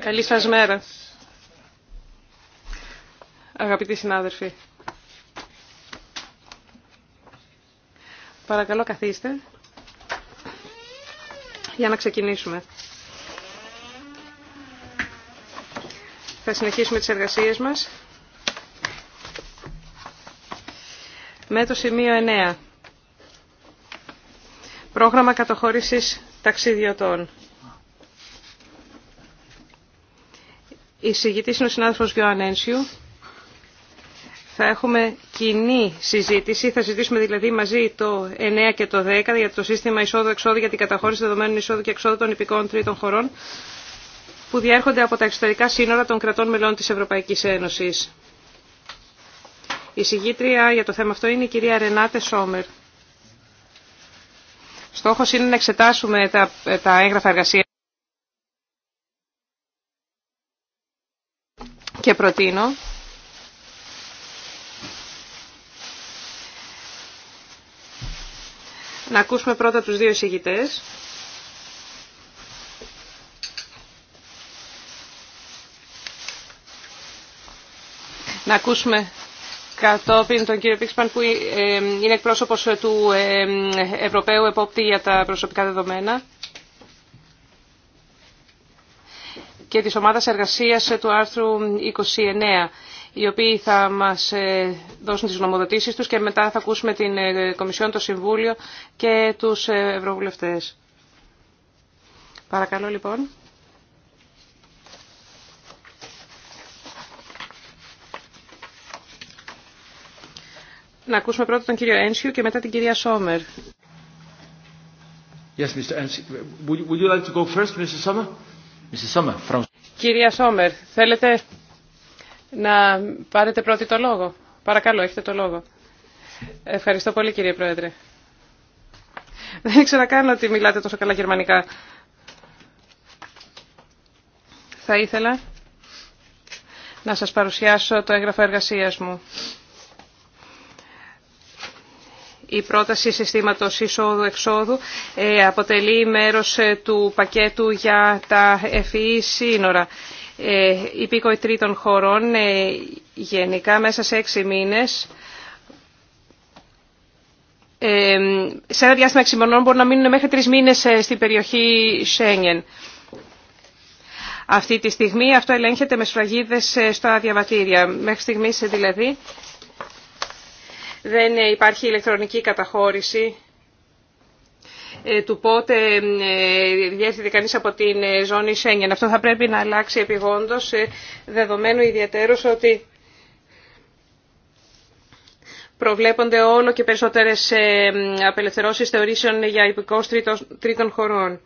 Καλή σας μέρα, αγαπητοί συνάδελφοι. Παρακαλώ καθίστε για να ξεκινήσουμε. Θα συνεχίσουμε τις εργασίες μας με το σημείο 9. Πρόγραμμα κατοχώρησης ταξιδιωτών. Η συγητής είναι ο συνάδελφος Γιώαν Ένσιου. Θα έχουμε κοινή συζήτηση. Θα συζητήσουμε δηλαδή μαζί το 9 και το 10 για το σύστημα εισόδου-εξόδου για την καταχώρηση δεδομένων εισόδου και εξόδου των υπηκών τρίτων χωρών που διέρχονται από τα εξωτερικά σύνορα των κρατών μελών της Ευρωπαϊκής Ένωσης. Η συγγήτρια για το θέμα αυτό είναι η κυρία Ρενάτε Σόμερ. Στόχος είναι να εξετάσουμε τα, τα έγγραφα εργασία και προτείνω να ακούσουμε πρώτα τους δύο εισηγητές. Να ακούσουμε κατόπιν τον κύριο Πίξπαν που ε, ε, είναι εκπρόσωπος του ε, Ευρωπαίου Επόπτη για τα προσωπικά δεδομένα. και της ομάδας εργασίας του άρθρου 29 οι οποίοι θα μας ε, δώσουν τις γνωμοδοτήσεις τους και μετά θα ακούσουμε την ε, Κομισιόν, το Συμβούλιο και τους ε, Ευρωβουλευτές. Παρακαλώ λοιπόν. Να ακούσουμε πρώτα τον κύριο Ένσιου και μετά την κυρία Σόμερ. Yes, Mr. Would like to go first, Sommer? Κυρία Σόμερ, θέλετε να πάρετε πρώτη το λόγο. Παρακαλώ, έχετε το λόγο. Ευχαριστώ πολύ κύριε Πρόεδρε. Δεν ήξερα καν ότι μιλάτε τόσο καλά γερμανικά. Θα ήθελα να σας παρουσιάσω το έγγραφο εργασίας μου. Η πρόταση συστήματος εισόδου-εξόδου ε, αποτελεί μέρος ε, του πακέτου για τα FEE e σύνορα. Οι ε, πήκοοι τρίτων χωρών γενικά μέσα σε έξι μήνες σε ένα διάστημα έξι μπορούν να μείνουν μέχρι τρεις μήνες στην περιοχή Σέγγεν. Αυτή τη στιγμή αυτό ελέγχεται με σφραγίδες στα διαβατήρια. Μέχρι στιγμής δηλαδή δεν υπάρχει ηλεκτρονική καταχώρηση ε, του πότε ε, διέθετε κανείς από την ε, ζώνη Σέγγεν. Αυτό θα πρέπει να αλλάξει επιγόντως, δεδομένου ιδιαίτερως ότι προβλέπονται όλο και περισσότερες απελευθερώσεις θεωρήσεων για υπηκόους τρίτων χωρών.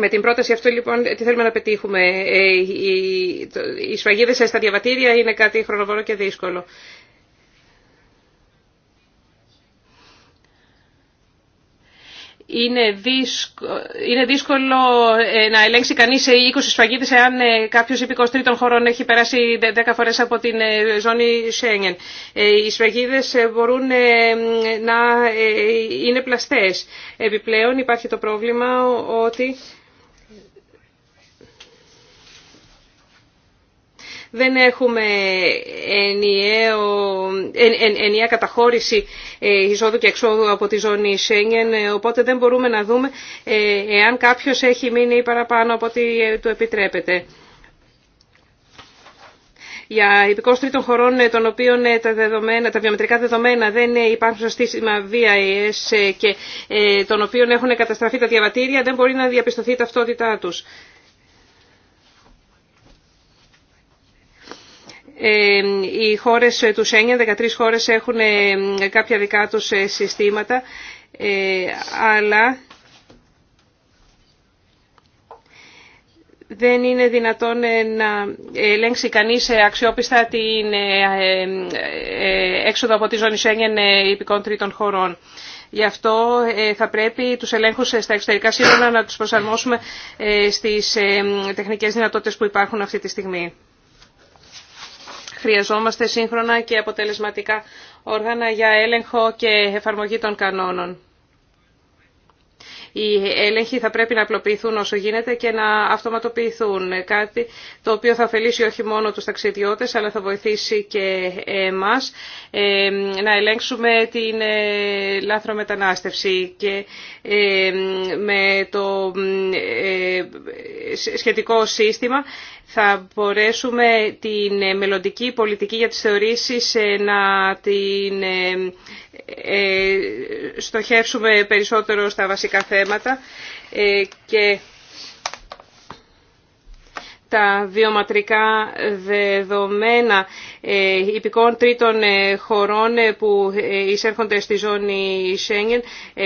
Με την πρόταση αυτή λοιπόν τι θέλουμε να πετύχουμε. Ε, οι σφαγίδες στα διαβατήρια είναι κάτι χρονοβόρο και δύσκολο. Είναι δύσκολο, είναι δύσκολο ε, να ελέγξει κανείς 20 ε, σφαγίδες εάν κάποιος υπηκός τρίτων χωρών έχει περάσει 10 φορές από την ζώνη Σέγγεν. Οι σφαγίδες μπορούν να είναι πλαστές. Επιπλέον υπάρχει το πρόβλημα ότι δεν έχουμε ενιαίο, εν, εν, ενιαία καταχώρηση ε, εισόδου και εξόδου από τη ζώνη Σέγγεν, ε, οπότε δεν μπορούμε να δούμε ε, εάν κάποιος έχει μείνει παραπάνω από ό,τι του επιτρέπεται. Για υπηκό τρίτων χωρών, των οποίων τα, δεδομένα, τα βιομετρικά δεδομένα δεν υπάρχουν στο σύστημα VIS και των οποίων έχουν καταστραφεί τα διαβατήρια, δεν μπορεί να διαπιστωθεί η ταυτότητά τους. Ε, οι χώρες του Σέγγεν, 13 χώρες έχουν ε, κάποια δικά τους ε, συστήματα, αλλά δεν είναι δυνατόν να ελέγξει κανείς αξιόπιστα την έξοδο από τη ζώνη Σέγγεν υπηκών τρίτων χωρών. Γι' αυτό θα πρέπει τους ελέγχους στα εξωτερικά σύνορα να τους προσαρμόσουμε στις τεχνικές δυνατότητες που υπάρχουν αυτή τη στιγμή. Χρειαζόμαστε σύγχρονα και αποτελεσματικά όργανα για έλεγχο και εφαρμογή των κανόνων. Οι έλεγχοι θα πρέπει να απλοποιηθούν όσο γίνεται και να αυτοματοποιηθούν. Κάτι το οποίο θα ωφελήσει όχι μόνο τους ταξιδιώτες, αλλά θα βοηθήσει και εμάς να ελέγξουμε την ε, λάθρο μετανάστευση και με το ε, σχετικό σύστημα θα μπορέσουμε την ε, μελλοντική πολιτική για τις θεωρήσεις ε, να την ε, στοχεύσουμε περισσότερο στα βασικά θέματα και τα βιοματρικά δεδομένα υπηκών τρίτων χωρών που εισέρχονται στη ζώνη Σέγγεν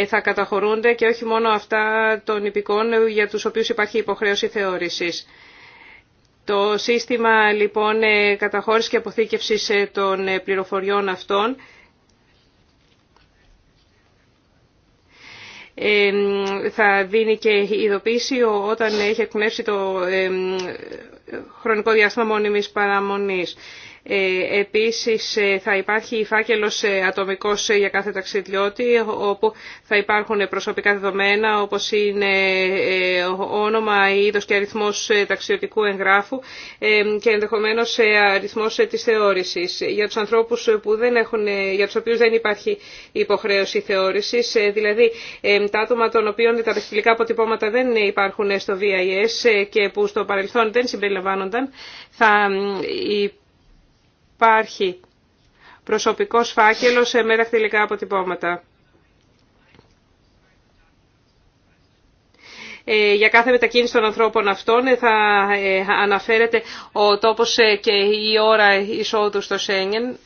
θα καταχωρούνται και όχι μόνο αυτά των υπηκών για τους οποίους υπάρχει υποχρέωση θεώρησης. Το σύστημα λοιπόν ε, καταχώρησης και αποθήκευσης ε, των ε, πληροφοριών αυτών θα δίνει και ειδοποίηση όταν έχει εκπνεύσει το χρονικό διάστημα μόνιμης παραμονής. Ε, επίσης ε, θα υπάρχει φάκελος ε, ατομικός για κάθε ταξιδιώτη όπου θα υπάρχουν προσωπικά δεδομένα όπως είναι όνομα, είδος και αριθμός ταξιδιωτικού εγγράφου και ενδεχομένως αριθμός της θεώρησης. Για τους ανθρώπους που δεν έχουν, για τους οποίους δεν υπάρχει υποχρέωση θεώρησης, δηλαδή τα άτομα των οποίων τα δαχτυλικά αποτυπώματα δεν υπάρχουν στο VIS και που στο παρελθόν δεν συμπεριλαμβάνονταν, θα υπάρχουν υπάρχει προσωπικό φάκελο σε μέρα χτυλικά αποτυπώματα. Ε, για κάθε μετακίνηση των ανθρώπων αυτών ε, θα ε, αναφέρεται ο τόπος και η ώρα εισόδου στο Σέγγεν,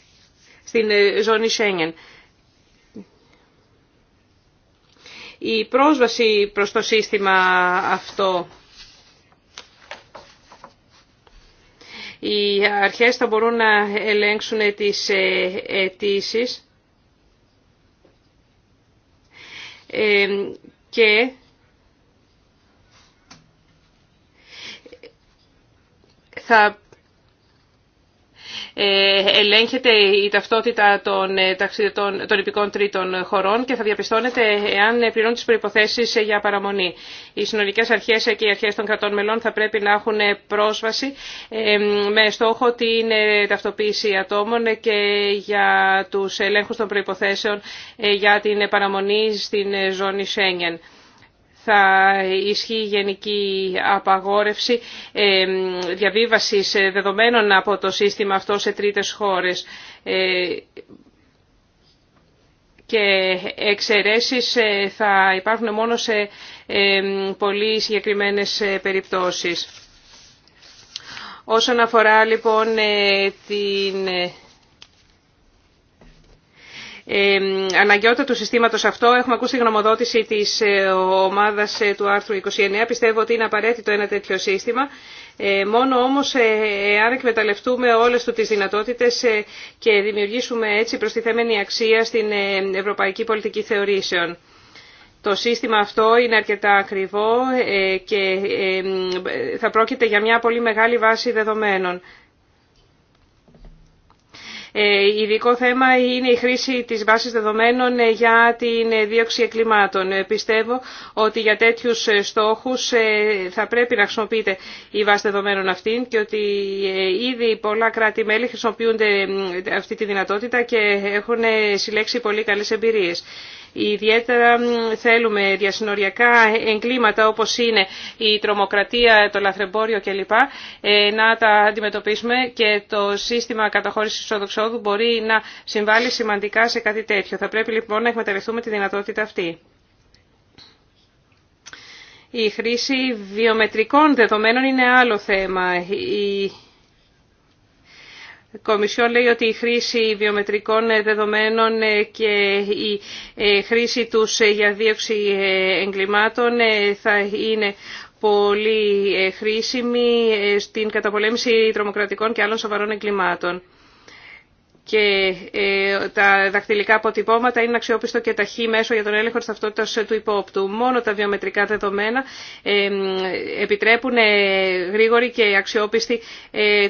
στην ζώνη Σέγγεν. Η πρόσβαση προς το σύστημα αυτό Οι αρχές θα μπορούν να ελέγξουν τις ε, αιτήσει ε, και θα ε, ελέγχεται η ταυτότητα των, ε, ταξιδετών, τρίτων χωρών και θα διαπιστώνεται εάν πληρώνουν τις προϋποθέσεις για παραμονή. Οι συνολικές αρχές και οι αρχές των κρατών μελών θα πρέπει να έχουν πρόσβαση ε, με στόχο την ταυτοποίηση ατόμων και για τους ελέγχους των προϋποθέσεων για την παραμονή στην ζώνη Σέγγεν θα ισχύει η γενική απαγόρευση διαβίβασης δεδομένων από το σύστημα αυτό σε τρίτες χώρες ε, και εξαιρέσεις ε, θα υπάρχουν μόνο σε πολύ συγκεκριμένες ε, περιπτώσεις. Όσον αφορά λοιπόν την αναγκαιότητα του συστήματος αυτό. Έχουμε ακούσει τη γνωμοδότηση της ε, ομάδας ε, του άρθρου 29. Πιστεύω ότι είναι απαραίτητο ένα τέτοιο σύστημα. Ε, μόνο όμως αν εκμεταλλευτούμε όλες του τις δυνατότητες και δημιουργήσουμε έτσι προστιθέμενη αξία στην ευρωπαϊκή πολιτική θεωρήσεων. Το σύστημα αυτό είναι αρκετά ακριβό και θα πρόκειται για μια πολύ μεγάλη βάση δεδομένων. Ε, ειδικό θέμα είναι η χρήση της βάσης δεδομένων ε, για την ε, δίωξη εγκλημάτων. Πιστεύω ότι για τέτοιους στόχους θα πρέπει να χρησιμοποιείται η βάση δεδομένων αυτή και ότι ήδη πολλά κράτη-μέλη χρησιμοποιούνται αυτή τη δυνατότητα και έχουν συλλέξει πολύ καλές εμπειρίες. Ιδιαίτερα θέλουμε διασυνοριακά εγκλήματα όπως είναι η τρομοκρατία, το λαθρεμπόριο κλπ. Ε, να τα αντιμετωπίσουμε και το σύστημα καταχώρησης μπορεί να συμβάλλει σημαντικά σε κάτι τέτοιο. Θα πρέπει λοιπόν να εκμεταλλευτούμε τη δυνατότητα αυτή. Η χρήση βιομετρικών δεδομένων είναι άλλο θέμα. Η η Κομισιόν λέει ότι η χρήση βιομετρικών ε, δεδομένων ε, και η ε, χρήση τους για δίωξη εγκλημάτων θα είναι πολύ χρήσιμη στην καταπολέμηση τρομοκρατικών και άλλων σοβαρών εγκλημάτων και ε, τα δακτυλικά αποτυπώματα είναι αξιόπιστο και ταχύ μέσο για τον έλεγχο της ταυτότητας του υπόπτου. Μόνο τα βιομετρικά δεδομένα ε, επιτρέπουν ε, γρήγορη και αξιόπιστη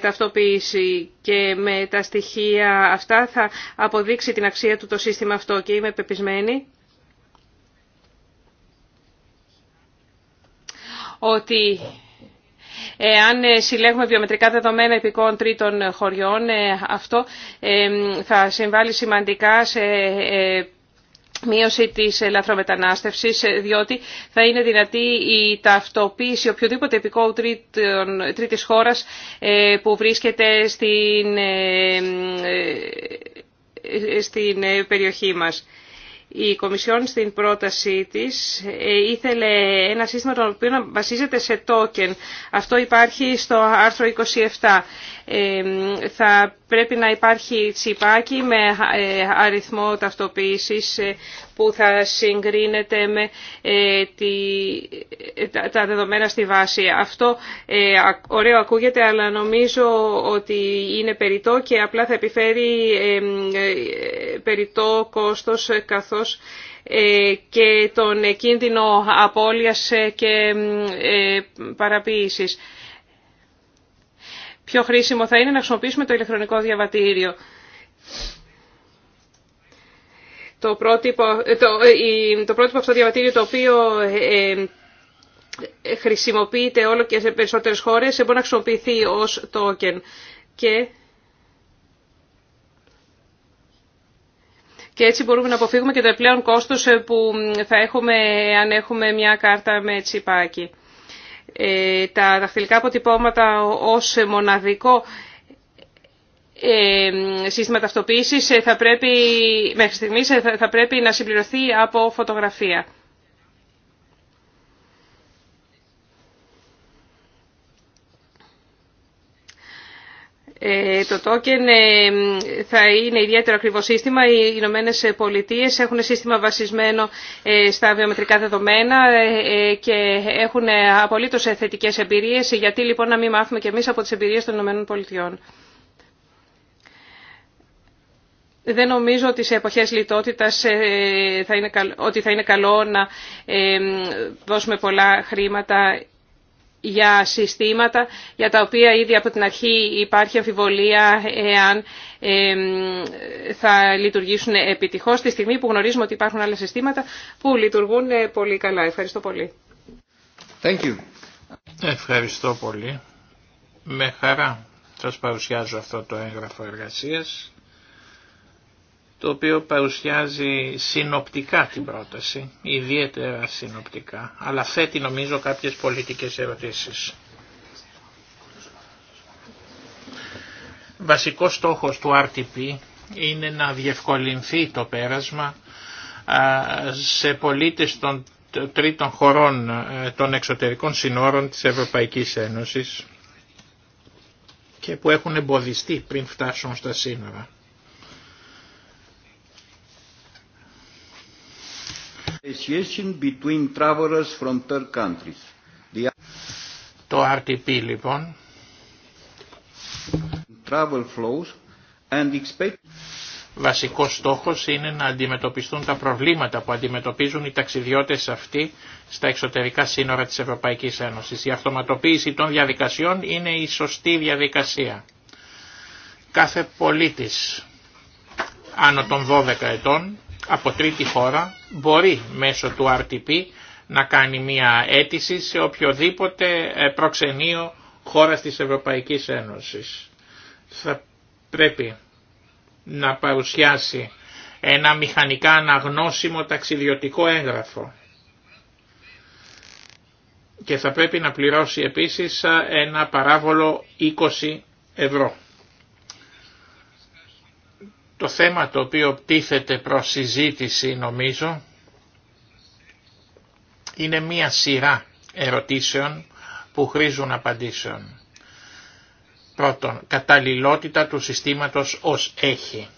ταυτοποίηση και με τα στοιχεία αυτά θα αποδείξει την αξία του το σύστημα αυτό και είμαι πεπισμένη ότι αν ε, συλλέγουμε βιομετρικά δεδομένα επικών τρίτων ε, χωριών, ε, αυτό θα συμβάλλει σημαντικά σε μείωση της λαθρομετανάστευσης, διότι θα είναι δυνατή η ταυτοποίηση οποιοδήποτε επικό τρίτης χώρας που βρίσκεται στην, στην περιοχή μας η Κομισιόν στην πρότασή της ε, ήθελε ένα σύστημα το οποίο βασίζεται σε token. Αυτό υπάρχει στο άρθρο 27 θα πρέπει να υπάρχει τσιπάκι με ε, αριθμό ταυτοποίησης ε, που θα συγκρίνεται με ε, τα δεδομένα στη βάση. Αυτό ωραίο ακούγεται, αλλά νομίζω ότι είναι περιττό και απλά θα επιφέρει περιττό κόστος καθώς και τον κίνδυνο απώλειας και παραποίησης πιο χρήσιμο θα είναι να χρησιμοποιήσουμε το ηλεκτρονικό διαβατήριο. Το πρότυπο, ε, το, ε, το πρότυπο αυτό διαβατήριο το οποίο ε, ε, χρησιμοποιείται όλο και σε περισσότερες χώρες μπορεί να χρησιμοποιηθεί ως token. Και Και έτσι μπορούμε να αποφύγουμε και το επιπλέον κόστος που θα έχουμε αν έχουμε μια κάρτα με τσιπάκι. Ε, τα δαχτυλικά αποτυπώματα ως μοναδικό ε, σύστημα ταυτοποίησης ε, θα πρέπει, μέχρι στιγμής θα πρέπει να συμπληρωθεί από φωτογραφία. Ε, το token ε, θα είναι ιδιαίτερο ακριβό σύστημα. Οι Ηνωμένε Πολιτείε έχουν σύστημα βασισμένο ε, στα βιομετρικά δεδομένα και έχουν απολύτω θετικέ εμπειρίε Γιατί λοιπόν να μην μάθουμε κι εμείς από τι εμπειρίες των Ηνωμένων Πολιτειών. Δεν νομίζω ότι σε εποχές λιτότητας θα είναι ότι θα είναι καλό να δώσουμε πολλά χρήματα για συστήματα για τα οποία ήδη από την αρχή υπάρχει αμφιβολία εάν θα λειτουργήσουν επιτυχώς τη στιγμή που γνωρίζουμε ότι υπάρχουν άλλα συστήματα που λειτουργούν ε, πολύ καλά. Ευχαριστώ πολύ. Thank you. Ευχαριστώ πολύ. Με χαρά σας παρουσιάζω αυτό το έγγραφο εργασίας το οποίο παρουσιάζει συνοπτικά την πρόταση, ιδιαίτερα συνοπτικά, αλλά θέτει νομίζω κάποιες πολιτικές ερωτήσεις. Βασικός στόχος του RTP είναι να διευκολυνθεί το πέρασμα σε πολίτες των τρίτων χωρών των εξωτερικών συνόρων της Ευρωπαϊκής Ένωσης και που έχουν εμποδιστεί πριν φτάσουν στα σύνορα. Between travelers from third countries. Το RTP λοιπόν travel flows and expect... Βασικός στόχος είναι να αντιμετωπιστούν τα προβλήματα που αντιμετωπίζουν οι ταξιδιώτες αυτοί στα εξωτερικά σύνορα της Ευρωπαϊκής Ένωσης. Η αυτοματοποίηση των διαδικασιών είναι η σωστή διαδικασία. Κάθε πολίτης άνω των 12 ετών από τρίτη χώρα μπορεί μέσω του RTP να κάνει μία αίτηση σε οποιοδήποτε ε, προξενείο χώρα της Ευρωπαϊκής Ένωσης. Θα πρέπει να παρουσιάσει ένα μηχανικά αναγνώσιμο ταξιδιωτικό έγγραφο και θα πρέπει να πληρώσει επίσης ε, ένα παράβολο 20 ευρώ. Το θέμα το οποίο πτήθεται προς συζήτηση νομίζω είναι μία σειρά ερωτήσεων που χρήζουν απαντήσεων. Πρώτον, καταλληλότητα του συστήματος ως έχει.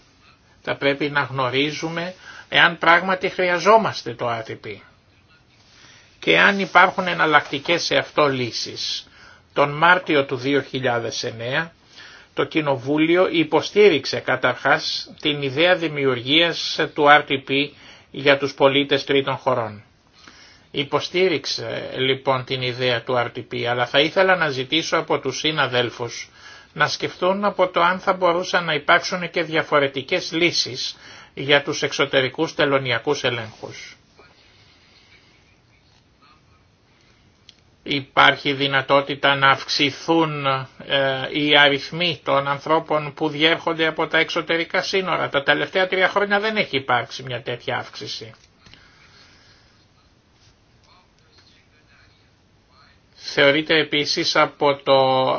Θα πρέπει να γνωρίζουμε εάν πράγματι χρειαζόμαστε το ATP και αν υπάρχουν εναλλακτικές σε αυτό λύσεις. Τον Μάρτιο του 2009 το Κοινοβούλιο υποστήριξε καταρχάς την ιδέα δημιουργίας του RTP για τους πολίτες τρίτων χωρών. Υποστήριξε λοιπόν την ιδέα του RTP, αλλά θα ήθελα να ζητήσω από τους συναδέλφους να σκεφτούν από το αν θα μπορούσαν να υπάρξουν και διαφορετικές λύσεις για τους εξωτερικούς τελωνιακούς ελέγχους. Υπάρχει δυνατότητα να αυξηθούν ε, οι αριθμοί των ανθρώπων που διέρχονται από τα εξωτερικά σύνορα. Τα τελευταία τρία χρόνια δεν έχει υπάρξει μια τέτοια αύξηση. θεωρείται επίσης από το,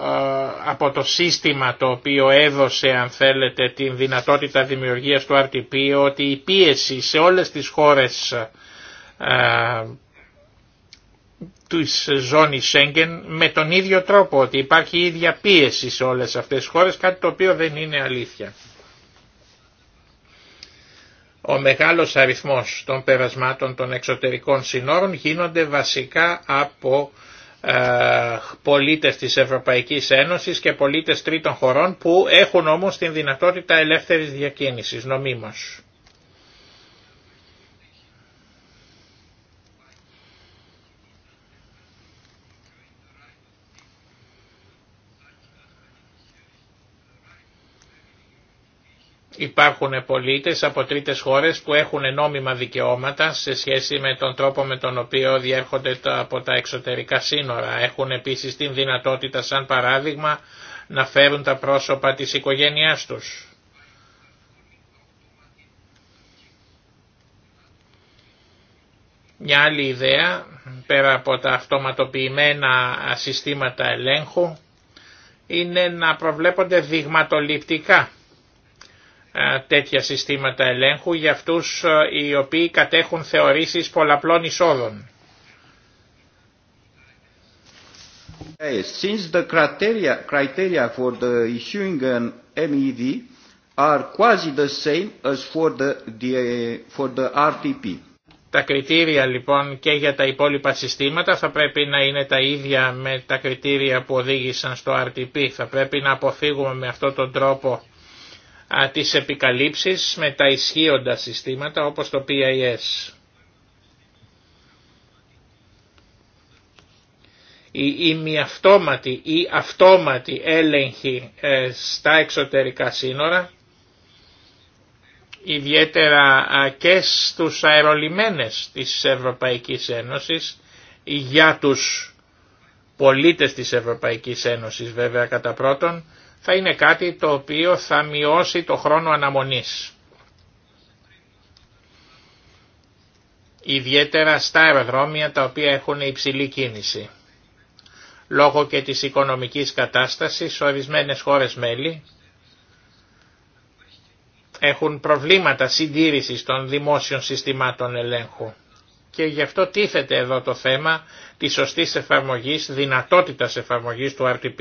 ε, από το σύστημα το οποίο έδωσε αν θέλετε την δυνατότητα δημιουργίας του RTP ότι η πίεση σε όλες τις χώρες ε, της ζώνης Σέγγεν με τον ίδιο τρόπο, ότι υπάρχει η ίδια πίεση σε όλες αυτές τις χώρες, κάτι το οποίο δεν είναι αλήθεια. Ο μεγάλος αριθμός των περασμάτων των εξωτερικών συνόρων γίνονται βασικά από ε, πολίτες της Ευρωπαϊκής Ένωσης και πολίτες τρίτων χωρών που έχουν όμως την δυνατότητα ελεύθερης διακίνησης νομίμως. Υπάρχουν πολίτες από τρίτες χώρες που έχουν νόμιμα δικαιώματα σε σχέση με τον τρόπο με τον οποίο διέρχονται από τα εξωτερικά σύνορα. Έχουν επίσης την δυνατότητα σαν παράδειγμα να φέρουν τα πρόσωπα της οικογένειάς τους. Μια άλλη ιδέα, πέρα από τα αυτοματοποιημένα συστήματα ελέγχου, είναι να προβλέπονται δειγματοληπτικά ε, τέτοια συστήματα ελέγχου για αυτούς ε, οι οποίοι κατέχουν θεωρήσεις πολλαπλών εισόδων. Ε, since the criteria, criteria for the issuing an MED are quasi the same as for the, for the RTP. Τα κριτήρια λοιπόν και για τα υπόλοιπα συστήματα θα πρέπει να είναι τα ίδια με τα κριτήρια που οδήγησαν στο RTP. Θα πρέπει να αποφύγουμε με αυτόν τον τρόπο τις επικαλύψεις με τα ισχύοντα συστήματα όπως το PIS. Η αυτόματη ή αυτόματη έλεγχη ε, στα εξωτερικά σύνορα, ιδιαίτερα και στους αερολιμένες της Ευρωπαϊκής Ένωσης, για τους πολίτες της Ευρωπαϊκής Ένωσης βέβαια κατά πρώτον, θα είναι κάτι το οποίο θα μειώσει το χρόνο αναμονής. Ιδιαίτερα στα αεροδρόμια τα οποία έχουν υψηλή κίνηση. Λόγω και της οικονομικής κατάστασης ορισμένες χώρες μέλη έχουν προβλήματα συντήρησης των δημόσιων συστημάτων ελέγχου και γι' αυτό τίθεται εδώ το θέμα της σωστής εφαρμογής, δυνατότητας εφαρμογής του RTP.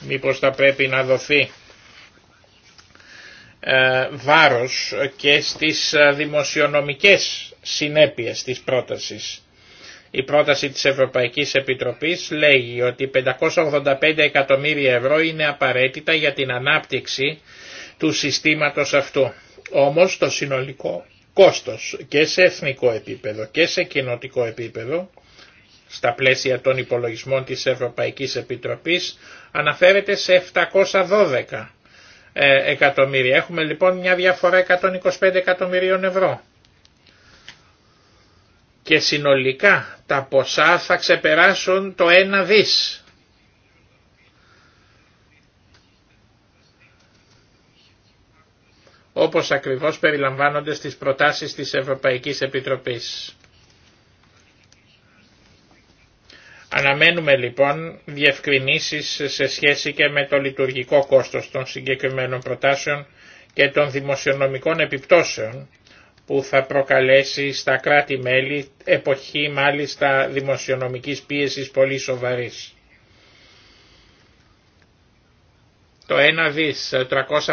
Μήπως θα πρέπει να δοθεί ε, βάρος και στις ε, δημοσιονομικές συνέπειες της πρότασης. Η πρόταση της Ευρωπαϊκής Επιτροπής λέγει ότι 585 εκατομμύρια ευρώ είναι απαραίτητα για την ανάπτυξη του συστήματος αυτού. Όμως το συνολικό κόστος και σε εθνικό επίπεδο και σε κοινοτικό επίπεδο στα πλαίσια των υπολογισμών της Ευρωπαϊκής Επιτροπής αναφέρεται σε 712 ε, εκατομμύρια. Έχουμε λοιπόν μια διαφορά 125 εκατομμυρίων ευρώ. Και συνολικά τα ποσά θα ξεπεράσουν το 1 δις. όπως ακριβώς περιλαμβάνονται στις προτάσεις της Ευρωπαϊκής Επιτροπής. Αναμένουμε λοιπόν διευκρινήσεις σε σχέση και με το λειτουργικό κόστος των συγκεκριμένων προτάσεων και των δημοσιονομικών επιπτώσεων που θα προκαλέσει στα κράτη-μέλη εποχή μάλιστα δημοσιονομικής πίεσης πολύ σοβαρής. Το 1 δις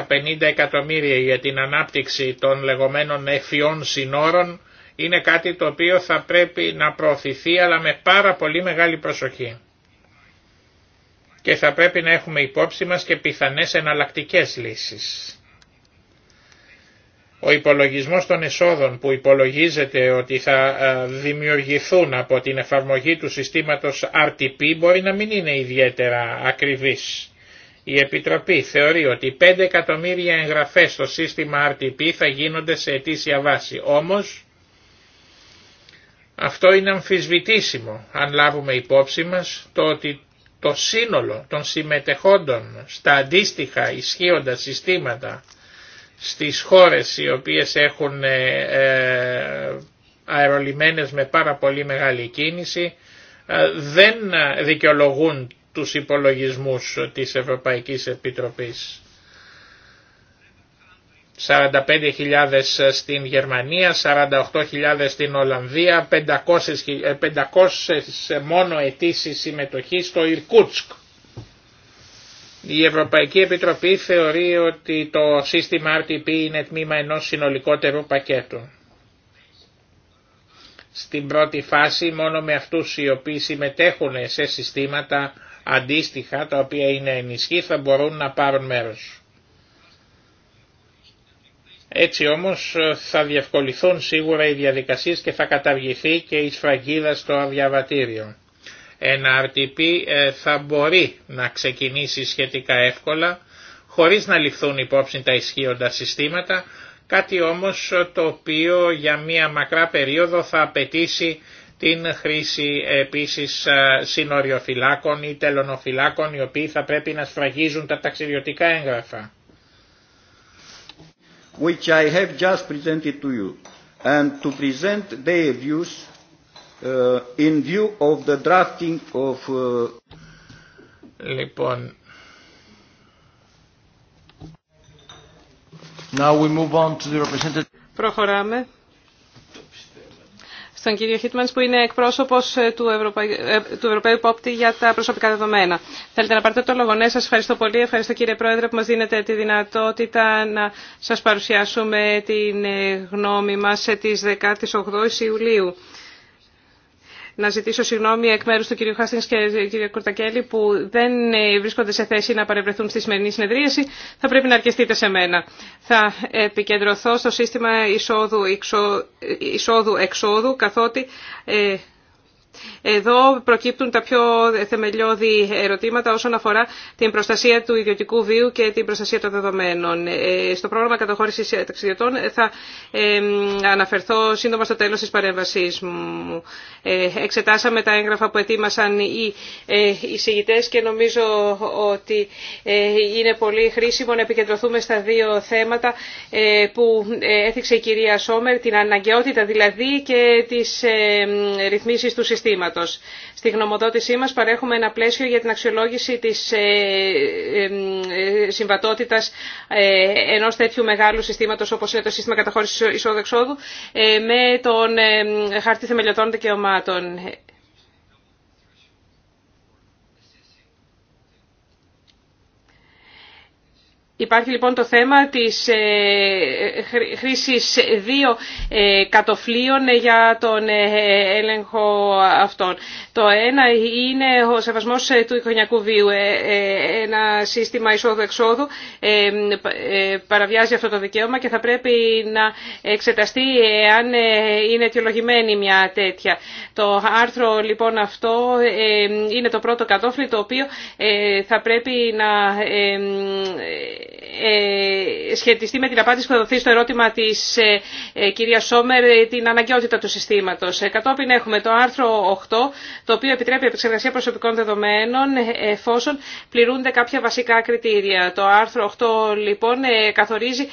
350 εκατομμύρια για την ανάπτυξη των λεγόμενων εφιών συνόρων είναι κάτι το οποίο θα πρέπει να προωθηθεί αλλά με πάρα πολύ μεγάλη προσοχή. Και θα πρέπει να έχουμε υπόψη μας και πιθανές εναλλακτικές λύσεις. Ο υπολογισμός των εσόδων που υπολογίζεται ότι θα ε, δημιουργηθούν από την εφαρμογή του συστήματος RTP μπορεί να μην είναι ιδιαίτερα ακριβής. Η Επιτροπή θεωρεί ότι 5 εκατομμύρια εγγραφές στο σύστημα RTP θα γίνονται σε ετήσια βάση. Όμως αυτό είναι αμφισβητήσιμο αν λάβουμε υπόψη μας το ότι το σύνολο των συμμετεχόντων στα αντίστοιχα ισχύοντα συστήματα στις χώρες οι οποίες έχουν ε, ε, αερολιμένες με πάρα πολύ μεγάλη κίνηση ε, δεν δικαιολογούν τους υπολογισμούς της Ευρωπαϊκής Επιτροπής. 45.000 στην Γερμανία, 48.000 στην Ολλανδία, 500, 500 ε, μόνο αιτήσει συμμετοχή στο Ιρκούτσκ. Η Ευρωπαϊκή Επιτροπή θεωρεί ότι το σύστημα RTP είναι τμήμα ενός συνολικότερου πακέτου. Στην πρώτη φάση μόνο με αυτούς οι οποίοι συμμετέχουν σε συστήματα αντίστοιχα τα οποία είναι ενισχύ θα μπορούν να πάρουν μέρος. Έτσι όμως ε, θα διευκολυθούν σίγουρα οι διαδικασίες και θα καταργηθεί και η σφραγίδα στο αδιαβατήριο. Ένα RTP ε, θα μπορεί να ξεκινήσει σχετικά εύκολα χωρίς να ληφθούν υπόψη τα ισχύοντα συστήματα, κάτι όμως ε, το οποίο για μία μακρά περίοδο θα απαιτήσει την χρήση επίσης συνοριοφυλάκων ή τελωνοφυλάκων οι οποίοι θα πρέπει να σφραγίζουν τα ταξιδιωτικά έγγραφα which I have just presented to you and to present their views in view of the drafting of... Λοιπόν, Now we move on to the representative... Προχωράμε στον κύριο Χίτμαντ, που είναι εκπρόσωπος ε, του, Ευρωπαϊ... Ε, του Ευρωπαίου Πόπτη για τα προσωπικά δεδομένα. Θέλετε να πάρετε το λόγο. Ναι, σας ευχαριστώ πολύ. Ευχαριστώ κύριε Πρόεδρε που μας δίνετε τη δυνατότητα να σας παρουσιάσουμε την ε, γνώμη μας τη 18 Ιουλίου να ζητήσω συγγνώμη εκ μέρους του κ. Χάστιν και κ. Κουρτακέλη που δεν ε, βρίσκονται σε θέση να παρευρεθούν στη σημερινή συνεδρίαση. Θα πρέπει να αρκεστείτε σε μένα. Θα επικεντρωθώ στο σύστημα εισόδου-εξόδου ε, καθότι ε, εδώ προκύπτουν τα πιο θεμελιώδη ερωτήματα όσον αφορά την προστασία του ιδιωτικού βίου και την προστασία των δεδομένων. Ε, στο πρόγραμμα καταχώρησης ταξιδιωτών θα αναφερθώ σύντομα στο τέλος της παρέμβασής μου. Ε, εξετάσαμε τα έγγραφα που ετοίμασαν οι ε, εισηγητές και νομίζω ότι είναι πολύ χρήσιμο να επικεντρωθούμε στα δύο θέματα που έθιξε η κυρία Σόμερ, την αναγκαιότητα δηλαδή και τις ρυθμίσεις του συστήματος συστήματος. Στη γνωμοδότησή μας παρέχουμε ένα πλαίσιο για την αξιολόγηση της ε, ε, ε, συμβατότητας ενός τέτοιου μεγάλου συστήματος όπως είναι το σύστημα καταχώρησης εισόδου-εξόδου με τον χαρτί θεμελιωτών δικαιωμάτων. Υπάρχει λοιπόν το θέμα της ε, χρήσης δύο ε, κατοφλίων ε, για τον έλεγχο αυτών. Το ένα είναι ο σεβασμός του οικογενειακού βίου. Ένα σύστημα εισόδου-εξόδου παραβιάζει αυτό το δικαίωμα και θα πρέπει να εξεταστεί αν είναι αιτιολογημένη μια τέτοια. Το άρθρο λοιπόν αυτό είναι το πρώτο κατόφλι το οποίο θα πρέπει να ε, σχετιστεί με την απάντηση που θα δοθεί στο ερώτημα της ε, ε, κυρίας Σόμερ την αναγκαιότητα του συστήματος. Κατόπιν έχουμε το άρθρο 8, το οποίο επιτρέπει επεξεργασία προσωπικών δεδομένων εφόσον πληρούνται κάποια βασικά κριτήρια. Το άρθρο 8 λοιπόν καθορίζει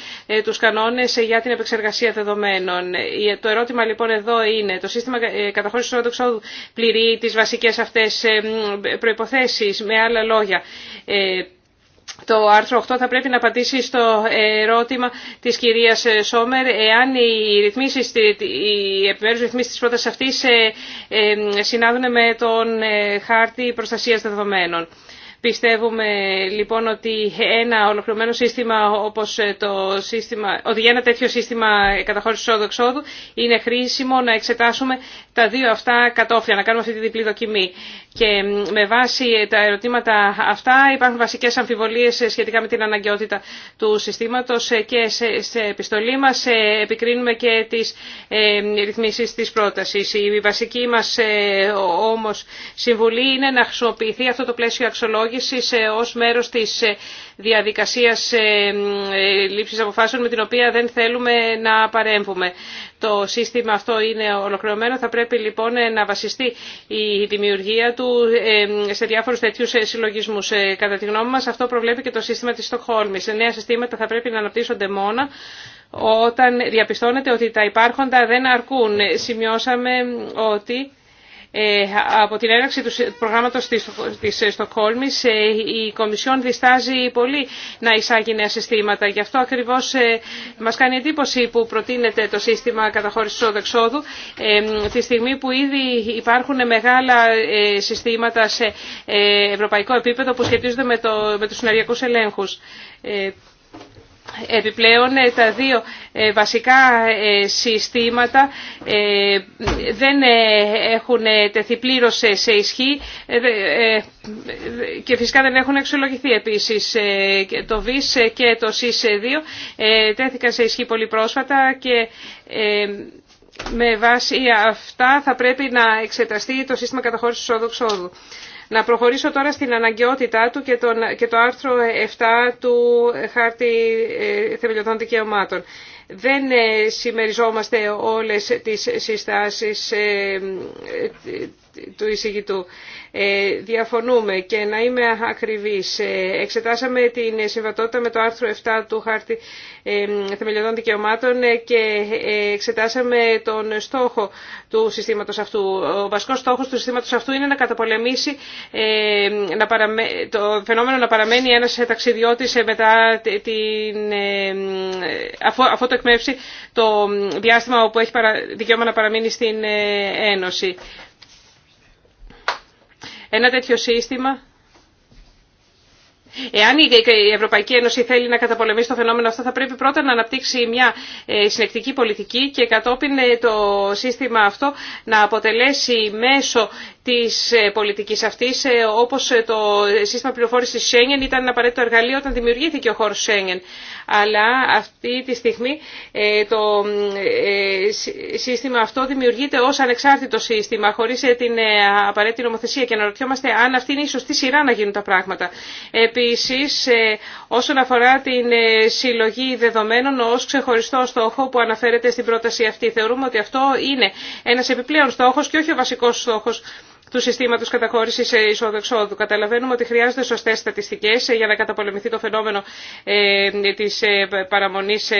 τους κανόνες για την επεξεργασία δεδομένων. Το ερώτημα λοιπόν εδώ είναι το σύστημα καταχώρηση του εξόδου πληρεί τις βασικές αυτές προϋποθέσεις, με άλλα λόγια το άρθρο 8 θα πρέπει να απαντήσει στο ερώτημα της κυρίας Σόμερ εάν οι, ρυθμίσεις, οι επιμέρους ρυθμίσεις της πρότασης αυτής ε, ε, συνάδουν με τον ε, χάρτη προστασίας δεδομένων. Πιστεύουμε λοιπόν ότι ένα ολοκληρωμένο σύστημα όπως το σύστημα, ότι για ένα τέτοιο σύστημα καταχώρησης εισόδου-εξόδου είναι χρήσιμο να εξετάσουμε τα δύο αυτά κατόφλια, να κάνουμε αυτή τη διπλή δοκιμή. Και με βάση τα ερωτήματα αυτά υπάρχουν βασικές αμφιβολίες σχετικά με την αναγκαιότητα του συστήματος και σε, επιστολή μας επικρίνουμε και τις ε, ρυθμίσεις της πρότασης. Η βασική μας ε, όμως συμβουλή είναι να χρησιμοποιηθεί αυτό το πλαίσιο αξιολόγηση Ω ε, ως μέρος της ε, διαδικασίας ε, λήψης αποφάσεων με την οποία δεν θέλουμε να παρέμβουμε. Το σύστημα αυτό είναι ολοκληρωμένο. Θα πρέπει λοιπόν να βασιστεί η δημιουργία του σε διάφορου τέτοιου συλλογισμού. Κατά τη γνώμη μα, αυτό προβλέπει και το σύστημα τη Στοκχόλμη. Νέα συστήματα θα πρέπει να αναπτύσσονται μόνα όταν διαπιστώνεται ότι τα υπάρχοντα δεν αρκούν. Σημειώσαμε ότι ε, από την έναρξη του προγράμματος της ε, η Κομισιόν διστάζει πολύ να εισάγει νέα συστήματα. Γι' αυτό ακριβώς ε, μας κάνει εντύπωση που προτείνεται το σύστημα καταχώρησης οδεξόδου ε, τη στιγμή που ήδη υπάρχουν μεγάλα συστήματα σε ευρωπαϊκό επίπεδο που σχετίζονται με, το, με τους συναριακούς ελέγχους. Επιπλέον ε, τα δύο ε, βασικά ε, συστήματα δεν έχουν τεθεί πλήρως σε ισχύ και φυσικά δεν έχουν αξιολογηθεί επίσης το ΒΙΣ και το ΣΥΣ2 τέθηκαν σε ισχύ πολύ πρόσφατα και με βάση αυτά θα πρέπει να εξεταστεί το σύστημα καταχώρησης ξόδου. Να προχωρήσω τώρα στην αναγκαιότητά του και, τον, και το άρθρο 7 του Χάρτη ε, Θεμελιωτών Δικαιωμάτων. Δεν ε, συμμεριζόμαστε όλες τις συστάσεις ε, του εισηγητού. Ε, διαφωνούμε και να είμαι ακριβής. Ε, εξετάσαμε την συμβατότητα με το άρθρο 7 του Χάρτη ε, Θεμελιωδών Δικαιωμάτων ε, και εξετάσαμε τον στόχο του συστήματος αυτού. Ο βασικός στόχος του συστήματος αυτού είναι να καταπολεμήσει το φαινόμενο να παραμένει ένας ταξιδιώτης μετά την... αφού, αφού το εκμεύσει το διάστημα όπου έχει δικαίωμα να παραμείνει στην Ένωση. Ένα τέτοιο σύστημα, εάν η Ευρωπαϊκή Ένωση θέλει να καταπολεμήσει το φαινόμενο αυτό, θα πρέπει πρώτα να αναπτύξει μια ε, συνεκτική πολιτική και κατόπιν ε, το σύστημα αυτό να αποτελέσει μέσο της ε, πολιτικής αυτής, ε, όπως ε, το σύστημα πληροφόρησης Schengen ήταν ένα απαραίτητο εργαλείο όταν δημιουργήθηκε ο χώρος Schengen. Αλλά αυτή τη στιγμή το σύστημα αυτό δημιουργείται ως ανεξάρτητο σύστημα, χωρίς την απαραίτητη νομοθεσία και αναρωτιόμαστε αν αυτή είναι η σωστή σειρά να γίνουν τα πράγματα. Επίσης, όσον αφορά την συλλογή δεδομένων ως ξεχωριστό στόχο που αναφέρεται στην πρόταση αυτή, θεωρούμε ότι αυτό είναι ένας επιπλέον στόχος και όχι ο βασικός στόχος του συστήματο καταχώρηση καταχώρησης εισόδου-εξόδου. Καταλαβαίνουμε ότι χρειάζονται σωστέ στατιστικές ε, για να καταπολεμηθεί το φαινόμενο ε, της ε, παραμονής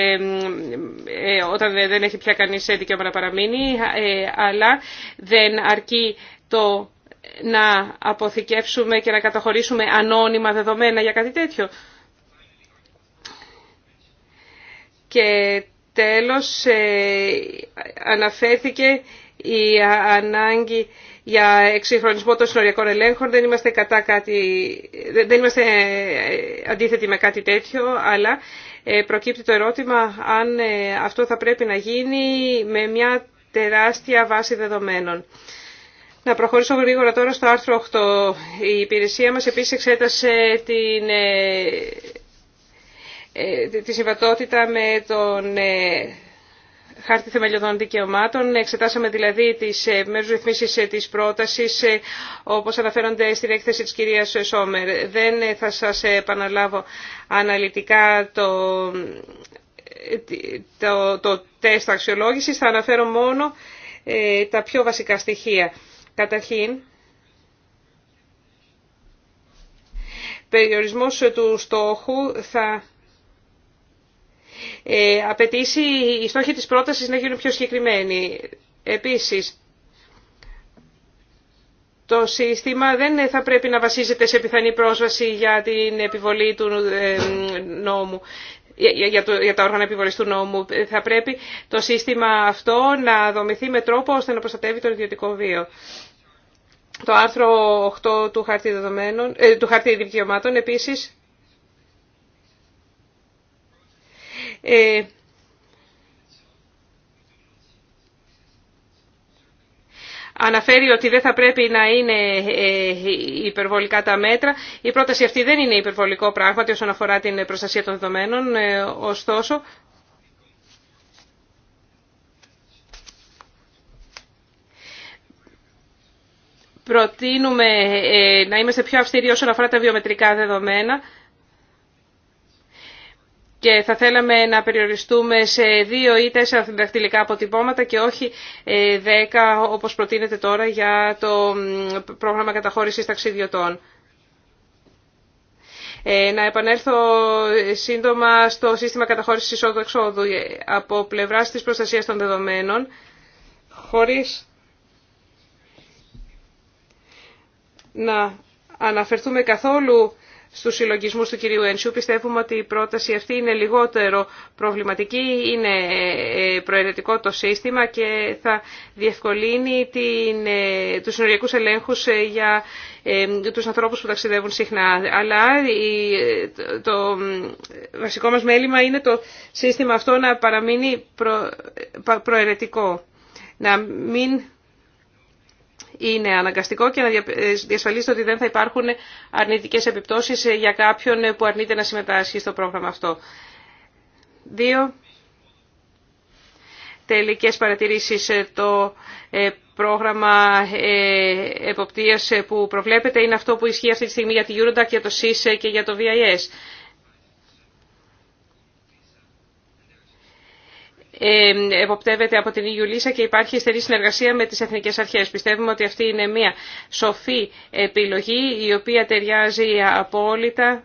όταν δεν έχει πια κανείς δικαίωμα να παραμείνει, αλλά δεν αρκεί το να αποθηκεύσουμε και να καταχωρήσουμε ανώνυμα δεδομένα για κάτι τέτοιο. Και τέλος αναφέρθηκε η ανάγκη για εξυγχρονισμό των συνοριακών ελέγχων. Δεν είμαστε, κατά κάτι, δεν είμαστε ε, αντίθετοι με κάτι τέτοιο, αλλά ε, προκύπτει το ερώτημα αν ε, αυτό θα πρέπει να γίνει με μια τεράστια βάση δεδομένων. Να προχωρήσω γρήγορα τώρα στο άρθρο 8. Η υπηρεσία μας επίσης εξέτασε την, τη συμβατότητα με τον χάρτη θεμελιωδών δικαιωμάτων. Εξετάσαμε δηλαδή τις ε, μέρου ρυθμίσει ε, τη πρόταση, ε, όπως αναφέρονται στην έκθεση της κυρίας Σόμερ. Δεν θα σας επαναλάβω αναλυτικά το, το, το τεστ αξιολόγηση. θα αναφέρω μόνο τα πιο βασικά στοιχεία. Καταρχήν, περιορισμός του στόχου θα ε, απαιτήσει οι στόχοι της πρότασης να γίνουν πιο συγκεκριμένοι. Επίσης, το σύστημα δεν θα πρέπει να βασίζεται σε πιθανή πρόσβαση για την επιβολή του ε, νόμου. Για, το, για τα όργανα επιβολής του νόμου. Θα πρέπει το σύστημα αυτό να δομηθεί με τρόπο ώστε να προστατεύει τον ιδιωτικό βίο. Το άρθρο 8 του χάρτη δεδομένων, ε, του Δικαιωμάτων επίσης Ε, αναφέρει ότι δεν θα πρέπει να είναι ε, υπερβολικά τα μέτρα. Η πρόταση αυτή δεν είναι υπερβολικό πράγματι όσον αφορά την προστασία των δεδομένων. Ε, ωστόσο, προτείνουμε να είμαστε πιο αυστηροί όσον αφορά τα βιομετρικά δεδομένα και θα θέλαμε να περιοριστούμε σε δύο ή τέσσερα δακτυλικά αποτυπώματα και όχι ε, δέκα όπως προτείνεται τώρα για το πρόγραμμα καταχώρησης ταξιδιωτών. Ε, να επανέλθω ε, σύντομα στο σύστημα καταχώρησης εισόδου-εξόδου από πλευράς της προστασίας των δεδομένων χωρίς να αναφερθούμε καθόλου στους συλλογισμούς του κυρίου Ένσου Πιστεύουμε ότι η πρόταση αυτή είναι λιγότερο προβληματική, είναι ε, προαιρετικό το σύστημα και θα διευκολύνει την, ε, τους συνοριακούς ελέγχους ε, για τους ανθρώπους που ταξιδεύουν συχνά. Αλλά το βασικό μας μέλημα είναι το σύστημα αυτό να παραμείνει προ, προαιρετικό. Να μην είναι αναγκαστικό και να ε, διασφαλίσετε ότι δεν θα υπάρχουν αρνητικές επιπτώσεις ε, για κάποιον ε, που αρνείται να συμμετάσχει στο πρόγραμμα αυτό. Δύο τελικές παρατηρήσεις το πρόγραμμα εποπτείας που προβλέπεται είναι αυτό που ισχύει αυτή τη στιγμή για τη Eurodac, για το SIS και για το VIS. εποπτεύεται από την Ιουλίσα e και υπάρχει στενή συνεργασία με τις εθνικές αρχές. Πιστεύουμε ότι αυτή είναι μια σοφή επιλογή η οποία ταιριάζει απόλυτα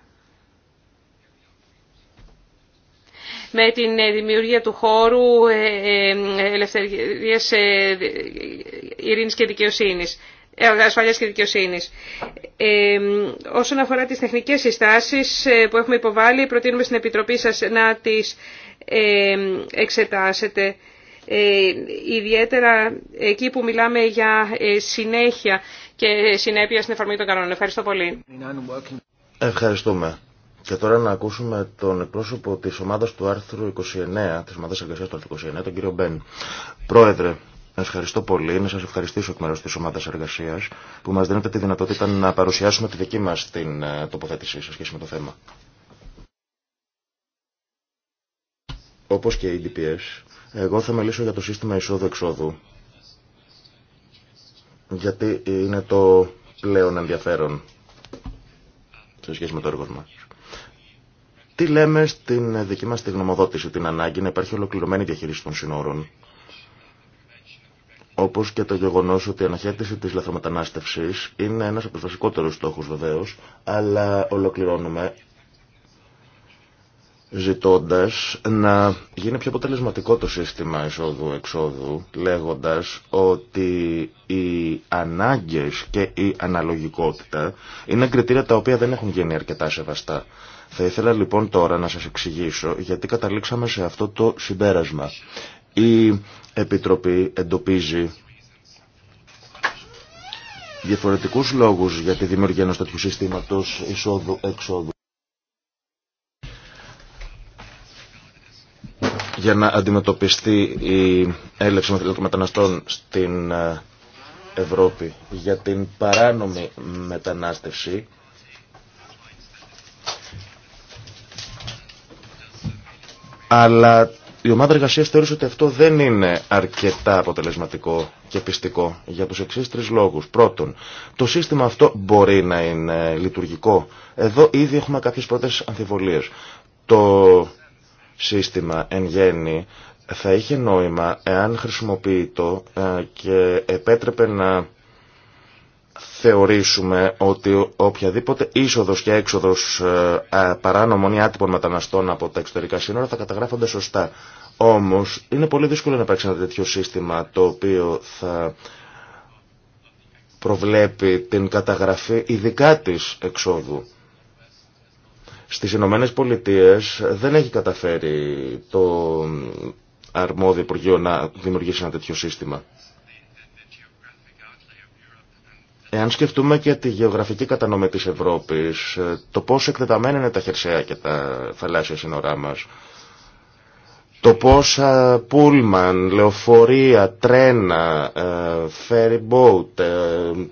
με την ε, δημιουργία του χώρου ε, ελευθερίας ε, ειρήνης και δικαιοσύνης ασφαλείας και δικαιοσύνης. όσον αφορά τις τεχνικές συστάσεις που έχουμε υποβάλει, προτείνουμε στην Επιτροπή σας να τις εξετάσετε. Ε, ιδιαίτερα εκεί που μιλάμε για ε, συνέχεια και συνέπεια στην εφαρμογή των κανόνων. Ευχαριστώ πολύ. Ευχαριστούμε. Και τώρα να ακούσουμε τον εκπρόσωπο της ομάδας του άρθρου 29, της ομάδας εργασία του άρθρου 29, τον κύριο Μπέν. Πρόεδρε, ευχαριστώ πολύ. Να σα ευχαριστήσω εκ μέρου τη ομάδα εργασία που μα δίνετε τη δυνατότητα να παρουσιάσουμε τη δική μα την ε, τοποθέτησή σε σχέση με το θέμα. όπως και η DPS, εγώ θα μιλήσω για το σύστημα εισόδου-εξόδου, γιατί είναι το πλέον ενδιαφέρον σε σχέση με το έργο μας. Τι λέμε στην δική μας τη γνωμοδότηση, την ανάγκη να υπάρχει ολοκληρωμένη διαχείριση των συνόρων, όπως και το γεγονός ότι η αναχέτηση της λαθρομετανάστευσης είναι ένας από τους βασικότερους βεβαίω, αλλά ολοκληρώνουμε ζητώντας να γίνει πιο αποτελεσματικό το σύστημα εισόδου-εξόδου, λέγοντας ότι οι ανάγκες και η αναλογικότητα είναι κριτήρια τα οποία δεν έχουν γίνει αρκετά σεβαστά. Θα ήθελα λοιπόν τώρα να σας εξηγήσω γιατί καταλήξαμε σε αυτό το συμπέρασμα. Η Επιτροπή εντοπίζει διαφορετικούς λόγους για τη δημιουργία ενός τέτοιου συστήματος εισόδου-εξόδου για να αντιμετωπιστεί η έλευση μεταναστών στην ε, Ευρώπη για την παράνομη μετανάστευση αλλά η ομάδα εργασίας θεωρούσε ότι αυτό δεν είναι αρκετά αποτελεσματικό και πιστικό για τους εξής τρεις λόγους. Πρώτον, το σύστημα αυτό μπορεί να είναι λειτουργικό. Εδώ ήδη έχουμε κάποιες πρώτες αμφιβολίες. Το σύστημα εν γέννη θα είχε νόημα εάν χρησιμοποιείτο ε, και επέτρεπε να θεωρήσουμε ότι οποιαδήποτε είσοδος και έξοδος ε, παράνομων ή άτυπων μεταναστών από τα εξωτερικά σύνορα θα καταγράφονται σωστά. Όμως είναι πολύ δύσκολο να υπάρξει ένα τέτοιο σύστημα το οποίο θα προβλέπει την καταγραφή ειδικά της εξόδου στις Ηνωμένε Πολιτείες δεν έχει καταφέρει το αρμόδιο Υπουργείο να δημιουργήσει ένα τέτοιο σύστημα. Εάν σκεφτούμε και τη γεωγραφική κατανομή της Ευρώπης, το πόσο εκτεταμένα είναι τα χερσαία και τα θαλάσσια σύνορά μας, το πόσα πούλμαν, λεωφορεία, τρένα, ε, ferry boat ε,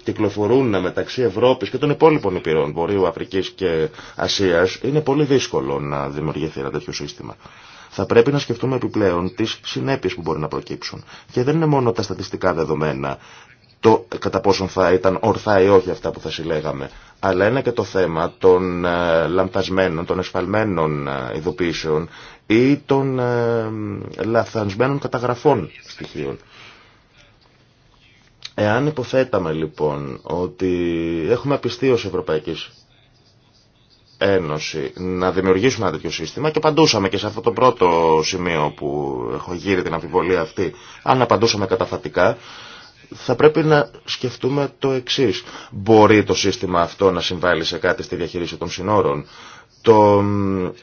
κυκλοφορούν μεταξύ Ευρώπης και των υπόλοιπων υπηρών Βορείου, Αφρικής και Ασίας είναι πολύ δύσκολο να δημιουργηθεί ένα τέτοιο σύστημα. Θα πρέπει να σκεφτούμε επιπλέον τις συνέπειες που μπορεί να προκύψουν. Και δεν είναι μόνο τα στατιστικά δεδομένα, το κατά πόσον θα ήταν ορθά ή όχι αυτά που θα συλλέγαμε. Αλλά είναι και το θέμα των ε, λανθασμένων, των εσφαλμένων ειδοποίησεων ή των ε, λαθανσμένων καταγραφών στοιχείων. Εάν υποθέταμε λοιπόν ότι έχουμε πιστεί ως Ευρωπαϊκής Ένωση να δημιουργήσουμε ένα τέτοιο σύστημα και απαντούσαμε και σε αυτό το πρώτο σημείο που έχω γύρει την αμφιβολία αυτή, αν απαντούσαμε καταφατικά, θα πρέπει να σκεφτούμε το εξή. Μπορεί το σύστημα αυτό να συμβάλλει σε κάτι στη διαχείριση των συνόρων. Το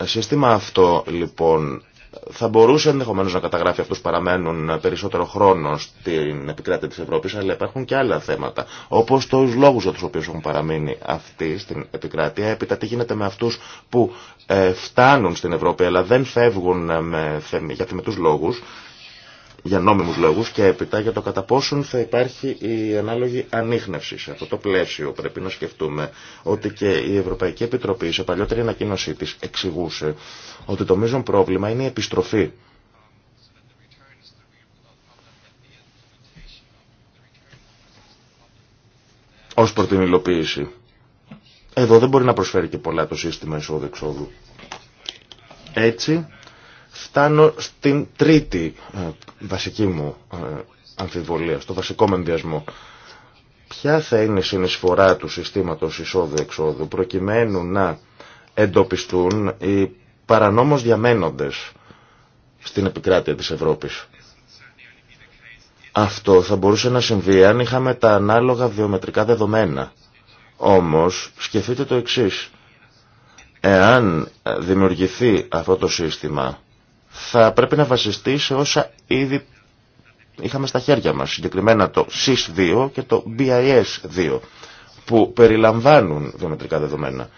σύστημα αυτό λοιπόν θα μπορούσε ενδεχομένω να καταγράφει αυτού που παραμένουν περισσότερο χρόνο στην επικράτεια τη Ευρώπη, αλλά υπάρχουν και άλλα θέματα. Όπω του λόγου για του οποίου έχουν παραμείνει αυτοί στην επικράτεια, έπειτα τι γίνεται με αυτού που ε, φτάνουν στην Ευρώπη αλλά δεν φεύγουν με, για θεμετού λόγου για νόμιμους λόγους και έπειτα για το κατά πόσον θα υπάρχει η ανάλογη ανείχνευση. Σε αυτό το πλαίσιο πρέπει να σκεφτούμε ότι και η Ευρωπαϊκή Επιτροπή σε παλιότερη ανακοίνωσή της εξηγούσε ότι το μείζον πρόβλημα είναι η επιστροφή ως προ την υλοποίηση. Εδώ δεν μπορεί να προσφέρει και πολλά το σύστημα εισόδου-εξόδου. Έτσι, Φτάνω στην τρίτη ε, βασική μου ε, αμφιβολία, στο βασικό μου ενδιασμό. Ποια θα είναι η συνεισφορά του συστήματος εισόδου-εξόδου προκειμένου να εντοπιστούν οι παρανόμως διαμένοντες στην επικράτεια της Ευρώπης. Αυτό θα μπορούσε να συμβεί αν είχαμε τα ανάλογα βιομετρικά δεδομένα. Όμως σκεφτείτε το εξής. Εάν δημιουργηθεί αυτό το σύστημα θα πρέπει να βασιστεί σε όσα ήδη είχαμε στα χέρια μας, συγκεκριμένα το SIS2 και το BIS2, που περιλαμβάνουν βιομετρικά δεδομένα.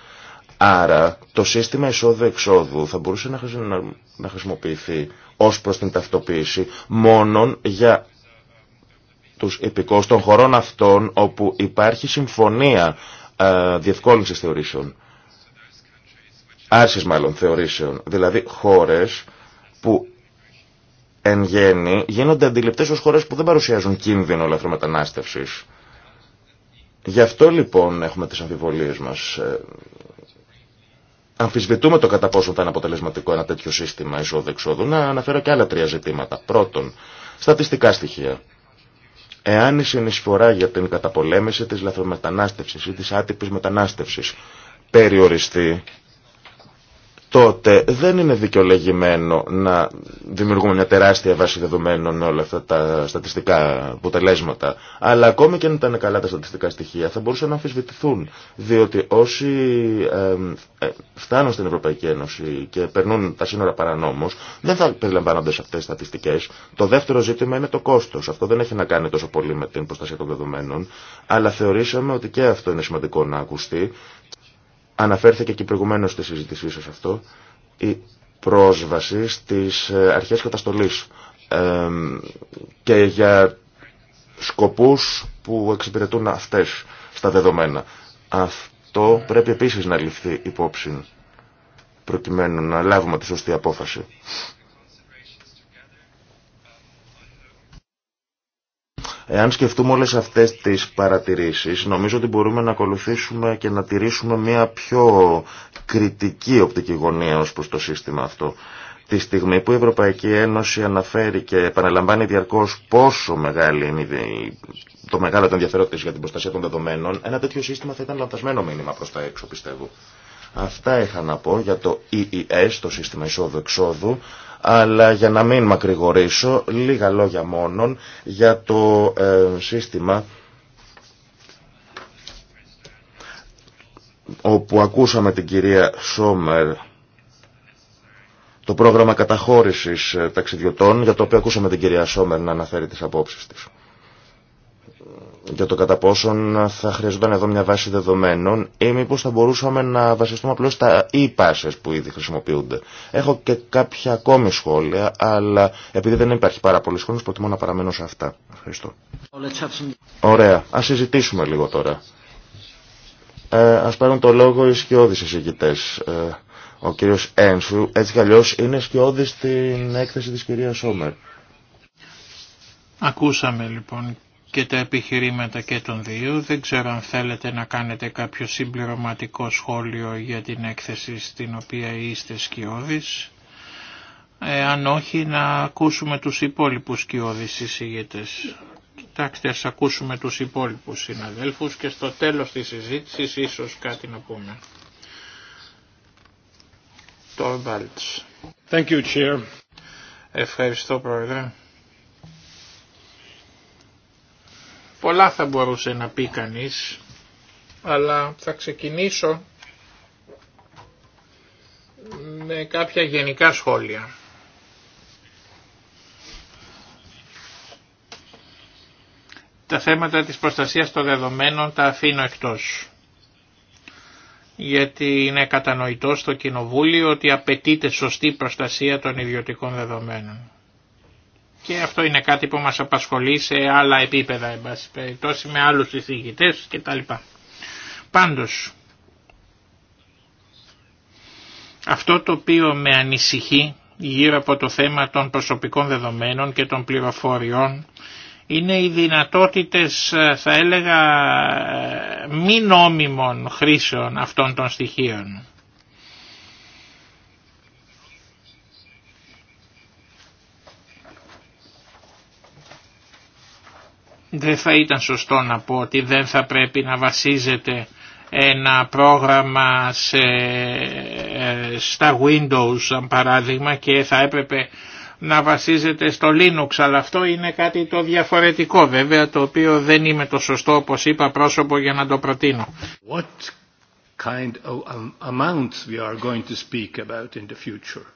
Άρα το σύστημα εισόδου-εξόδου θα μπορούσε να χρησιμοποιηθεί ως προς την ταυτοποίηση μόνον για τους επικός των χωρών αυτών όπου υπάρχει συμφωνία διευκόλυνση διευκόλυνσης θεωρήσεων. Άρσης μάλλον θεωρήσεων. Δηλαδή χώρες που εν γέννη γίνονται αντιληπτές ως χώρες που δεν παρουσιάζουν κίνδυνο λαθρομετανάστευσης. Γι' αυτό λοιπόν έχουμε τις αμφιβολίες μας. Ε, αμφισβητούμε το κατά πόσο θα είναι αποτελεσματικό ένα τέτοιο σύστημα εισόδου-εξόδου. Να αναφέρω και άλλα τρία ζητήματα. Πρώτον, στατιστικά στοιχεία. Εάν η συνεισφορά για την καταπολέμηση της λαθρομετανάστευσης ή της άτυπης μετανάστευσης περιοριστεί τότε δεν είναι δικαιολογημένο να δημιουργούμε μια τεράστια βάση δεδομένων με όλα αυτά τα στατιστικά αποτελέσματα. Αλλά ακόμη και αν ήταν καλά τα στατιστικά στοιχεία θα μπορούσαν να αμφισβητηθούν. Διότι όσοι ε, φτάνουν στην Ευρωπαϊκή Ένωση και περνούν τα σύνορα παρανόμως δεν θα περιλαμβάνονται σε αυτές τις στατιστικές. Το δεύτερο ζήτημα είναι το κόστος. Αυτό δεν έχει να κάνει τόσο πολύ με την προστασία των δεδομένων. Αλλά θεωρήσαμε ότι και αυτό είναι σημαντικό να ακουστεί Αναφέρθηκε και προηγουμένω στη συζήτησή σα αυτό η πρόσβαση στι ε, αρχέ καταστολής και για σκοπούς που εξυπηρετούν αυτές στα δεδομένα. Αυτό πρέπει επίσης να ληφθεί υπόψη προκειμένου να λάβουμε τη σωστή απόφαση. Εάν σκεφτούμε όλες αυτές τις παρατηρήσεις, νομίζω ότι μπορούμε να ακολουθήσουμε και να τηρήσουμε μια πιο κριτική οπτική γωνία ως προς το σύστημα αυτό. Τη στιγμή που η Ευρωπαϊκή Ένωση αναφέρει και επαναλαμβάνει διαρκώς πόσο μεγάλη είναι το μεγάλο το ενδιαφέρον τη για την προστασία των δεδομένων, ένα τέτοιο σύστημα θα ήταν λανθασμένο μήνυμα προς τα έξω, πιστεύω. Αυτά είχα να πω για το EES, το σύστημα εισόδου-εξόδου, αλλά για να μην μακρηγορήσω, λίγα λόγια μόνον για το ε, σύστημα όπου ακούσαμε την κυρία Σόμερ το πρόγραμμα καταχώρησης ε, ταξιδιωτών για το οποίο ακούσαμε την κυρία Σόμερ να αναφέρει τις απόψεις της για το κατά πόσον θα χρειαζόταν εδώ μια βάση δεδομένων ή μήπως θα μπορούσαμε να βασιστούμε απλώς στα e-passes που ήδη χρησιμοποιούνται. Έχω και κάποια ακόμη σχόλια, αλλά επειδή δεν υπάρχει πάρα πολλοί χρόνος, προτιμώ να παραμένω σε αυτά. Ευχαριστώ. Ωραία. Ας συζητήσουμε λίγο τώρα. Ε, ας πάρουν το λόγο οι σκιώδεις εισηγητές. Ε, ο κύριος Ένσου, έτσι κι είναι σκιώδης στην έκθεση της κυρίας Σόμερ. Ακούσαμε λοιπόν και τα επιχειρήματα και των δύο. Δεν ξέρω αν θέλετε να κάνετε κάποιο συμπληρωματικό σχόλιο για την έκθεση στην οποία είστε σκιώδης. Ε, αν όχι να ακούσουμε τους υπόλοιπους σκιώδης εισηγητές. Κοιτάξτε ας ακούσουμε τους υπόλοιπους συναδέλφους και στο τέλος της συζήτησης ίσως κάτι να πούμε. Thank you, Ευχαριστώ Πρόεδρε. Πολλά θα μπορούσε να πει κανείς, αλλά θα ξεκινήσω με κάποια γενικά σχόλια. Τα θέματα της προστασίας των δεδομένων τα αφήνω εκτός. Γιατί είναι κατανοητό στο Κοινοβούλιο ότι απαιτείται σωστή προστασία των ιδιωτικών δεδομένων και αυτό είναι κάτι που μας απασχολεί σε άλλα επίπεδα, εν πάση περιπτώσει, με άλλους εισηγητές κτλ. Πάντως, αυτό το οποίο με ανησυχεί γύρω από το θέμα των προσωπικών δεδομένων και των πληροφοριών είναι οι δυνατότητες, θα έλεγα, μη νόμιμων χρήσεων αυτών των στοιχείων. Δεν θα ήταν σωστό να πω ότι δεν θα πρέπει να βασίζεται ένα πρόγραμμα σε, ε, στα Windows σαν παράδειγμα και θα έπρεπε να βασίζεται στο Linux αλλά αυτό είναι κάτι το διαφορετικό βέβαια το οποίο δεν είμαι το σωστό όπως είπα πρόσωπο για να το προτείνω. What kind of um, amounts we are going to speak about in the future?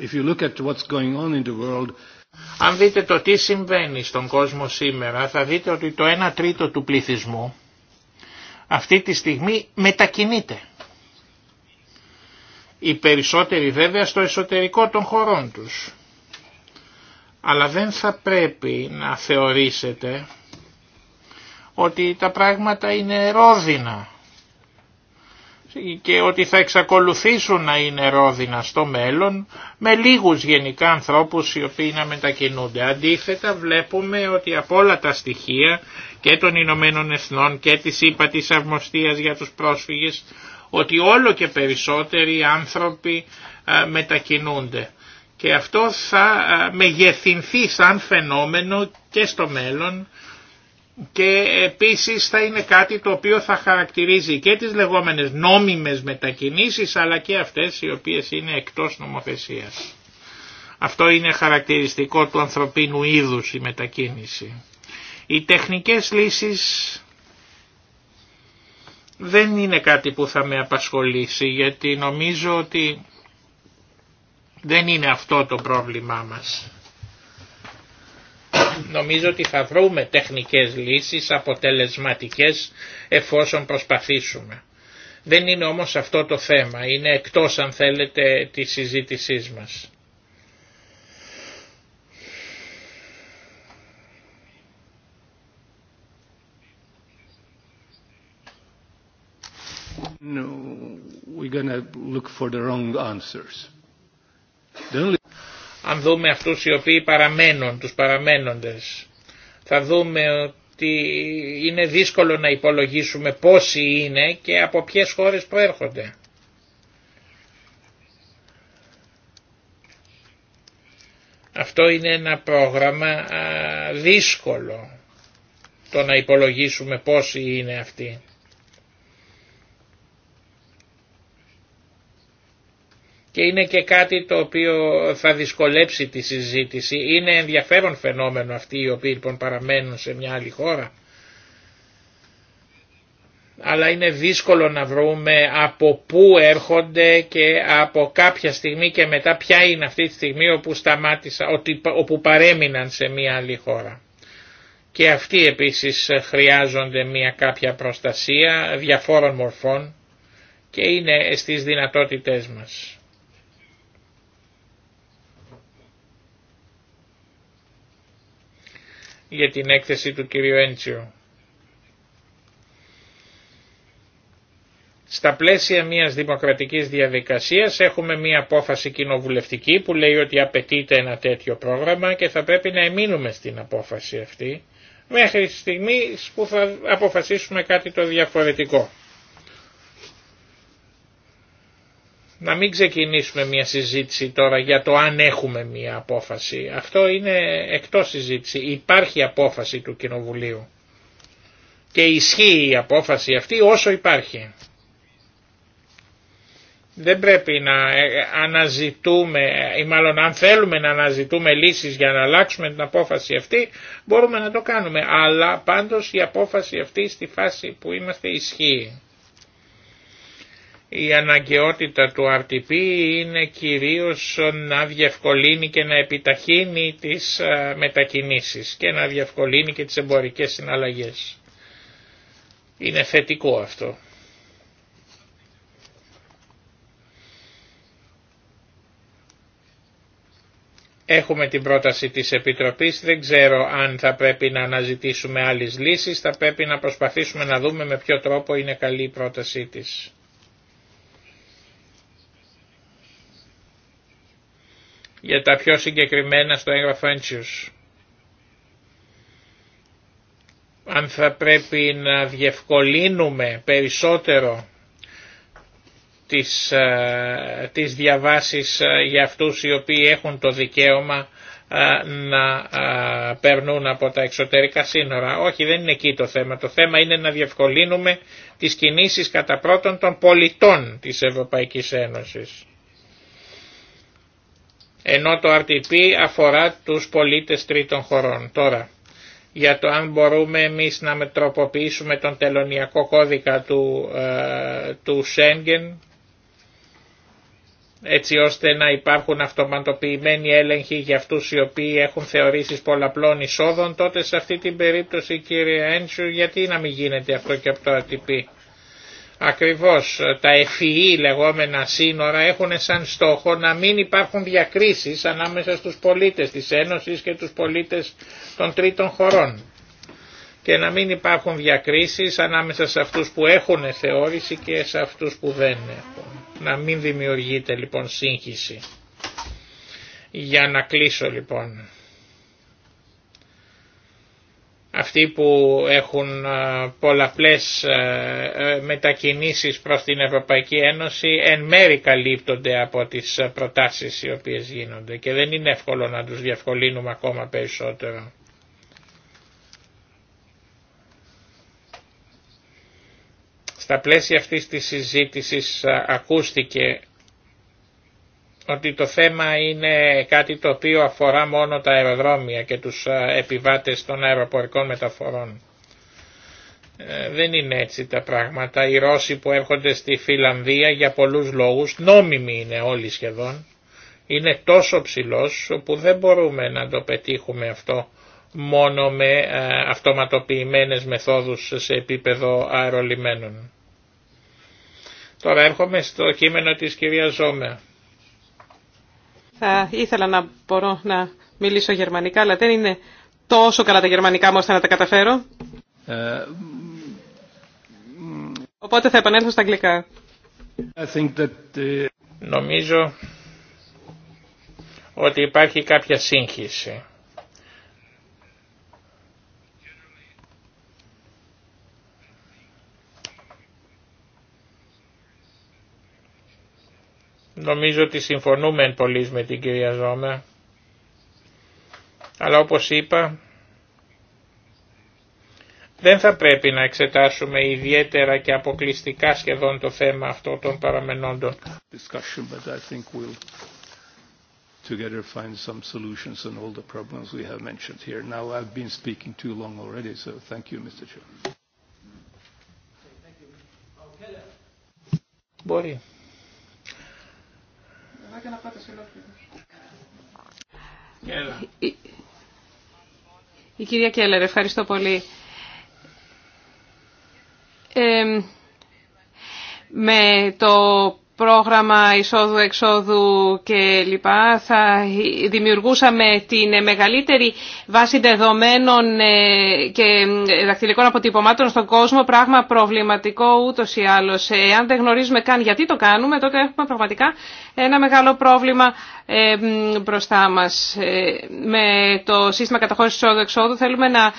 If you look at what's going on in the world αν δείτε το τι συμβαίνει στον κόσμο σήμερα θα δείτε ότι το 1 τρίτο του πληθυσμού αυτή τη στιγμή μετακινείται. Οι περισσότεροι βέβαια στο εσωτερικό των χωρών τους. Αλλά δεν θα πρέπει να θεωρήσετε ότι τα πράγματα είναι ρόδινα και ότι θα εξακολουθήσουν να είναι ρόδινα στο μέλλον με λίγους γενικά ανθρώπους οι οποίοι να μετακινούνται. Αντίθετα βλέπουμε ότι από όλα τα στοιχεία και των Ηνωμένων Εθνών και της ΥΠΑ ΕΕ της Αυμοστίας για τους πρόσφυγες ότι όλο και περισσότεροι άνθρωποι μετακινούνται. Και αυτό θα μεγεθυνθεί σαν φαινόμενο και στο μέλλον και επίσης θα είναι κάτι το οποίο θα χαρακτηρίζει και τις λεγόμενες νόμιμες μετακινήσεις αλλά και αυτές οι οποίες είναι εκτός νομοθεσίας. Αυτό είναι χαρακτηριστικό του ανθρωπίνου είδους η μετακίνηση. Οι τεχνικές λύσεις δεν είναι κάτι που θα με απασχολήσει γιατί νομίζω ότι δεν είναι αυτό το πρόβλημά μας νομίζω ότι θα βρούμε τεχνικές λύσεις αποτελεσματικές εφόσον προσπαθήσουμε. Δεν είναι όμως αυτό το θέμα, είναι εκτός αν θέλετε τη συζήτησή μας αν δούμε αυτούς οι οποίοι παραμένουν, τους παραμένοντες, θα δούμε ότι είναι δύσκολο να υπολογίσουμε πόσοι είναι και από ποιες χώρες προέρχονται. Αυτό είναι ένα πρόγραμμα δύσκολο το να υπολογίσουμε πόσοι είναι αυτοί. και είναι και κάτι το οποίο θα δυσκολέψει τη συζήτηση. Είναι ενδιαφέρον φαινόμενο αυτοί οι οποίοι λοιπόν παραμένουν σε μια άλλη χώρα. Αλλά είναι δύσκολο να βρούμε από πού έρχονται και από κάποια στιγμή και μετά ποια είναι αυτή τη στιγμή όπου σταμάτησα, όπου παρέμειναν σε μια άλλη χώρα. Και αυτοί επίσης χρειάζονται μια κάποια προστασία διαφόρων μορφών και είναι στις δυνατότητές μας. για την έκθεση του κυρίου Έντσιου. Στα πλαίσια μιας δημοκρατικής διαδικασίας έχουμε μια απόφαση κοινοβουλευτική που λέει ότι απαιτείται ένα τέτοιο πρόγραμμα και θα πρέπει να εμείνουμε στην απόφαση αυτή μέχρι στιγμή που θα αποφασίσουμε κάτι το διαφορετικό. να μην ξεκινήσουμε μια συζήτηση τώρα για το αν έχουμε μια απόφαση. Αυτό είναι εκτός συζήτηση. Υπάρχει απόφαση του Κοινοβουλίου. Και ισχύει η απόφαση αυτή όσο υπάρχει. Δεν πρέπει να ε, αναζητούμε, ή μάλλον αν θέλουμε να αναζητούμε λύσεις για να αλλάξουμε την απόφαση αυτή, μπορούμε να το κάνουμε. Αλλά πάντως η απόφαση αυτή στη φάση που είμαστε ισχύει. Η αναγκαιότητα του RTP είναι κυρίως να διευκολύνει και να επιταχύνει τις ε, μετακινήσεις και να διευκολύνει και τις εμπορικές συναλλαγές. Είναι θετικό αυτό. Έχουμε την πρόταση της Επιτροπής, δεν ξέρω αν θα πρέπει να αναζητήσουμε άλλες λύσεις, θα πρέπει να προσπαθήσουμε να δούμε με ποιο τρόπο είναι καλή η πρότασή της. για τα πιο συγκεκριμένα στο έγγραφο Έντσιους. Αν θα πρέπει να διευκολύνουμε περισσότερο τις, ε, τις διαβάσεις ε, για αυτούς οι οποίοι έχουν το δικαίωμα ε, να περνούν από τα εξωτερικά σύνορα. Όχι δεν είναι εκεί το θέμα. Το θέμα είναι να διευκολύνουμε τις κινήσεις κατά πρώτον των πολιτών της Ευρωπαϊκής Ένωσης ενώ το RTP αφορά τους πολίτες τρίτων χωρών. Τώρα, για το αν μπορούμε εμείς να μετροποποιήσουμε τον τελωνιακό κώδικα του, ε, του Schengen, έτσι ώστε να υπάρχουν αυτοματοποιημένοι έλεγχοι για αυτούς οι οποίοι έχουν θεωρήσεις πολλαπλών εισόδων, τότε σε αυτή την περίπτωση κύριε Έντσου γιατί να μην γίνεται αυτό και από το RTP. Ακριβώς ε, τα ευφυή e e λεγόμενα σύνορα έχουν σαν στόχο να μην υπάρχουν διακρίσεις ανάμεσα στους πολίτες της Ένωσης και τους πολίτες των τρίτων χωρών και να μην υπάρχουν διακρίσεις ανάμεσα σε αυτούς που έχουν θεώρηση και σε αυτούς που δεν έχουν. Να μην δημιουργείται λοιπόν σύγχυση. Για να κλείσω λοιπόν αυτοί που έχουν ε, πολλαπλές ε, ε, μετακινήσεις προς την Ευρωπαϊκή Ένωση εν μέρη καλύπτονται από τις προτάσεις οι οποίες γίνονται και δεν είναι εύκολο να τους διευκολύνουμε ακόμα περισσότερο. Στα πλαίσια αυτής της συζήτησης ακούστηκε ότι το θέμα είναι κάτι το οποίο αφορά μόνο τα αεροδρόμια και τους επιβάτες των αεροπορικών μεταφορών. Ε, δεν είναι έτσι τα πράγματα. Οι Ρώσοι που έρχονται στη Φιλανδία για πολλούς λόγους, νόμιμοι είναι όλοι σχεδόν, είναι τόσο ψηλός που δεν μπορούμε να το πετύχουμε αυτό μόνο με αυτοματοποιημένες μεθόδους σε επίπεδο αερολιμένων. Τώρα έρχομαι στο κείμενο της κυρίας Ζώμεα. Θα ήθελα να μπορώ να μιλήσω γερμανικά, αλλά δεν είναι τόσο καλά τα γερμανικά μου ώστε να τα καταφέρω. Ε, Οπότε θα επανέλθω στα αγγλικά. I think that ε, Νομίζω ότι υπάρχει κάποια σύγχυση. Νομίζω ότι συμφωνούμε εν πολλής με την κυρία Ζώμα. Αλλά όπως είπα, δεν θα πρέπει να εξετάσουμε ιδιαίτερα και αποκλειστικά σχεδόν το θέμα αυτό των παραμενόντων. Together find some solutions on all the problems we have mentioned here. Now I've been speaking too long already, so thank you, Mr. Chair. Okay και Έκανε πρόταση ολόκληρη. Η... Η κυρία Κέλλερ, ευχαριστώ πολύ. Ε, με το πρόγραμμα εισόδου-εξόδου και λοιπά, θα δημιουργούσαμε την μεγαλύτερη βάση δεδομένων ε, και ε, δακτυλικών αποτυπωμάτων στον κόσμο, πράγμα προβληματικό ούτως ή άλλως. Ε, αν δεν γνωρίζουμε καν γιατί το κάνουμε, τότε έχουμε πραγματικά ένα μεγάλο πρόβλημα μπροστά μας. Με το σύστημα καταχώρησης εισόδου-εξόδου θέλουμε να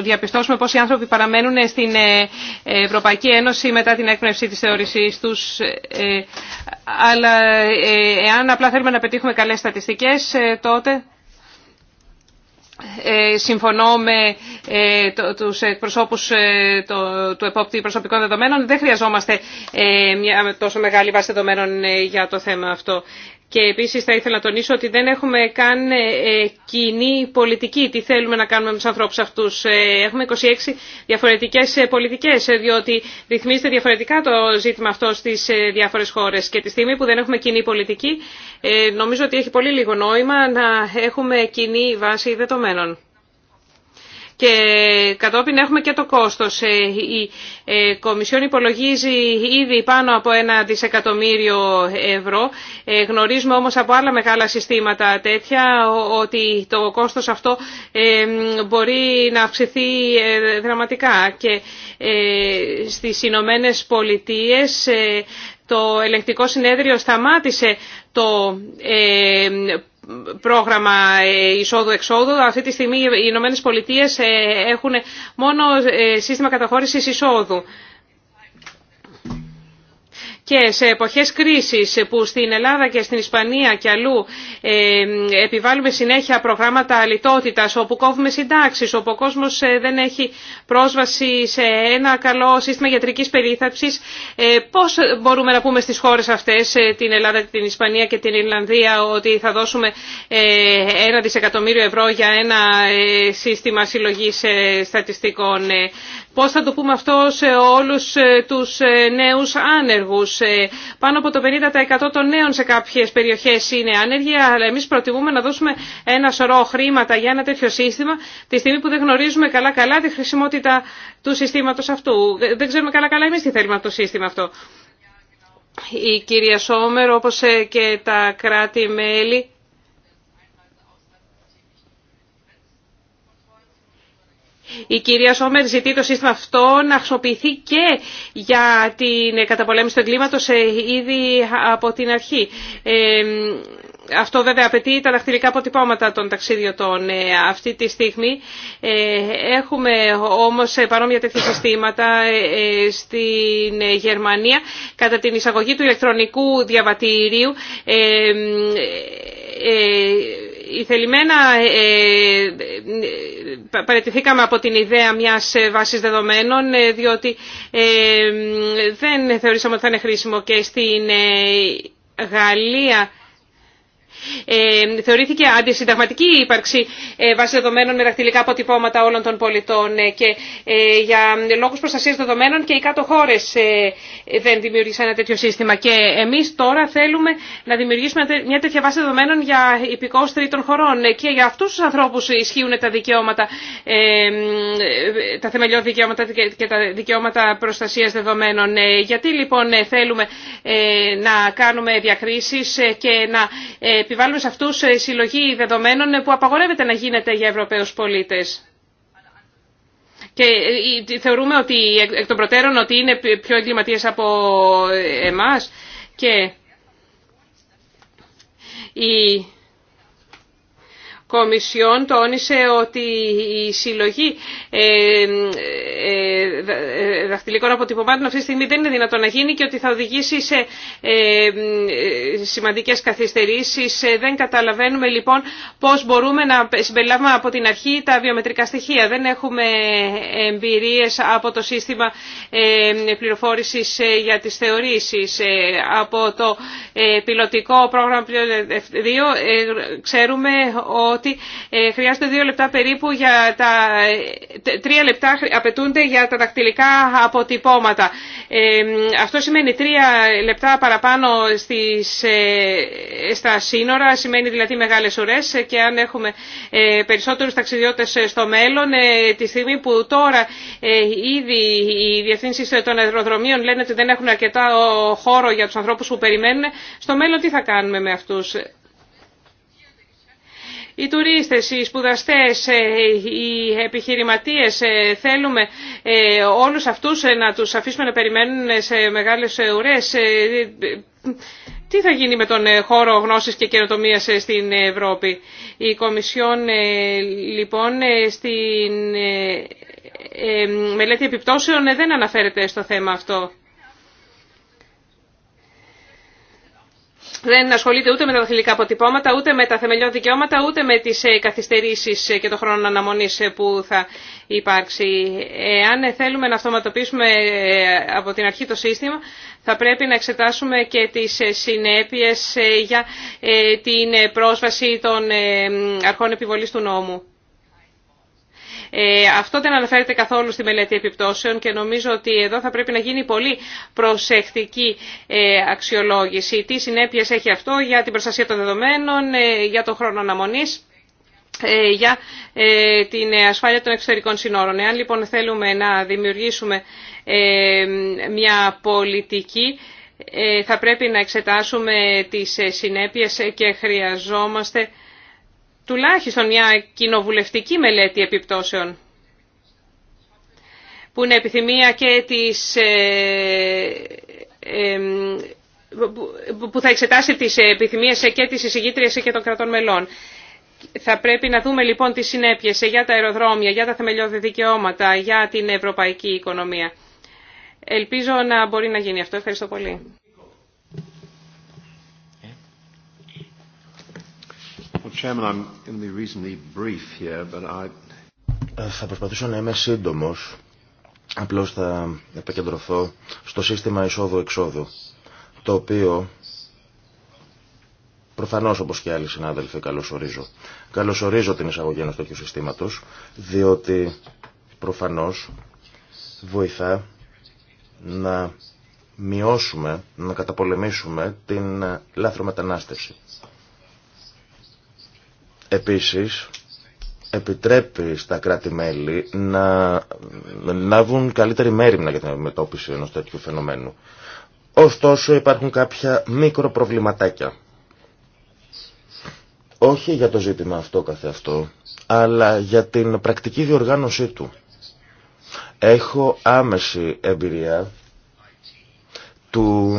διαπιστώσουμε πώς οι άνθρωποι παραμένουν στην Ευρωπαϊκή Ένωση μετά την έκπνευση της θεωρησής τους ε, αλλά ε, εάν απλά θέλουμε να πετύχουμε καλές στατιστικές, ε, τότε συμφωνώ με τους εκπροσώπους του επόπτη προσωπικών δεδομένων. Δεν χρειαζόμαστε μια τόσο μεγάλη βάση δεδομένων για το θέμα αυτό. Και επίσης θα ήθελα να τονίσω ότι δεν έχουμε καν ε, ε, κοινή πολιτική. Τι θέλουμε να κάνουμε με τους ανθρώπους αυτούς. Ε, έχουμε 26 διαφορετικές πολιτικές, διότι ρυθμίζεται διαφορετικά το ζήτημα αυτό στις διάφορες χώρες. Και τη στιγμή που δεν έχουμε κοινή πολιτική, νομίζω ότι έχει πολύ λίγο νόημα να έχουμε κοινή βάση δεδομένων και κατόπιν έχουμε και το κόστος. Ε, η ε, Κομισιόν υπολογίζει ήδη πάνω από ένα δισεκατομμύριο ευρώ. Ε, γνωρίζουμε όμως από άλλα μεγάλα συστήματα τέτοια ότι το κόστος αυτό μπορεί να αυξηθεί δραματικά και στις Ηνωμένε Πολιτείες το ελεγκτικό συνέδριο σταμάτησε το πρόγραμμα εισόδου-εξόδου. Αυτή τη στιγμή οι Ηνωμένε Πολιτείε ε, έχουν μόνο ε, σύστημα καταχώρησης εισόδου και σε εποχές κρίσης που στην Ελλάδα και στην Ισπανία και αλλού ε, επιβάλλουμε συνέχεια προγράμματα αλητότητας, όπου κόβουμε συντάξεις, όπου ο κόσμος ε, δεν έχει πρόσβαση σε ένα καλό σύστημα γιατρικής περίθαψης, ε, πώς μπορούμε να πούμε στις χώρες αυτές, την Ελλάδα, την Ισπανία και την Ιρλανδία, ότι θα δώσουμε ένα δισεκατομμύριο ευρώ για ένα σύστημα συλλογής στατιστικών. Πώς θα το πούμε αυτό σε όλους ε, τους ε, νέους άνεργους. Ε, πάνω από το 50% των νέων σε κάποιες περιοχές είναι άνεργοι, αλλά εμείς προτιμούμε να δώσουμε ένα σωρό χρήματα για ένα τέτοιο σύστημα, τη στιγμή που δεν γνωρίζουμε καλά-καλά τη χρησιμότητα του συστήματος αυτού. Δεν ξέρουμε καλά-καλά εμείς τι θέλουμε από το σύστημα αυτό. Η κυρία Σόμερ, όπως και τα κράτη-μέλη, Η κυρία Σόμερ ζητεί το σύστημα αυτό να χρησιμοποιηθεί και για την καταπολέμηση του εγκλήματος ε, ήδη από την αρχή. Ε, αυτό βέβαια απαιτεί τα δαχτυλικά αποτυπώματα των ταξιδιωτών ε, αυτή τη στιγμή. Έχουμε όμως παρόμοια τέτοια συστήματα στην Γερμανία κατά την εισαγωγή του ηλεκτρονικού διαβατηρίου ηθελημένα ε, ε, ε, παρετηθήκαμε από την ιδέα μιας βάσης δεδομένων διότι δεν θεωρήσαμε ότι θα είναι χρήσιμο και στην Γαλλία ε, θεωρήθηκε αντισυνταγματική η ύπαρξη ε, βάσει δεδομένων με δαχτυλικά αποτυπώματα όλων των πολιτών ε, και για λόγους προστασίας δεδομένων και οι κάτω χώρες δεν δημιούργησαν ένα τέτοιο σύστημα και εμείς τώρα θέλουμε να δημιουργήσουμε μια τέτοια βάση δεδομένων για υπηκόους τρίτων χωρών και για αυτούς τους ανθρώπους ισχύουν τα δικαιώματα, τα θεμελιώδη δικαιώματα και τα δικαιώματα προστασίας δεδομένων. Γιατί λοιπόν θέλουμε να κάνουμε διακρίσεις και να Επιβάλλουμε σε αυτούς ε, συλλογή δεδομένων ε, που απαγορεύεται να γίνεται για Ευρωπαίους πολίτες. Και ε, θεωρούμε ότι εκ των προτέρων ότι είναι πιο εγκληματίες από εμάς και Κομισιόν τόνισε ότι η συλλογή ε, ε, ε, δαχτυλικών αποτυπωμάτων αυτή τη στιγμή δεν είναι δυνατόν να γίνει και ότι θα οδηγήσει σε σημαντικές καθυστερήσεις. Δεν καταλαβαίνουμε λοιπόν πώς μπορούμε να συμπεριλάβουμε από την αρχή τα βιομετρικά στοιχεία. Δεν έχουμε εμπειρίες από το σύστημα πληροφόρησης για τις θεωρήσεις. Από το πιλωτικό πρόγραμμα 2 ξέρουμε ότι ότι ε, χρειάζονται δύο λεπτά περίπου για τα... τρία λεπτά απαιτούνται για τα δακτυλικά αποτυπώματα. Ε, αυτό σημαίνει τρία λεπτά παραπάνω στις, ε, στα σύνορα, σημαίνει δηλαδή μεγάλες ουρές και αν έχουμε περισσότερους ταξιδιώτες στο μέλλον, τη στιγμή που τώρα ήδη οι διευθύνσεις των αεροδρομίων λένε ότι δεν έχουν αρκετά χώρο για τους ανθρώπους που περιμένουν, στο μέλλον τι θα κάνουμε με αυτούς οι τουρίστες, οι σπουδαστές, ε, οι επιχειρηματίες. Ε, θέλουμε ε, όλους αυτούς να τους αφήσουμε να περιμένουν σε μεγάλες ουρές. Τι θα γίνει με τον χώρο γνώσης και καινοτομίας στην Ευρώπη. Η Κομισιόν λοιπόν στην μελέτη επιπτώσεων δεν αναφέρεται στο θέμα αυτό. δεν ασχολείται ούτε με τα δαχτυλικά αποτυπώματα, ούτε με τα θεμελιώδη δικαιώματα, ούτε με τις ε, καθυστερήσεις ε, και το χρόνο αναμονής ε, που θα υπάρξει. Αν θέλουμε να αυτοματοποιήσουμε από την αρχή το σύστημα, θα πρέπει να εξετάσουμε και τις συνέπειες για την πρόσβαση των αρχών επιβολής του νόμου. Ε, αυτό δεν αναφέρεται καθόλου στη μελέτη επιπτώσεων και νομίζω ότι εδώ θα πρέπει να γίνει πολύ προσεκτική ε, αξιολόγηση. Τι συνέπειες έχει αυτό για την προστασία των δεδομένων, ε, για τον χρόνο αναμονής για την ασφάλεια των εξωτερικών συνόρων. Εάν λοιπόν θέλουμε να δημιουργήσουμε μια πολιτική, θα πρέπει να εξετάσουμε τις συνέπειες και χρειαζόμαστε τουλάχιστον μια κοινοβουλευτική μελέτη επιπτώσεων που είναι επιθυμία και ε, ε, που θα εξετάσει τις επιθυμίες και της εισηγήτριας και των κρατών μελών. Θα πρέπει να δούμε λοιπόν τι συνέπειες για τα αεροδρόμια, για τα θεμελιώδη δικαιώματα, για την ευρωπαϊκή οικονομία. Ελπίζω να μπορεί να γίνει αυτό. Ευχαριστώ πολύ. Θα προσπαθήσω να είμαι σύντομος. Απλώς θα επικεντρωθώ στο σύστημα εισόδου-εξόδου, το οποίο προφανώς όπως και άλλοι συνάδελφοι καλωσορίζω. Καλωσορίζω την εισαγωγή ενός τέτοιου συστήματος, διότι προφανώς βοηθά να μειώσουμε, να καταπολεμήσουμε την λάθρο Επίσης, επιτρέπει στα κράτη-μέλη να λάβουν καλύτερη μέρημνα για την αντιμετώπιση ενός τέτοιου φαινομένου. Ωστόσο υπάρχουν κάποια μικροπροβληματάκια. Όχι για το ζήτημα αυτό καθεαυτό, αλλά για την πρακτική διοργάνωσή του. Έχω άμεση εμπειρία του,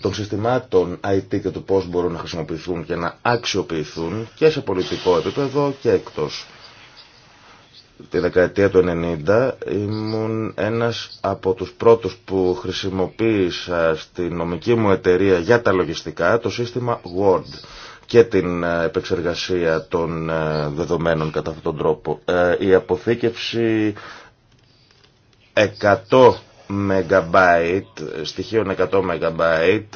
των συστημάτων IT και του πώς μπορούν να χρησιμοποιηθούν και να αξιοποιηθούν και σε πολιτικό επίπεδο και εκτός. Τη δεκαετία του 90 ήμουν ένας από τους πρώτους που χρησιμοποίησα στη νομική μου εταιρεία για τα λογιστικά το σύστημα Word και την ε, επεξεργασία των ε, δεδομένων κατά αυτόν τον τρόπο. Ε, η αποθήκευση 100 MB, στοιχείων 100 MB,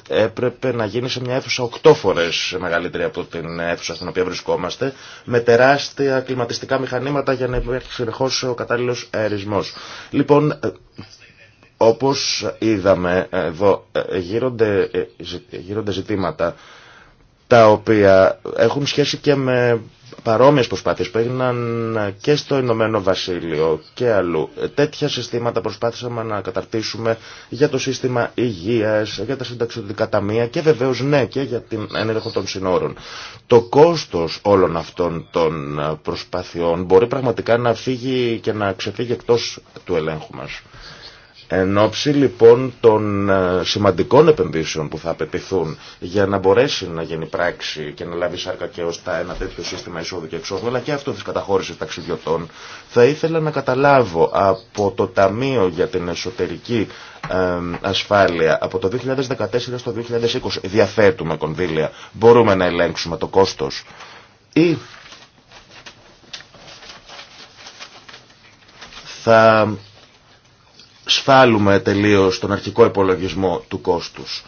έπρεπε να γίνει σε μια αίθουσα 8 φορές μεγαλύτερη από την αίθουσα στην οποία βρισκόμαστε, με τεράστια κλιματιστικά μηχανήματα για να υπάρχει συνεχώ ο κατάλληλος αερισμός. Λοιπόν, όπως είδαμε εδώ, ε, γύρονται, ε, γύρονται ζητήματα τα οποία έχουν σχέση και με παρόμοιες προσπάθειες που έγιναν και στο Ηνωμένο Βασίλειο και αλλού. Τέτοια συστήματα προσπάθησαμε να καταρτήσουμε για το σύστημα υγείας, για τα συνταξιδικά ταμεία και βεβαίως ναι και για την ενέργεια των συνόρων. Το κόστος όλων αυτών των προσπαθειών μπορεί πραγματικά να φύγει και να ξεφύγει εκτός του ελέγχου μας. Εν ώψη λοιπόν των ε, σημαντικών επενδύσεων που θα απαιτηθούν για να μπορέσει να γίνει πράξη και να λάβει σάρκα και τα ένα τέτοιο σύστημα εισόδου και εξόδου αλλά και αυτό τη καταχώρηση ταξιδιωτών θα ήθελα να καταλάβω από το Ταμείο για την Εσωτερική ε, Ασφάλεια από το 2014 στο 2020 διαθέτουμε κονδύλια, μπορούμε να ελέγξουμε το κόστος ή θα σφάλουμε τελείως τον αρχικό υπολογισμό του κόστους.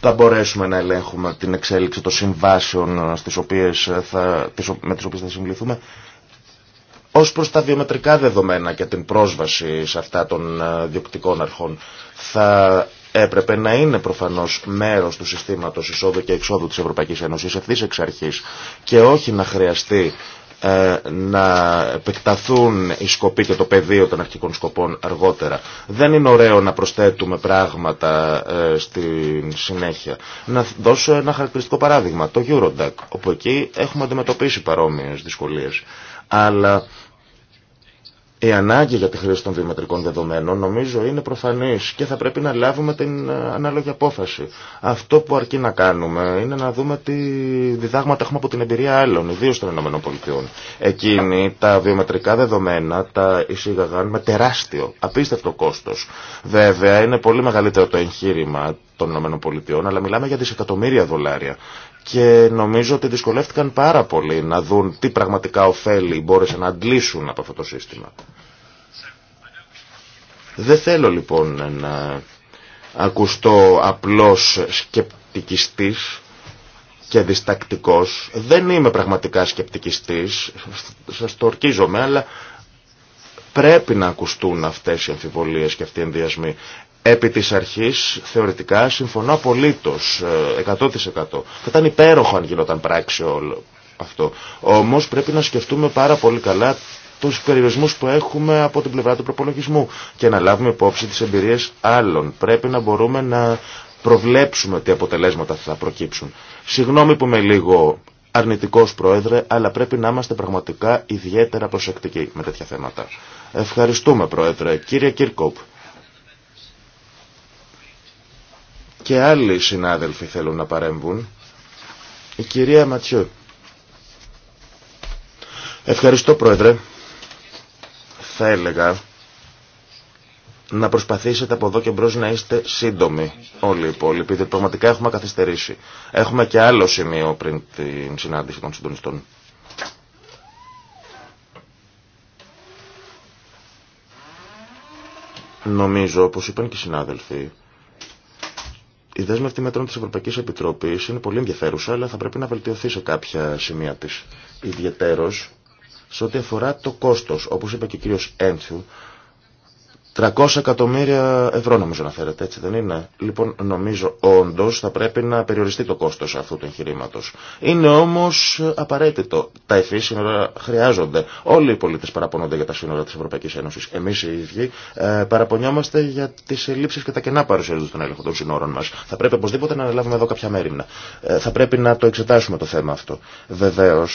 Θα μπορέσουμε να ελέγχουμε την εξέλιξη των συμβάσεων ε, στις οποίες ε, θα, με τις οποίες θα συμβληθούμε ως προς τα βιομετρικά δεδομένα και την πρόσβαση σε αυτά των ε, διοκτικών αρχών θα έπρεπε να είναι προφανώς μέρος του συστήματος εισόδου και εξόδου της Ευρωπαϊκής Ένωσης ευθύς εξ αρχής και όχι να χρειαστεί ε, να επεκταθούν οι σκοποί και το πεδίο των αρχικών σκοπών αργότερα. Δεν είναι ωραίο να προσθέτουμε πράγματα ε, στη συνέχεια. Να δώσω ένα χαρακτηριστικό παράδειγμα, το Eurodac, όπου εκεί έχουμε αντιμετωπίσει παρόμοιες δυσκολίες. Αλλά η ανάγκη για τη χρήση των βιομετρικών δεδομένων νομίζω είναι προφανής και θα πρέπει να λάβουμε την ε, ανάλογη απόφαση. Αυτό που αρκεί να κάνουμε είναι να δούμε τι διδάγματα έχουμε από την εμπειρία άλλων, ιδίω των ΗΠΑ. Εκείνοι τα βιομετρικά δεδομένα τα εισήγαγαν με τεράστιο, απίστευτο κόστος. Βέβαια είναι πολύ μεγαλύτερο το εγχείρημα των ΗΠΑ, αλλά μιλάμε για δισεκατομμύρια δολάρια και νομίζω ότι δυσκολεύτηκαν πάρα πολύ να δουν τι πραγματικά ωφέλη μπόρεσαν να αντλήσουν από αυτό το σύστημα. Δεν θέλω λοιπόν να ακουστώ απλώς σκεπτικιστής και διστακτικός. Δεν είμαι πραγματικά σκεπτικιστής, σας το ορκίζομαι, αλλά πρέπει να ακουστούν αυτές οι αμφιβολίες και αυτοί οι ενδιασμοί. Επί της αρχής, θεωρητικά, συμφωνώ απολύτως, 100%. Ε, θα ήταν υπέροχο αν γινόταν πράξη όλο αυτό. Όμως πρέπει να σκεφτούμε πάρα πολύ καλά τους περιορισμούς που έχουμε από την πλευρά του προπολογισμού και να λάβουμε υπόψη τις εμπειρίες άλλων. Πρέπει να μπορούμε να προβλέψουμε τι αποτελέσματα θα προκύψουν. Συγγνώμη που είμαι λίγο αρνητικός πρόεδρε, αλλά πρέπει να είμαστε πραγματικά ιδιαίτερα προσεκτικοί με τέτοια θέματα. Ευχαριστούμε πρόεδρε. Κύριε Κίρκοπ. και άλλοι συνάδελφοι θέλουν να παρέμβουν. Η κυρία Ματιού. Ευχαριστώ πρόεδρε. Θα έλεγα να προσπαθήσετε από εδώ και μπρος να είστε σύντομοι όλοι οι υπόλοιποι, διότι πραγματικά έχουμε καθυστερήσει. Έχουμε και άλλο σημείο πριν την συνάντηση των συντονιστών. Νομίζω, όπως είπαν και οι συνάδελφοι, η αυτή μέτρων τη Ευρωπαϊκή Επιτροπή είναι πολύ ενδιαφέρουσα, αλλά θα πρέπει να βελτιωθεί σε κάποια σημεία τη Ιδιαιτέρως σε ό,τι αφορά το κόστος, όπως είπε και ο κύριος Ένθιου, 300 εκατομμύρια ευρώ νομίζω να φέρετε, έτσι δεν είναι. Λοιπόν, νομίζω όντω θα πρέπει να περιοριστεί το κόστο αυτού του εγχειρήματο. Είναι όμω απαραίτητο. Τα εφή σύνορα χρειάζονται. Όλοι οι πολίτε παραπονούνται για τα σύνορα τη Ευρωπαϊκή Ένωση. Εμεί οι ίδιοι ε, παραπονιόμαστε για τι ελλείψει και τα κενά παρουσιάζονται στον έλεγχο των σύνορων μα. Θα πρέπει οπωσδήποτε να αναλάβουμε εδώ κάποια μέρημνα. Ε, θα πρέπει να το εξετάσουμε το θέμα αυτό. Βεβαίω,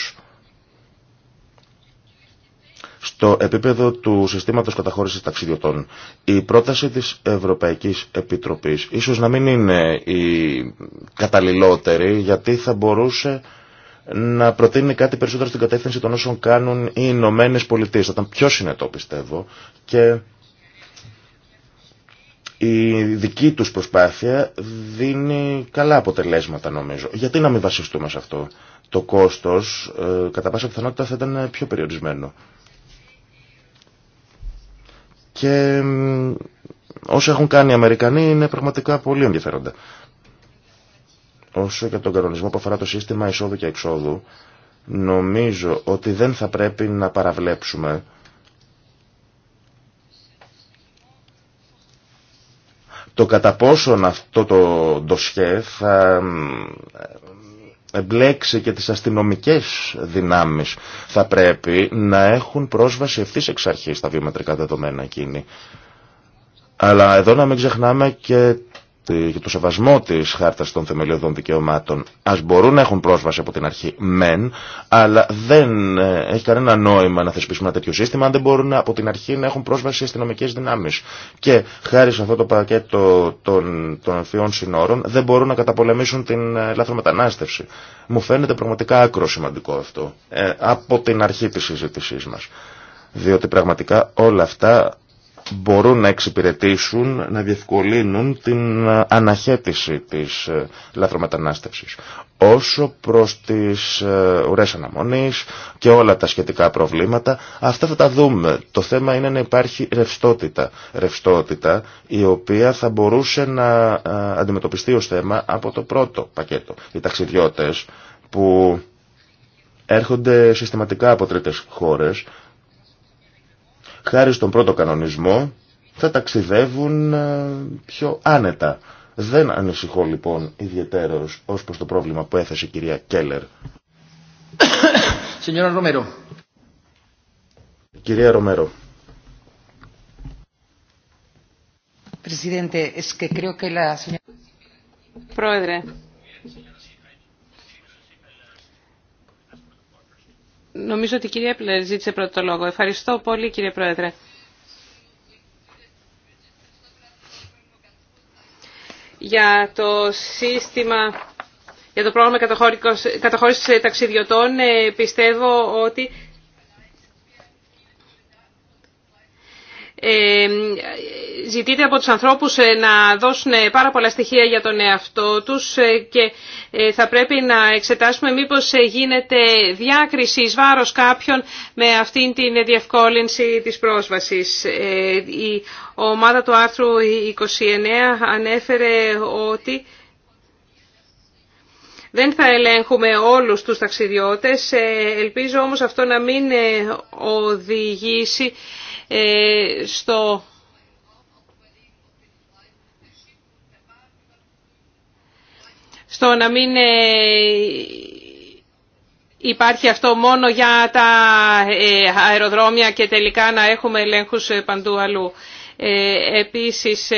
στο επίπεδο του συστήματος καταχώρησης ταξιδιωτών. Η πρόταση της Ευρωπαϊκής Επιτροπής ίσως να μην είναι η καταλληλότερη γιατί θα μπορούσε να προτείνει κάτι περισσότερο στην κατεύθυνση των όσων κάνουν οι Ηνωμένε Πολιτείε. Θα ήταν πιο συνετό πιστεύω και η δική τους προσπάθεια δίνει καλά αποτελέσματα νομίζω. Γιατί να μην βασιστούμε σε αυτό. Το κόστος ε, κατά πάσα πιθανότητα θα ήταν πιο περιορισμένο και όσοι έχουν κάνει οι Αμερικανοί είναι πραγματικά πολύ ενδιαφέροντα. Όσο για τον κανονισμό που αφορά το σύστημα εισόδου και εξόδου, νομίζω ότι δεν θα πρέπει να παραβλέψουμε το κατά πόσον αυτό το ντοσχέ θα εμπλέξει και τις αστυνομικές δυνάμεις θα πρέπει να έχουν πρόσβαση ευθύς εξ αρχής στα βιομετρικά δεδομένα εκείνη. Αλλά εδώ να μην ξεχνάμε και για το σεβασμό της χάρτας των θεμελιωδών δικαιωμάτων ας μπορούν να έχουν πρόσβαση από την αρχή μεν, αλλά δεν ε, έχει κανένα νόημα να θεσπίσουμε ένα τέτοιο σύστημα αν δεν μπορούν από την αρχή να έχουν πρόσβαση οι αστυνομικές δυνάμεις. Και χάρη σε αυτό το πακέτο των, των συνόρων δεν μπορούν να καταπολεμήσουν την ε, λαθρομετανάστευση. Μου φαίνεται πραγματικά άκρο σημαντικό αυτό ε, από την αρχή της συζήτησή μας. Διότι πραγματικά όλα αυτά μπορούν να εξυπηρετήσουν, να διευκολύνουν την ε, αναχέτηση της ε, λαθρομετανάστευσης. Όσο προς τις ε, ουρές αναμονής και όλα τα σχετικά προβλήματα, αυτά θα τα δούμε. Το θέμα είναι να υπάρχει ρευστότητα. Ρευστότητα η οποία θα μπορούσε να αντιμετωπιστεί ως θέμα από το πρώτο πακέτο. Οι ταξιδιώτες που έρχονται συστηματικά από τρίτες χώρες χάρη στον πρώτο κανονισμό θα ταξιδεύουν ε, πιο άνετα. Δεν ανησυχώ λοιπόν ιδιαίτερος ως προς το πρόβλημα που έθεσε η κυρία Κέλλερ. Ρομέρο. Κυρία Ρομέρο. Πρόεδρε, Νομίζω ότι η κυρία Πλερ ζήτησε πρώτο το λόγο. Ευχαριστώ πολύ κύριε Πρόεδρε. Για το σύστημα, για το πρόγραμμα καταχώρησης ταξιδιωτών ε, πιστεύω ότι ζητείται από τους ανθρώπους ε, να δώσουν πάρα πολλά στοιχεία για τον εαυτό τους ε, και ε, θα πρέπει να εξετάσουμε μήπως γίνεται διάκριση εις βάρος κάποιων με αυτήν την διευκόλυνση της πρόσβασης. Η ομάδα του άρθρου 29 ανέφερε ότι δεν θα ελέγχουμε όλους τους ταξιδιώτες. Ελπίζω όμως αυτό να μην οδηγήσει ε, στο στο να μην ε, υπάρχει αυτό μόνο για τα ε, αεροδρόμια και τελικά να έχουμε ελέγχους παντού αλλού. Επίσης,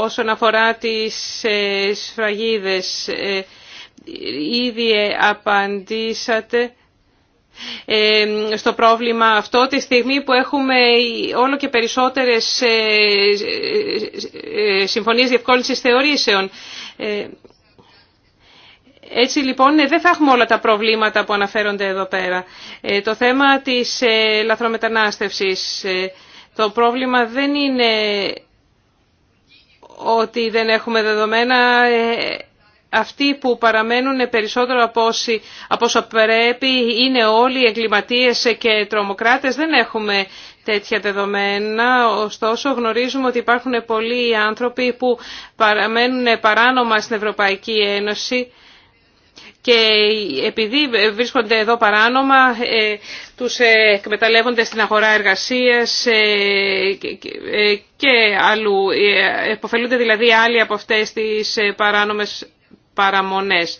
όσον αφορά τις σφραγίδες, ήδη απαντήσατε ε, στο πρόβλημα αυτό τη στιγμή που έχουμε όλο και περισσότερες ε, ε, συμφωνίες διευκόλυνσης θεωρήσεων. Έτσι λοιπόν δεν θα έχουμε όλα τα προβλήματα που αναφέρονται εδώ πέρα. Το θέμα της λαθρομετανάστευσης, το πρόβλημα δεν είναι ότι δεν έχουμε δεδομένα, αυτοί που παραμένουν περισσότερο από, από όσο πρέπει είναι όλοι οι εγκληματίες και τρομοκράτες. Δεν έχουμε τέτοια δεδομένα, ωστόσο γνωρίζουμε ότι υπάρχουν πολλοί άνθρωποι που παραμένουν παράνομα στην Ευρωπαϊκή Ένωση και επειδή βρίσκονται εδώ παράνομα, ε, τους εκμεταλλεύονται στην αγορά εργασίας ε, ε, και αλλού. Εποφελούνται δηλαδή άλλοι από αυτές τις παράνομες παραμονές.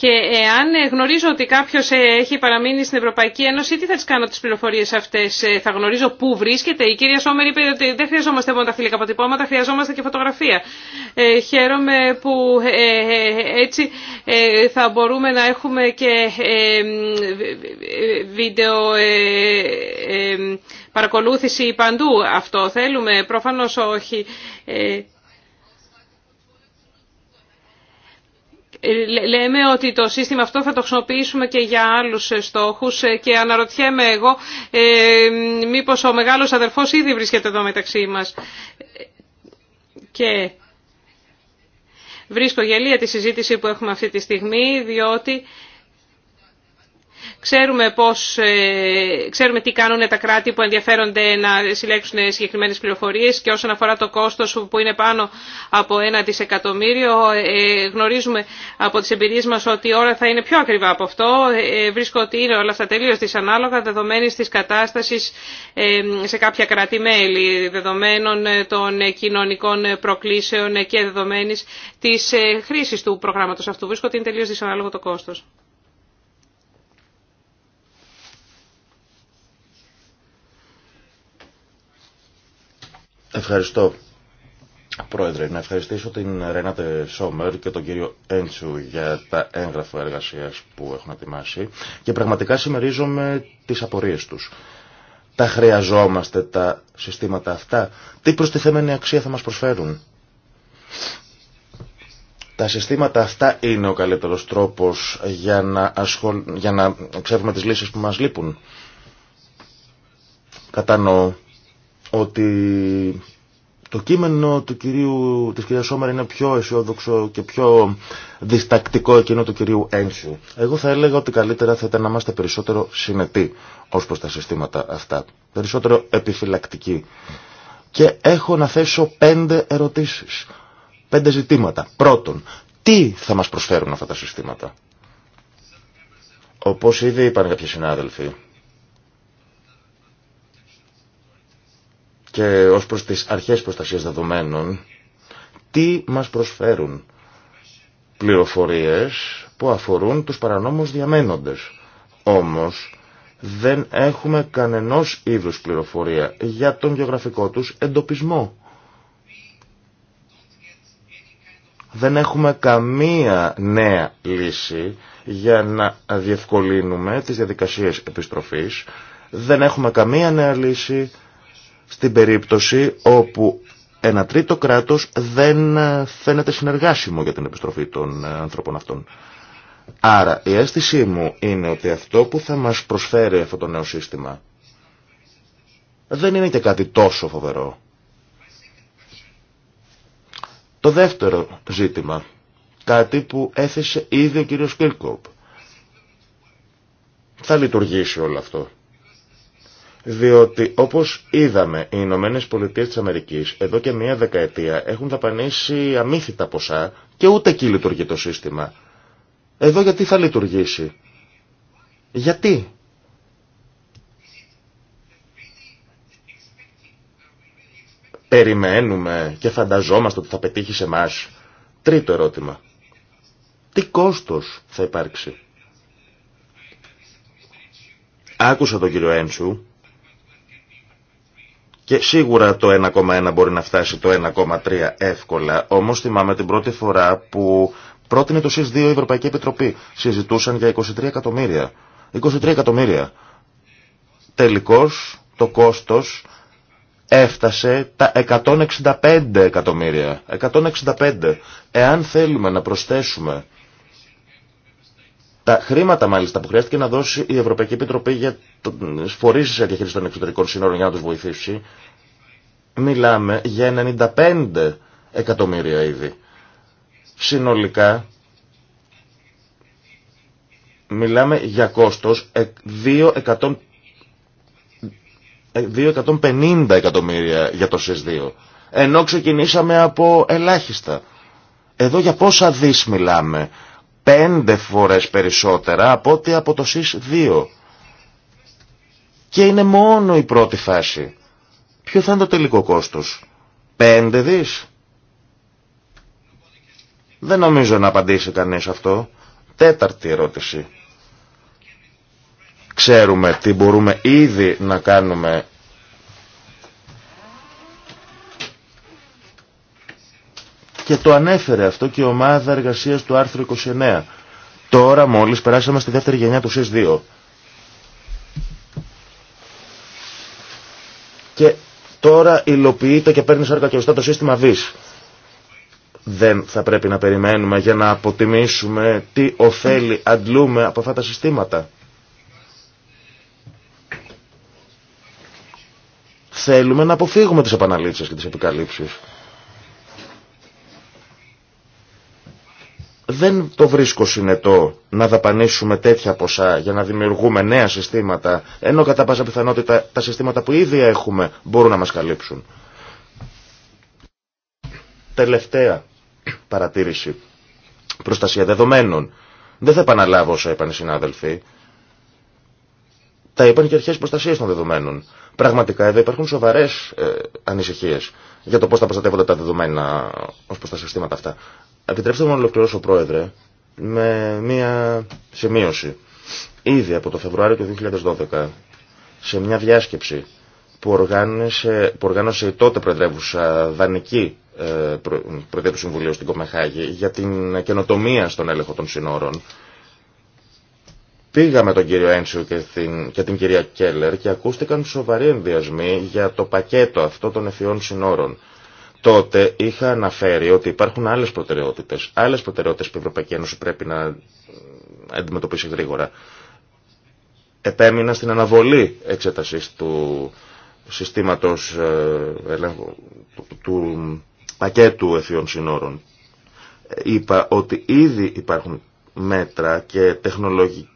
Και εάν γνωρίζω ότι κάποιος ε, έχει παραμείνει στην Ευρωπαϊκή Ένωση, τι θα τι κάνω τις πληροφορίες αυτές ε, Θα γνωρίζω πού βρίσκεται. Η κυρία Σόμερ είπε ότι δεν χρειαζόμαστε μόνο τα φιλικά αποτυπώματα, χρειαζόμαστε και φωτογραφία. Ε, χαίρομαι που έτσι θα μπορούμε να έχουμε και βίντεο παρακολούθηση παντού. Αυτό θέλουμε. προφανώς όχι. Ε, λέμε ότι το σύστημα αυτό θα το χρησιμοποιήσουμε και για άλλους ε, στόχους ε, και αναρωτιέμαι εγώ μήπως ο μεγάλος αδερφός ήδη βρίσκεται εδώ μεταξύ μας. Και βρίσκω γελία τη συζήτηση που έχουμε αυτή τη στιγμή διότι Ξέρουμε, πώς, ε, ξέρουμε τι κάνουν τα κράτη που ενδιαφέρονται να συλλέξουν συγκεκριμένε πληροφορίε, και όσον αφορά το κόστο, που είναι πάνω από ένα δισεκατομμύριο ε, γνωρίζουμε από τι εμπειρίε μα ότι ώρα θα είναι πιο ακριβά από αυτό. Ε, βρίσκω ότι είναι όλα αυτά τελείως δυσανάλογα τη της κατάστασης σε κάποια κράτη-μέλη, δεδομένων των κοινωνικών προκλήσεων και δεδομένης τη χρήση του προγράμματο. αυτού. Βρίσκω ότι είναι τελείω δυσανάλογο το κόστο. Ευχαριστώ. Πρόεδρε, να ευχαριστήσω την Ρενάτε Σόμερ και τον κύριο Έντσου για τα έγγραφα εργασίας που έχουν ετοιμάσει και πραγματικά συμμερίζομαι τις απορίες τους. Τα χρειαζόμαστε τα συστήματα αυτά. Τι προστιθέμενη αξία θα μας προσφέρουν. Τα συστήματα αυτά είναι ο καλύτερος τρόπος για να, ασχολ... για να ξέρουμε τις λύσεις που μας λείπουν. Κατανοώ ότι το κείμενο του κυρίου, της κυρίας Σόμερ είναι πιο αισιόδοξο και πιο διστακτικό εκείνο του κυρίου Ένσου. Εγώ θα έλεγα ότι καλύτερα θα ήταν να είμαστε περισσότερο συνετοί ως προς τα συστήματα αυτά. Περισσότερο επιφυλακτικοί. Και έχω να θέσω πέντε ερωτήσεις. Πέντε ζητήματα. Πρώτον, τι θα μας προσφέρουν αυτά τα συστήματα. Όπως ήδη είπαν κάποιοι συνάδελφοι, και ως προς τις αρχές προστασίας δεδομένων, τι μας προσφέρουν πληροφορίες που αφορούν τους παρανόμους διαμένοντες. Όμως δεν έχουμε κανενός είδους πληροφορία για τον γεωγραφικό τους εντοπισμό. Δεν έχουμε καμία νέα λύση για να διευκολύνουμε τις διαδικασίες επιστροφής. Δεν έχουμε καμία νέα λύση στην περίπτωση όπου ένα τρίτο κράτος δεν ε, φαίνεται συνεργάσιμο για την επιστροφή των ε, ανθρώπων αυτών. Άρα η αίσθησή μου είναι ότι αυτό που θα μας προσφέρει αυτό το νέο σύστημα δεν είναι και κάτι τόσο φοβερό. Το δεύτερο ζήτημα, κάτι που έθεσε ήδη ο κύριος Κίλκοπ. Θα λειτουργήσει όλο αυτό. Διότι όπως είδαμε οι Ηνωμένε Πολιτείε της Αμερικής εδώ και μία δεκαετία έχουν δαπανίσει αμύθιτα ποσά και ούτε εκεί λειτουργεί το σύστημα. Εδώ γιατί θα λειτουργήσει. Γιατί. Περιμένουμε και φανταζόμαστε ότι θα πετύχει σε εμά. Τρίτο ερώτημα. Τι κόστος θα υπάρξει. Άκουσα τον κύριο Έντσου. Και σίγουρα το 1,1 μπορεί να φτάσει το 1,3 εύκολα. Όμω θυμάμαι την πρώτη φορά που πρότεινε το ΣΥΣ2 η Ευρωπαϊκή Επιτροπή. Συζητούσαν για 23 εκατομμύρια. 23 εκατομμύρια. Τελικώ το κόστο έφτασε τα 165 εκατομμύρια. 165. Εάν θέλουμε να προσθέσουμε τα χρήματα μάλιστα που χρειάστηκε να δώσει η Ευρωπαϊκή Επιτροπή για τις φορήσει διαχείριση των εξωτερικών σύνορων για να τους βοηθήσει, μιλάμε για 95 εκατομμύρια ήδη. Συνολικά μιλάμε για κόστος 250 εκατομμύρια για το ΣΕΣ2. Ενώ ξεκινήσαμε από ελάχιστα. Εδώ για πόσα δις μιλάμε πέντε φορές περισσότερα από ό,τι από το ΣΥΣ 2. Και είναι μόνο η πρώτη φάση. Ποιο θα είναι το τελικό κόστος. Πέντε δις. Δεν νομίζω να απαντήσει κανείς αυτό. Τέταρτη ερώτηση. Ξέρουμε τι μπορούμε ήδη να κάνουμε Και το ανέφερε αυτό και η ομάδα εργασία του άρθρου 29. Τώρα μόλις περάσαμε στη δεύτερη γενιά του ΣΕΣ 2. Και τώρα υλοποιείται και παίρνει σάρκα και οστά το σύστημα ΒΙΣ. Δεν θα πρέπει να περιμένουμε για να αποτιμήσουμε τι ωφέλη αντλούμε από αυτά τα συστήματα. Θέλουμε να αποφύγουμε τις επαναλήψεις και τις επικαλύψεις. Δεν το βρίσκω συνετό να δαπανίσουμε τέτοια ποσά για να δημιουργούμε νέα συστήματα, ενώ κατά πάσα πιθανότητα τα συστήματα που ήδη έχουμε μπορούν να μας καλύψουν. Τελευταία παρατήρηση. Προστασία δεδομένων. Δεν θα επαναλάβω όσα είπαν οι συνάδελφοι. Τα είπαν και αρχέ προστασία των δεδομένων. Πραγματικά εδώ υπάρχουν σοβαρέ ε, ανησυχίε για το πώ θα προστατεύονται τα δεδομένα ω προ τα συστήματα αυτά. Επιτρέψτε μου να ολοκληρώσω, Πρόεδρε, με μία σημείωση. Ήδη από το Φεβρουάριο του 2012, σε μια διάσκεψη που οργάνωσε, οργάνωσε η τότε Προεδρεύουσα Δανική ε, Προεδρεύου του Συμβουλίου στην Κομεχάγη για την καινοτομία στον έλεγχο των συνόρων, Πήγαμε τον κύριο Ένσιο και την, και την κυρία Κέλλερ και ακούστηκαν σοβαροί ενδιασμοί για το πακέτο αυτό των εφιών συνόρων τότε είχα αναφέρει ότι υπάρχουν άλλες προτεραιότητες, άλλες προτεραιότητες που η Ευρωπαϊκή Ένωση πρέπει να αντιμετωπίσει γρήγορα. Επέμεινα στην αναβολή εξέτασης του συστήματος ε, του, του πακέτου ευθείων συνόρων. Ε, είπα ότι ήδη υπάρχουν μέτρα και τεχνολογικές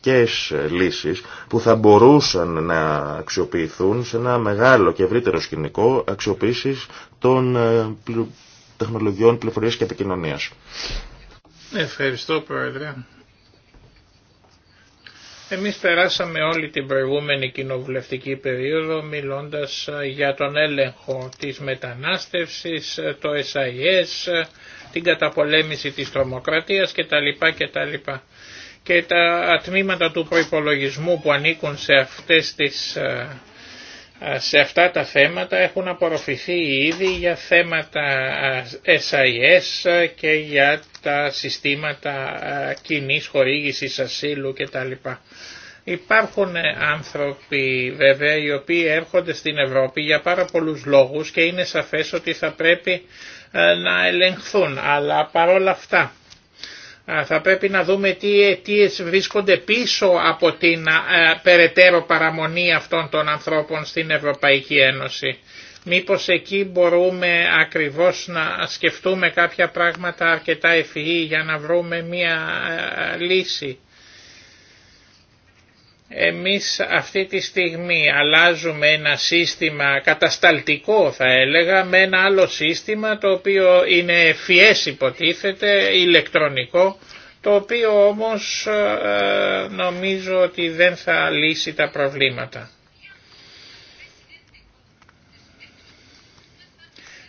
πρακτικές λύσεις που θα μπορούσαν να αξιοποιηθούν σε ένα μεγάλο και ευρύτερο σκηνικό αξιοποίησης των ε, τεχνολογιών πληροφορίας και επικοινωνίας. Ευχαριστώ Πρόεδρε. Εμείς περάσαμε όλη την προηγούμενη κοινοβουλευτική περίοδο μιλώντας ε, για τον έλεγχο της μετανάστευσης, ε, το SIS, την καταπολέμηση της τρομοκρατίας κτλ. κτλ και τα τμήματα του προϋπολογισμού που ανήκουν σε, αυτές τις, ε, ε, σε αυτά τα θέματα έχουν απορροφηθεί ήδη για θέματα SIS ε, και για τα συστήματα κοινής χορήγησης ασύλου κτλ. Υπάρχουν άνθρωποι βέβαια οι οποίοι έρχονται στην Ευρώπη για πάρα πολλούς λόγους και είναι σαφές ότι θα πρέπει να ελεγχθούν, αλλά παρόλα αυτά θα πρέπει να δούμε τι αιτίες βρίσκονται πίσω από την ε, περαιτέρω παραμονή αυτών των ανθρώπων στην Ευρωπαϊκή Ένωση. Μήπως εκεί μπορούμε ακριβώς να σκεφτούμε κάποια πράγματα αρκετά ευφυή για να βρούμε μία ε, λύση. Εμείς αυτή τη στιγμή αλλάζουμε ένα σύστημα κατασταλτικό θα έλεγα με ένα άλλο σύστημα το οποίο είναι φιές υποτίθεται, ηλεκτρονικό το οποίο όμως ε, νομίζω ότι δεν θα λύσει τα προβλήματα.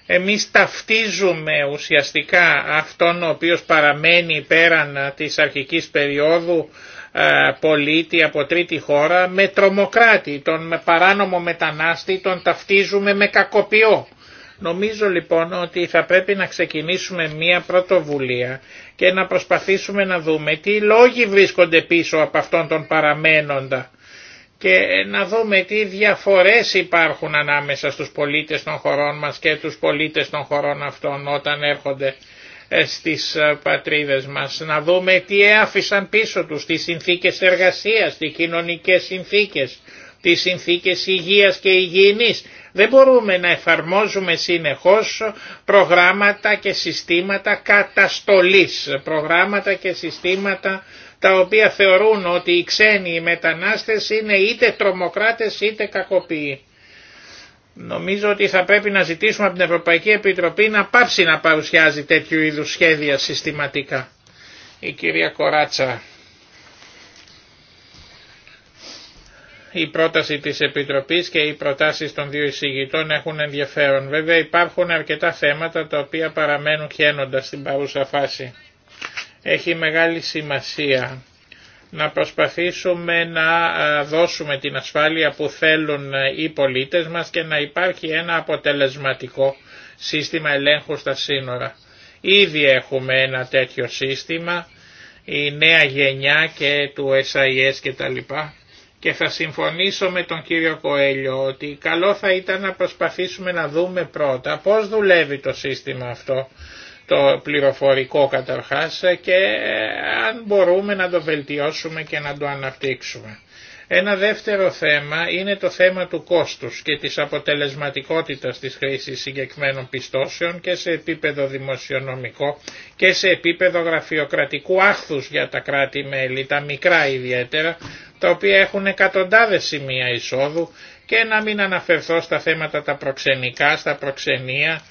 Εμείς ταυτίζουμε ουσιαστικά αυτόν ο οποίος παραμένει πέραν της αρχικής περίοδου ε, πολίτη από τρίτη χώρα με τρομοκράτη, τον παράνομο μετανάστη τον ταυτίζουμε με κακοποιό. Νομίζω λοιπόν ότι θα πρέπει να ξεκινήσουμε μία πρωτοβουλία και να προσπαθήσουμε να δούμε τι λόγοι βρίσκονται πίσω από αυτόν τον παραμένοντα και να δούμε τι διαφορές υπάρχουν ανάμεσα στους πολίτες των χωρών μας και τους πολίτες των χωρών αυτών όταν έρχονται ε, στις ε, πατρίδες μας, να δούμε τι έφυσαν πίσω τους, τις συνθήκες εργασίας, τις κοινωνικές συνθήκες, τις συνθήκες υγείας και υγιεινής. Δεν μπορούμε να εφαρμόζουμε συνεχώς προγράμματα και συστήματα καταστολής, προγράμματα και συστήματα τα οποία θεωρούν ότι οι ξένοι οι μετανάστες είναι είτε τρομοκράτες είτε κακοποιοί. Νομίζω ότι θα πρέπει να ζητήσουμε από την Ευρωπαϊκή Επιτροπή να πάψει να παρουσιάζει τέτοιου είδους σχέδια συστηματικά. Η κυρία Κοράτσα. η πρόταση της Επιτροπής και οι προτάσεις των δύο εισηγητών έχουν ενδιαφέρον. Βέβαια υπάρχουν αρκετά θέματα τα οποία παραμένουν χαίνοντα στην παρούσα φάση. Έχει μεγάλη σημασία να προσπαθήσουμε να ε, δώσουμε την ασφάλεια που θέλουν ε, οι πολίτες μας και να υπάρχει ένα αποτελεσματικό σύστημα ελέγχου στα σύνορα. Ήδη έχουμε ένα τέτοιο σύστημα, η νέα γενιά και του SIS και τα λοιπά. Και θα συμφωνήσω με τον κύριο Κοέλιο ότι καλό θα ήταν να προσπαθήσουμε να δούμε πρώτα πώς δουλεύει το σύστημα αυτό το πληροφορικό καταρχάς και ε, αν μπορούμε να το βελτιώσουμε και να το αναπτύξουμε. Ένα δεύτερο θέμα είναι το θέμα του κόστους και της αποτελεσματικότητας της χρήσης συγκεκριμένων πιστώσεων και σε επίπεδο δημοσιονομικό και σε επίπεδο γραφειοκρατικού άχθους για τα κράτη-μέλη, τα μικρά ιδιαίτερα, τα οποία έχουν εκατοντάδες σημεία εισόδου και να μην αναφερθώ στα θέματα τα προξενικά, στα προξενία,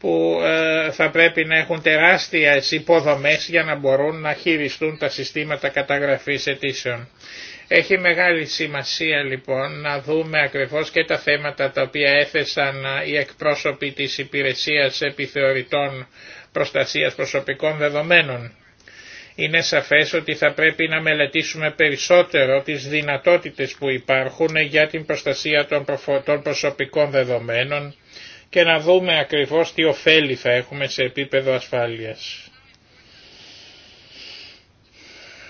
που ε, θα πρέπει να έχουν τεράστιες υποδομές για να μπορούν να χειριστούν τα συστήματα καταγραφής αιτήσεων. Έχει μεγάλη σημασία λοιπόν να δούμε ακριβώς και τα θέματα τα οποία έθεσαν ε, οι εκπρόσωποι της Υπηρεσίας Επιθεωρητών Προστασίας Προσωπικών Δεδομένων. Είναι σαφές ότι θα πρέπει να μελετήσουμε περισσότερο τις δυνατότητες που υπάρχουν για την προστασία των προσωπικών δεδομένων και να δούμε ακριβώς τι ωφέλη θα έχουμε σε επίπεδο ασφάλειας.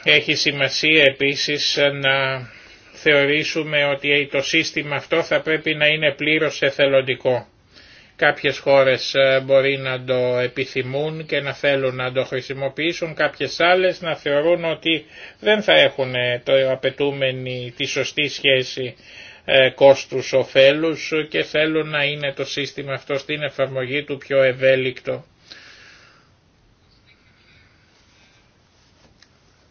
Έχει σημασία επίσης να θεωρήσουμε ότι το σύστημα αυτό θα πρέπει να είναι πλήρως εθελοντικό. Κάποιες χώρες ε, μπορεί να το επιθυμούν και να θέλουν να το χρησιμοποιήσουν, κάποιες άλλες να θεωρούν ότι δεν θα έχουν ε, το απαιτούμενη τη σωστή σχέση ε, κόστους ωφέλους και θέλουν να είναι το σύστημα αυτό στην εφαρμογή του πιο ευέλικτο.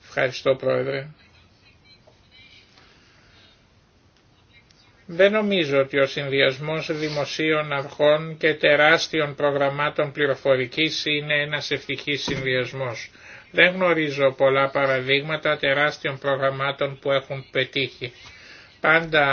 Ευχαριστώ Πρόεδρε. Δεν νομίζω ότι ο συνδυασμός δημοσίων αρχών και τεράστιων προγραμμάτων πληροφορικής είναι ένας ευτυχής συνδυασμός. Δεν γνωρίζω πολλά παραδείγματα τεράστιων προγραμμάτων που έχουν πετύχει πάντα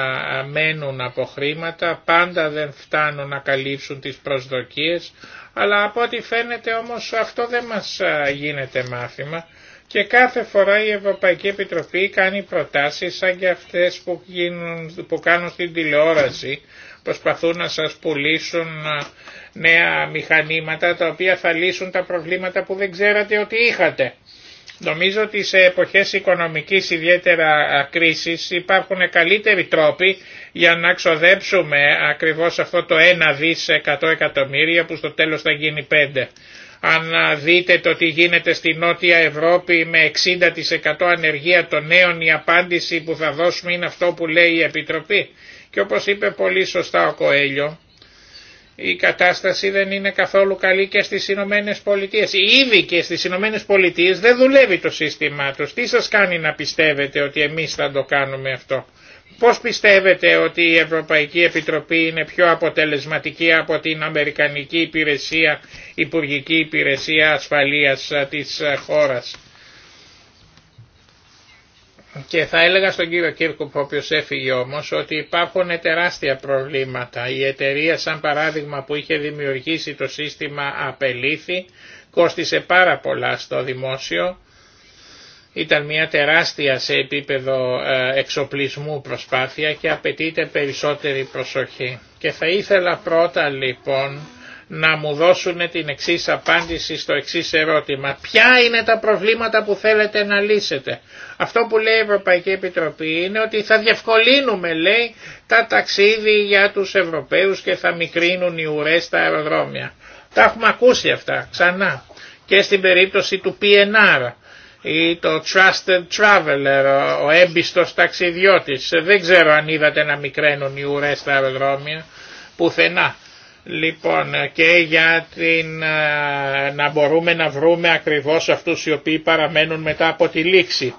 μένουν από χρήματα, πάντα δεν φτάνουν να καλύψουν τις προσδοκίες, αλλά από ό,τι φαίνεται όμως αυτό δεν μας γίνεται μάθημα και κάθε φορά η Ευρωπαϊκή Επιτροπή κάνει προτάσεις σαν και αυτές που, γίνουν, που κάνουν στην τηλεόραση, προσπαθούν να σας πουλήσουν νέα μηχανήματα τα οποία θα λύσουν τα προβλήματα που δεν ξέρατε ότι είχατε. Νομίζω ότι σε εποχές οικονομικής ιδιαίτερα κρίσης υπάρχουν καλύτεροι τρόποι για να ξοδέψουμε ακριβώς αυτό το 1 δις 100 εκατομμύρια που στο τέλος θα γίνει 5. Αν δείτε το τι γίνεται στη Νότια Ευρώπη με 60% ανεργία των νέων η απάντηση που θα δώσουμε είναι αυτό που λέει η Επιτροπή. Και όπως είπε πολύ σωστά ο Κοέλιο, η κατάσταση δεν είναι καθόλου καλή και στις Ηνωμένε Πολιτείες. Ήδη και στις Ηνωμένε Πολιτείες δεν δουλεύει το σύστημά τους. Τι σας κάνει να πιστεύετε ότι εμείς θα το κάνουμε αυτό. Πώς πιστεύετε ότι η Ευρωπαϊκή Επιτροπή είναι πιο αποτελεσματική από την Αμερικανική Υπηρεσία, Υπουργική Υπηρεσία Ασφαλείας ε, της ε, χώρας. Και θα έλεγα στον κύριο Κύρκο που όποιος έφυγε όμως ότι υπάρχουν τεράστια προβλήματα. Η εταιρεία σαν παράδειγμα που είχε δημιουργήσει το σύστημα απελήθη κόστισε πάρα πολλά στο δημόσιο. Ήταν μια τεράστια σε επίπεδο ε, εξοπλισμού προσπάθεια και απαιτείται περισσότερη προσοχή. Και θα ήθελα πρώτα λοιπόν να μου δώσουν την εξής απάντηση στο εξής ερώτημα. Ποια είναι τα προβλήματα που θέλετε να λύσετε. Αυτό που λέει η Ευρωπαϊκή Επιτροπή είναι ότι θα διευκολύνουμε λέει τα ταξίδι για τους Ευρωπαίους και θα μικρύνουν οι ουρές στα αεροδρόμια. Τα έχουμε ακούσει αυτά ξανά και στην περίπτωση του PNR ή το Trusted Traveler, ο έμπιστος ταξιδιώτης. Δεν ξέρω αν είδατε να μικραίνουν οι ουρές στα αεροδρόμια πουθενά. Λοιπόν και για ε, να μπορούμε να βρούμε ακριβώς αυτούς οι οποίοι παραμένουν μετά από τη λήξη.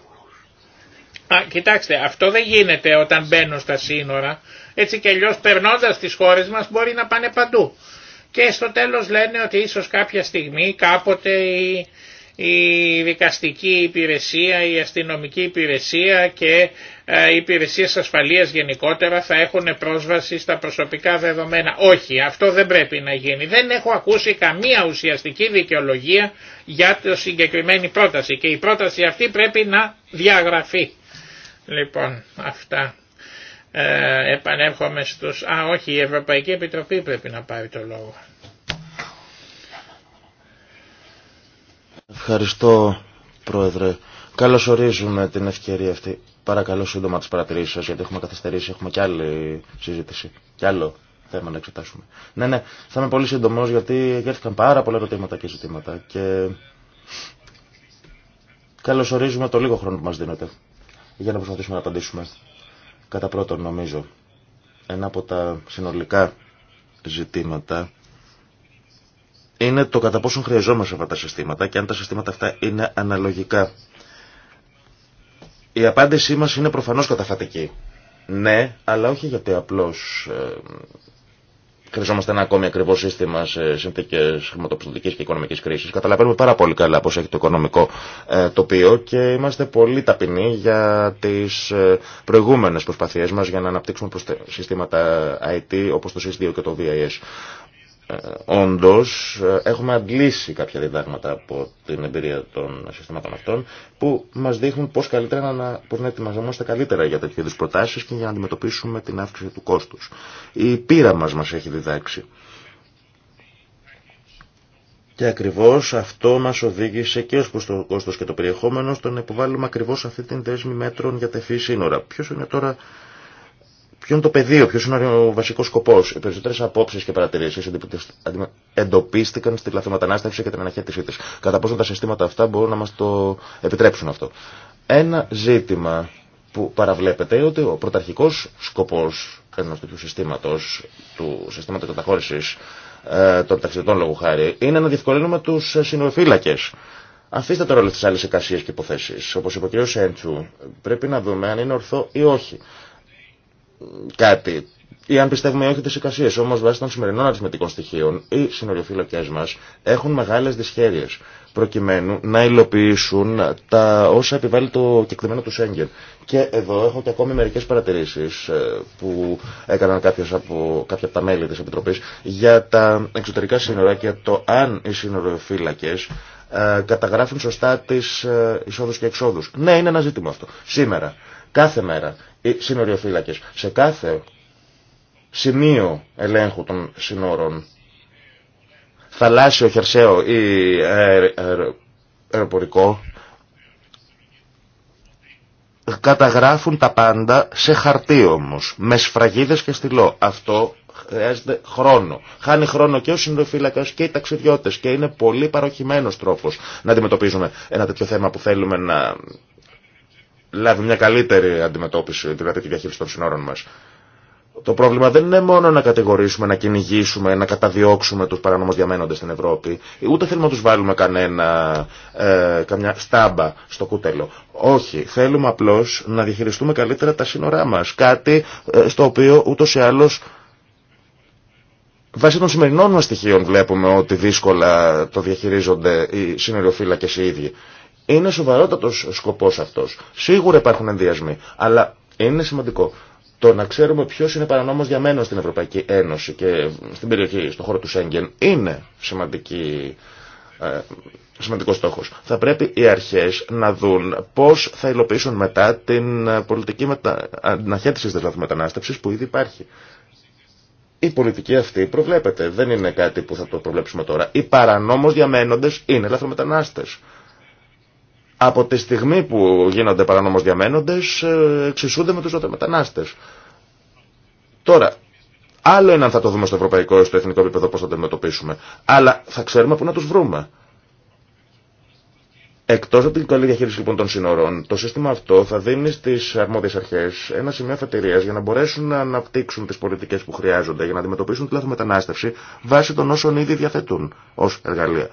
Α, κοιτάξτε, αυτό δεν γίνεται όταν μπαίνουν στα σύνορα. Έτσι και αλλιώς περνώντας τις χώρες μας μπορεί να πάνε παντού. Και στο τέλος λένε ότι ίσως κάποια στιγμή κάποτε η δικαστική υπηρεσία, η αστυνομική υπηρεσία και οι ε, υπηρεσίες ασφαλείας γενικότερα θα έχουν πρόσβαση στα προσωπικά δεδομένα. Όχι, αυτό δεν πρέπει να γίνει. Δεν έχω ακούσει καμία ουσιαστική δικαιολογία για τη συγκεκριμένη πρόταση και η πρόταση αυτή πρέπει να διαγραφεί. Λοιπόν, αυτά. Ε, επανέρχομαι στους... Α, όχι, η Ευρωπαϊκή Επιτροπή πρέπει να πάρει το λόγο. Ευχαριστώ, Πρόεδρε. Καλώς ορίζουμε την ευκαιρία αυτή. Παρακαλώ σύντομα τις παρατηρήσεις σας, γιατί έχουμε καθυστερήσει, έχουμε κι άλλη συζήτηση, κι άλλο θέμα να εξετάσουμε. Ναι, ναι, θα είμαι πολύ σύντομος, γιατί έρθηκαν πάρα πολλά ερωτήματα και ζητήματα και καλώς ορίζουμε το λίγο χρόνο που μας δίνεται για να προσπαθήσουμε να απαντήσουμε. Κατά πρώτον, νομίζω, ένα από τα συνολικά ζητήματα είναι το κατά πόσον χρειαζόμαστε αυτά τα συστήματα και αν τα συστήματα αυτά είναι αναλογικά. Η απάντησή μας είναι προφανώς καταφατική. Ναι, αλλά όχι γιατί απλώς ε, χρειαζόμαστε ένα ακόμη ακριβό σύστημα σε συνθήκε χρηματοπιστωτικής και οικονομική κρίση. Καταλαβαίνουμε πάρα πολύ καλά πώς έχει το οικονομικό ε, τοπίο και είμαστε πολύ ταπεινοί για τι ε, προηγούμενε προσπαθίες μας για να αναπτύξουμε συστήματα IT όπω το SIS2 και το VIS. Ε, Όντω ε, έχουμε αντλήσει κάποια διδάγματα από την εμπειρία των συστημάτων αυτών που μας δείχνουν πώς, καλύτερα να, πώς να ετοιμαζόμαστε καλύτερα για τέτοιου είδους προτάσεις και για να αντιμετωπίσουμε την αύξηση του κόστους. Η πείρα μας μας έχει διδάξει. Και ακριβώς αυτό μας οδήγησε και ως προς το κόστος και το περιεχόμενο στο να υποβάλουμε ακριβώς αυτή την δέσμη μέτρων για τεφή σύνορα. Ποιος είναι τώρα Ποιο είναι το πεδίο, ποιο είναι ο βασικό σκοπό. Οι περισσότερε απόψει και παρατηρήσει εντοπίστηκαν στη λαθρομετανάστευση και την αναχέτησή τη. Κατά πόσο τα συστήματα αυτά μπορούν να μα το επιτρέψουν αυτό. Ένα ζήτημα που παραβλέπετε ότι ο πρωταρχικό σκοπό ενό τέτοιου συστήματο, του συστήματο καταχώρηση ε, των ταξιδιωτών λόγου χάρη, είναι να διευκολύνουμε του συνοφύλακε. Αφήστε τώρα όλε τι άλλε εικασίε και υποθέσει. Όπω είπε ο κ. πρέπει να δούμε αν είναι ορθό ή όχι κάτι ή αν πιστεύουμε όχι τις εικασίες όμως βάσει των σημερινών αριθμητικών στοιχείων, οι συνοριοφύλακέ μας έχουν μεγάλες δυσχέρειες προκειμένου να υλοποιήσουν τα όσα επιβάλλει το κεκτημένο του Σέγγεν. Και εδώ έχω και ακόμη μερικέ παρατηρήσει ε, που έκαναν κάποιες από, κάποια από τα μέλη της Επιτροπής για τα εξωτερικά σύνορα και το αν οι συνοριοφύλακε ε, καταγράφουν σωστά τι ε, εισόδους και εξόδους Ναι, είναι ένα ζήτημα αυτό. Σήμερα, κάθε μέρα σε κάθε σημείο ελέγχου των συνόρων, θαλάσσιο, χερσαίο ή αεροπορικό, καταγράφουν τα πάντα σε χαρτί όμως, με σφραγίδες και στυλό. Αυτό χρειάζεται χρόνο. Χάνει χρόνο και ο συντοφύλακα και οι ταξιδιώτε και είναι πολύ παροχημένος τρόπο να αντιμετωπίζουμε ένα τέτοιο θέμα που θέλουμε να λάβει μια καλύτερη αντιμετώπιση, δηλαδή τη διαχείριση των συνόρων μας. Το πρόβλημα δεν είναι μόνο να κατηγορήσουμε, να κυνηγήσουμε, να καταδιώξουμε τους παρανόμως στην Ευρώπη, ούτε θέλουμε να τους βάλουμε κανένα, ε, καμιά στάμπα στο κούτελο. Όχι, θέλουμε απλώς να διαχειριστούμε καλύτερα τα σύνορά μας. Κάτι ε, στο οποίο ούτως ή άλλως Βάσει των σημερινών μας στοιχείων βλέπουμε ότι δύσκολα το διαχειρίζονται οι σύνοριοφύλακες οι ίδιοι. Είναι σοβαρότατο σκοπό αυτό. Σίγουρα υπάρχουν ενδιασμοί, αλλά είναι σημαντικό το να ξέρουμε ποιο είναι παρανόμο διαμένο στην Ευρωπαϊκή Ένωση και στην περιοχή, στον χώρο του Σέγγεν, είναι σημαντική, ε, σημαντικό στόχο. Θα πρέπει οι αρχέ να δουν πώ θα υλοποιήσουν μετά την ε, πολιτική μετα... την ε, πολιτικη αναχετηση τη λαθρομετανάστευση που ήδη υπάρχει. Η πολιτική αυτή προβλέπεται. Δεν είναι κάτι που θα το προβλέψουμε τώρα. Οι παρανόμω διαμένοντε είναι λαθρομετανάστες από τη στιγμή που γίνονται παρανόμως διαμένοντες ε, εξισούνται με τους μετανάστες. Τώρα, άλλο είναι αν θα το δούμε στο ευρωπαϊκό ή στο εθνικό επίπεδο πώς θα το αντιμετωπίσουμε. Αλλά θα ξέρουμε πού να τους βρούμε. Εκτός από την καλή διαχείριση λοιπόν των σύνορων, το σύστημα αυτό θα δίνει στις αρμόδιες αρχές ένα σημείο αφετηρίας για να μπορέσουν να αναπτύξουν τις πολιτικές που χρειάζονται, για να αντιμετωπίσουν τη λαθομετανάστευση βάσει των όσων ήδη διαθετούν ως εργαλεία.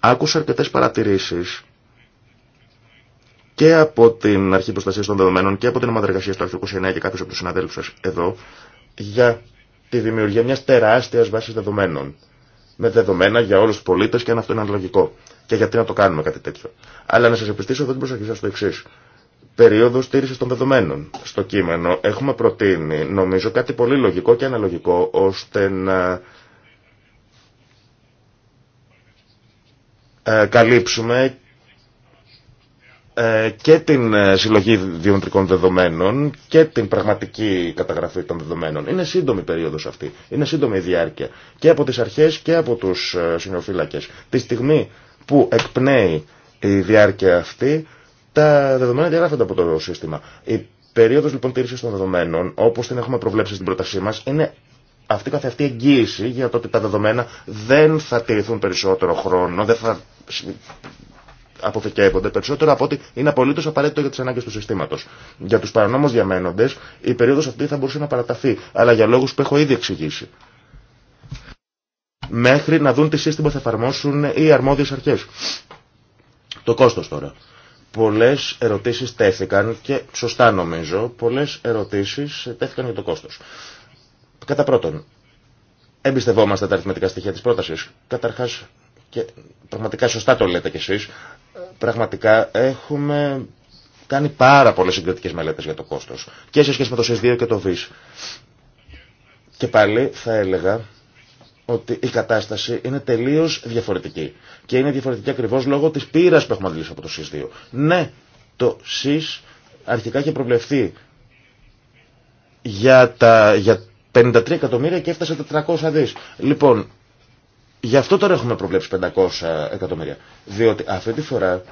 Άκουσα αρκετές παρατηρήσεις και από την Αρχή Προστασία των Δεδομένων και από την Ομάδα Εργασία του Αρχικού 29 και κάποιου από του συναδέλφου σα εδώ για τη δημιουργία μια τεράστια βάση δεδομένων. Με δεδομένα για όλου του πολίτε και αν αυτό είναι αναλογικό. Και γιατί να το κάνουμε κάτι τέτοιο. Αλλά να σα επιστήσω εδώ την προσοχή σα στο εξή. Περίοδο στήριξη των δεδομένων. Στο κείμενο έχουμε προτείνει, νομίζω, κάτι πολύ λογικό και αναλογικό, ώστε να ε, καλύψουμε ε, και την ε, συλλογή διοντρικών δεδομένων και την πραγματική καταγραφή των δεδομένων. Είναι σύντομη η περίοδος αυτή, είναι σύντομη η διάρκεια και από τις αρχές και από τους ε, συνοφύλακες. Τη στιγμή που εκπνέει η διάρκεια αυτή, τα δεδομένα διαγράφονται από το σύστημα. Η περίοδος λοιπόν τήρησης των δεδομένων, όπως την έχουμε προβλέψει στην πρότασή μας, είναι αυτή η αυτή εγγύηση για το ότι τα δεδομένα δεν θα τηρηθούν περισσότερο χρόνο, δεν θα αποθηκεύονται περισσότερο από ότι είναι απολύτω απαραίτητο για τι ανάγκε του συστήματο. Για του παρανόμου διαμένοντε η περίοδο αυτή θα μπορούσε να παραταθεί, αλλά για λόγου που έχω ήδη εξηγήσει. Μέχρι να δουν τι σύστημα θα εφαρμόσουν οι αρμόδιε αρχέ. Το κόστο τώρα. Πολλέ ερωτήσει τέθηκαν και σωστά νομίζω, πολλέ ερωτήσει τέθηκαν για το κόστο. Κατά πρώτον, εμπιστευόμαστε τα αριθμητικά στοιχεία τη πρόταση. Καταρχά, και πραγματικά σωστά το λέτε κι εσεί, πραγματικά έχουμε κάνει πάρα πολλές συγκριτικές μελέτες για το κόστος και σε σχέση με το ΣΕΣ2 και το ΒΙΣ. Και πάλι θα έλεγα ότι η κατάσταση είναι τελείως διαφορετική. Και είναι διαφορετική ακριβώς λόγω της πείρας που έχουμε αντιλήσει από το ΣΥΣΔΙΟ. 2 Ναι, το ΣΥΣ αρχικά είχε προβλεφθεί για, τα, για 53 εκατομμύρια και έφτασε 400 δις. Λοιπόν, Γι' αυτό τώρα έχουμε προβλέψει 500 εκατομμύρια. Διότι αυτή τη φορά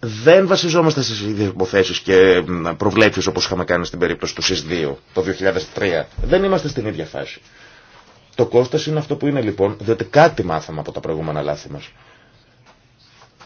δεν βασιζόμαστε στις ίδιες υποθέσεις και προβλέψεις όπως είχαμε κάνει στην περίπτωση του ΣΥΣ2 το 2003. Δεν είμαστε στην ίδια φάση. Το κόστος είναι αυτό που είναι λοιπόν, διότι κάτι μάθαμε από τα προηγούμενα λάθη μας.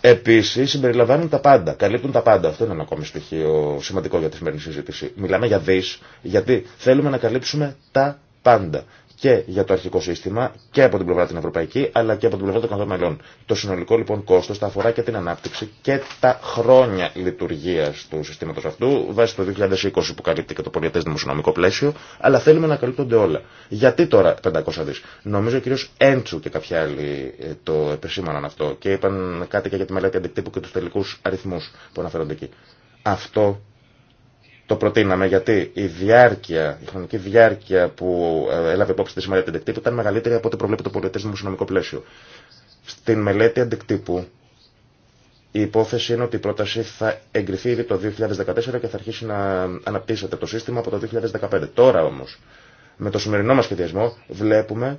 Επίση, συμπεριλαμβάνουν τα πάντα, καλύπτουν τα πάντα. Αυτό είναι ένα ακόμη στοιχείο σημαντικό για τη σημερινή συζήτηση. Μιλάμε για δι, γιατί θέλουμε να καλύψουμε τα πάντα και για το αρχικό σύστημα και από την πλευρά την ευρωπαϊκή αλλά και από την πλευρά των κρατών μελών. Το συνολικό λοιπόν κόστο θα αφορά και την ανάπτυξη και τα χρόνια λειτουργία του συστήματο αυτού βάσει το 2020 που καλύπτει και το πολιτέ δημοσιονομικό πλαίσιο αλλά θέλουμε να καλύπτονται όλα. Γιατί τώρα 500 δι. Νομίζω ο κύριο Έντσου και κάποιοι άλλοι ε, το επεσήμαναν αυτό και είπαν κάτι και για τη μελέτη αντικτύπου και του τελικού αριθμού που αναφέρονται εκεί. Αυτό το προτείναμε γιατί η διάρκεια, η χρονική διάρκεια που ε, έλαβε υπόψη τη σημαντική αντικτύπου ήταν μεγαλύτερη από ό,τι προβλέπει το πολιτισμό οικονομικό πλαίσιο. Στην μελέτη αντικτύπου η υπόθεση είναι ότι η πρόταση θα εγκριθεί ήδη το 2014 και θα αρχίσει να αναπτύσσεται το σύστημα από το 2015. Τώρα όμω, με το σημερινό μα σχεδιασμό, βλέπουμε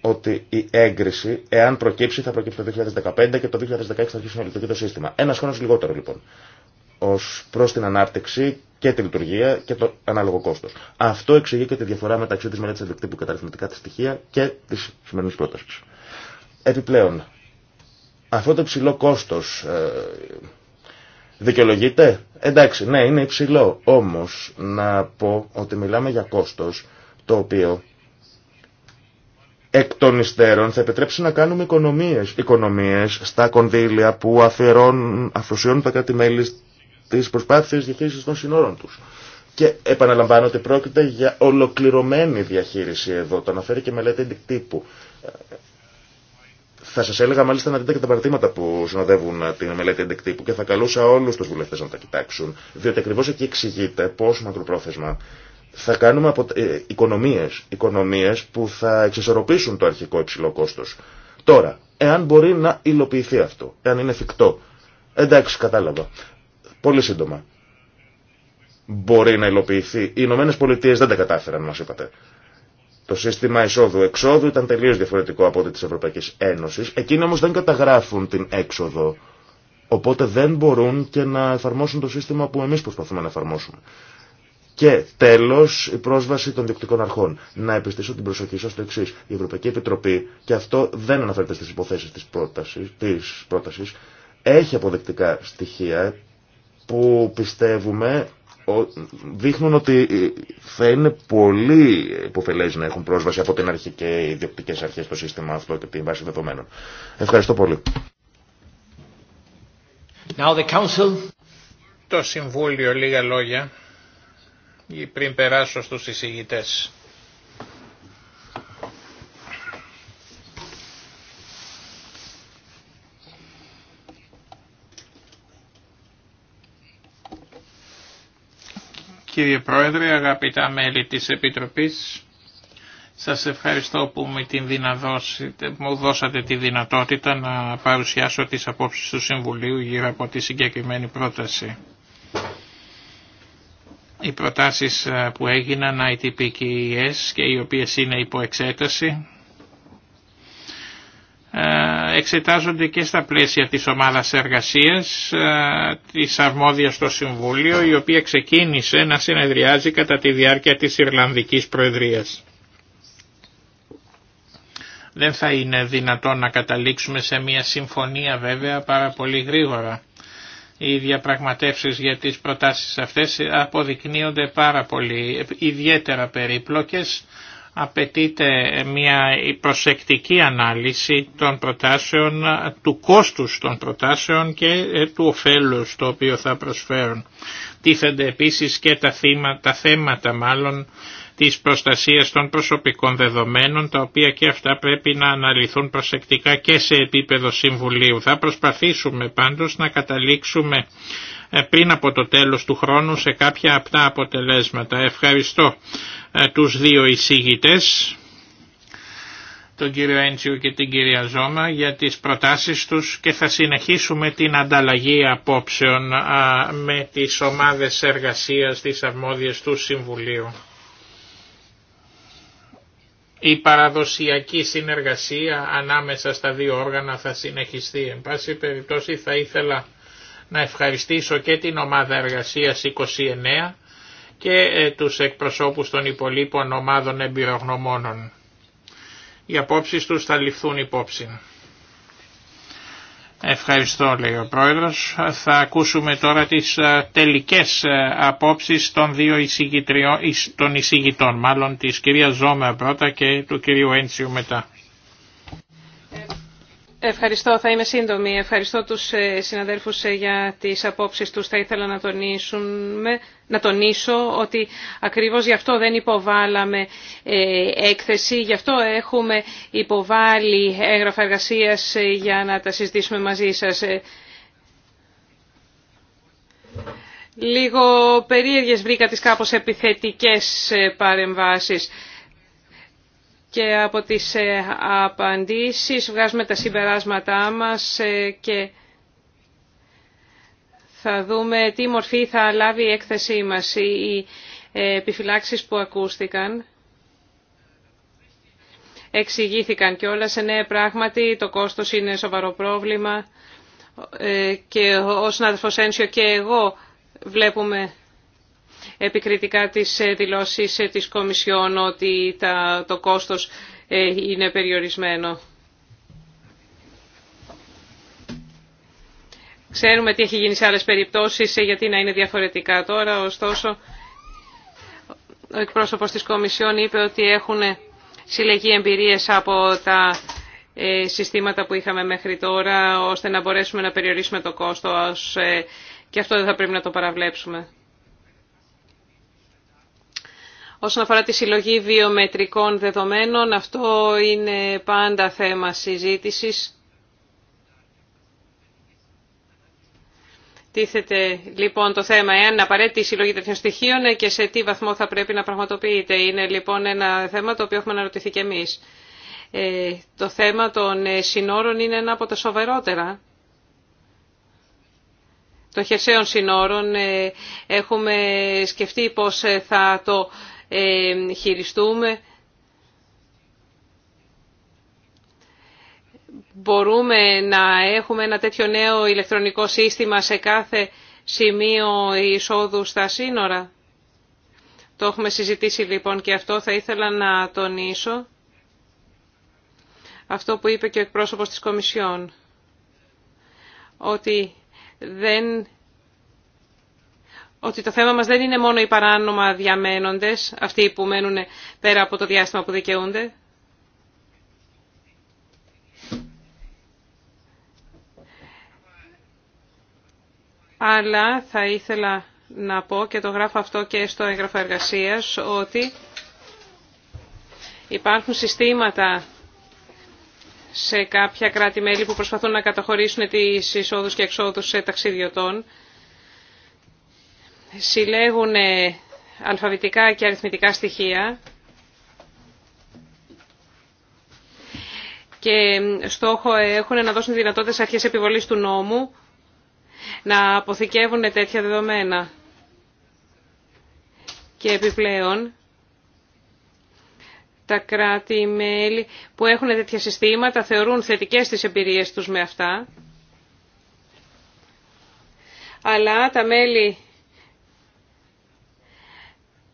ότι η έγκριση, εάν προκύψει, θα προκύψει το 2015 και το 2016 θα αρχίσει να λειτουργεί το σύστημα. Ένα χρόνο λιγότερο λοιπόν. Ω προ την ανάπτυξη και τη λειτουργία και το ανάλογο κόστο. Αυτό εξηγεί και τη διαφορά μεταξύ τη μελέτη αντικτύπου και τα τη στοιχεία και τη σημερινή πρόταση. Επιπλέον, αυτό το υψηλό κόστο ε, δικαιολογείται. Εντάξει, ναι, είναι υψηλό. Όμω, να πω ότι μιλάμε για κόστο το οποίο εκ των υστέρων θα επιτρέψει να κάνουμε οικονομίες, οικονομίες στα κονδύλια που αφιερώνουν, αφοσιώνουν τα κράτη-μέλη τι προσπάθειε διαχείριση των συνόρων του. Και επαναλαμβάνω ότι πρόκειται για ολοκληρωμένη διαχείριση εδώ. Το αναφέρει και μελέτη εντυπτύπου. Θα σα έλεγα μάλιστα να δείτε και τα παραδείγματα που συνοδεύουν την μελέτη εντεκτύπου και θα καλούσα όλου του βουλευτέ να τα κοιτάξουν, διότι ακριβώ εκεί εξηγείται πώ μακροπρόθεσμα θα κάνουμε απο... ε, οικονομίες, οικονομίες που θα εξισορροπήσουν το αρχικό υψηλό κόστο. Τώρα, εάν μπορεί να υλοποιηθεί αυτό, εάν είναι εφικτό, εντάξει κατάλαβα, Πολύ σύντομα. Μπορεί να υλοποιηθεί. Οι Ηνωμένε Πολιτείε δεν τα κατάφεραν, μα είπατε. Το σύστημα εισόδου-εξόδου ήταν τελείω διαφορετικό από ό,τι τη Ευρωπαϊκή Ένωση. Εκείνοι όμω δεν καταγράφουν την έξοδο. Οπότε δεν μπορούν και να εφαρμόσουν το σύστημα που εμεί προσπαθούμε να εφαρμόσουμε. Και τέλο, η πρόσβαση των διοκτικών αρχών. Να επιστήσω την προσοχή σα στο εξή. Η Ευρωπαϊκή Επιτροπή, και αυτό δεν αναφέρεται στι υποθέσει τη πρόταση, έχει αποδεκτικά στοιχεία που πιστεύουμε δείχνουν ότι θα είναι πολύ υποφελές να έχουν πρόσβαση από την αρχή και οι ιδιοκτικές αρχές στο σύστημα αυτό και την βάση δεδομένων. Ευχαριστώ πολύ. Now the council. Το Συμβούλιο, λίγα λόγια, πριν περάσω στους εισηγητές. Κύριε Πρόεδρε, αγαπητά μέλη της Επιτροπής, σας ευχαριστώ που με την μου δώσατε τη δυνατότητα να παρουσιάσω τις απόψεις του Συμβουλίου γύρω από τη συγκεκριμένη πρόταση. Οι προτάσεις ε, που έγιναν ITPKES και οι οποίες είναι υπό εξέταση ε, εξετάζονται και στα πλαίσια της ομάδας εργασίας ε, της αρμόδιας στο Συμβούλιο η οποία ξεκίνησε να συνεδριάζει κατά τη διάρκεια της Ιρλανδικής Προεδρίας. Δεν θα είναι δυνατόν να καταλήξουμε σε μια συμφωνία βέβαια πάρα πολύ γρήγορα. Οι διαπραγματεύσεις για τις προτάσεις αυτές αποδεικνύονται πάρα πολύ ιδιαίτερα περίπλοκες απαιτείται μια προσεκτική ανάλυση των προτάσεων, του κόστους των προτάσεων και ε, του ωφέλους το οποίο θα προσφέρουν. Τίθενται επίσης και τα, τα θέματα μάλλον της προστασίας των προσωπικών δεδομένων, τα οποία και αυτά πρέπει να αναλυθούν προσεκτικά και σε επίπεδο Συμβουλίου. Θα προσπαθήσουμε πάντως να καταλήξουμε ε, πριν από το τέλος του χρόνου σε κάποια από τα αποτελέσματα. Ευχαριστώ ε, τους δύο εισηγητές, τον κύριο Έντσιο και την κυρία Ζώμα, για τις προτάσεις τους και θα συνεχίσουμε την ανταλλαγή απόψεων με τις ομάδες εργασίας της αρμόδιας του Συμβουλίου. Η παραδοσιακή συνεργασία ανάμεσα στα δύο όργανα θα συνεχιστεί. Εν πάση περιπτώσει θα ήθελα να ευχαριστήσω και την ομάδα εργασίας 29 και ε, τους εκπροσώπους των υπολείπων ομάδων εμπειρογνωμόνων. Οι απόψεις τους θα ληφθούν υπόψη. Ευχαριστώ λέει ο Πρόεδρος. Θα ακούσουμε τώρα τις ε, τελικές ε, απόψεις των δύο εισηγητών, των εισηγητών μάλλον της κυρίας Ζώμα πρώτα και του κυρίου Έντσιου μετά. Ευχαριστώ. Θα είμαι σύντομη. Ευχαριστώ τους ε, συναδέλφους ε, για τις απόψεις τους. Θα ήθελα να, να τονίσω ότι ακριβώς γι' αυτό δεν υποβάλαμε ε, έκθεση. Γι' αυτό έχουμε υποβάλει έγγραφα εργασίας για να τα συζητήσουμε μαζί σας. Λίγο περίεργες βρήκα τις κάπως επιθετικές παρεμβάσεις και από τις ε, απαντήσεις βγάζουμε τα συμπεράσματά μας ε, και θα δούμε τι μορφή θα λάβει η έκθεσή μας. Οι ε, επιφυλάξεις που ακούστηκαν εξηγήθηκαν και όλα σε νέα πράγματι το κόστος είναι σοβαρό πρόβλημα και ο συνάδελφος Ένσιο και εγώ βλέπουμε επικριτικά τις ε, δηλώσεις ε, της Κομισιόν ότι το κόστος ε, είναι περιορισμένο. Ξέρουμε τι έχει γίνει σε άλλες περιπτώσεις, γιατί να είναι διαφορετικά τώρα, ωστόσο ο εκπρόσωπος της Κομισιόν είπε ότι έχουν συλλεγεί εμπειρίες από τα συστήματα που είχαμε μέχρι τώρα, ώστε να μπορέσουμε να περιορίσουμε το κόστος και αυτό δεν θα πρέπει να το παραβλέψουμε. Όσον αφορά τη συλλογή βιομετρικών δεδομένων, αυτό είναι πάντα θέμα συζήτησης. Τίθεται λοιπόν το θέμα εάν είναι απαραίτητη η συλλογή τέτοιων στοιχείων και σε τι βαθμό θα πρέπει να πραγματοποιείται. Είναι λοιπόν ένα θέμα το οποίο έχουμε αναρωτηθεί και εμείς. Ε, το θέμα των ε, συνόρων είναι ένα από τα σοβαρότερα. Των χερσαίων συνόρων ε, έχουμε σκεφτεί πώς ε, θα το ε, χειριστούμε. Μπορούμε να έχουμε ένα τέτοιο νέο ηλεκτρονικό σύστημα σε κάθε σημείο εισόδου στα σύνορα. Το έχουμε συζητήσει λοιπόν και αυτό θα ήθελα να τονίσω. Αυτό που είπε και ο εκπρόσωπος της Κομισιόν. Ότι δεν ότι το θέμα μας δεν είναι μόνο οι παράνομα διαμένοντες, αυτοί που μένουν πέρα από το διάστημα που δικαιούνται. Αλλά θα ήθελα να πω και το γράφω αυτό και στο έγγραφο εργασίας ότι υπάρχουν συστήματα σε κάποια κράτη-μέλη που προσπαθούν να καταχωρήσουν τις εισόδους και εξόδους σε ταξιδιωτών συλλέγουν ε, αλφαβητικά και αριθμητικά στοιχεία και στόχο ε, έχουν να δώσουν δυνατότητες αρχές επιβολής του νόμου να αποθηκεύουν τέτοια δεδομένα. Και επιπλέον, τα κράτη-μέλη που έχουν τέτοια συστήματα θεωρούν θετικές τις εμπειρίες τους με αυτά, αλλά τα μέλη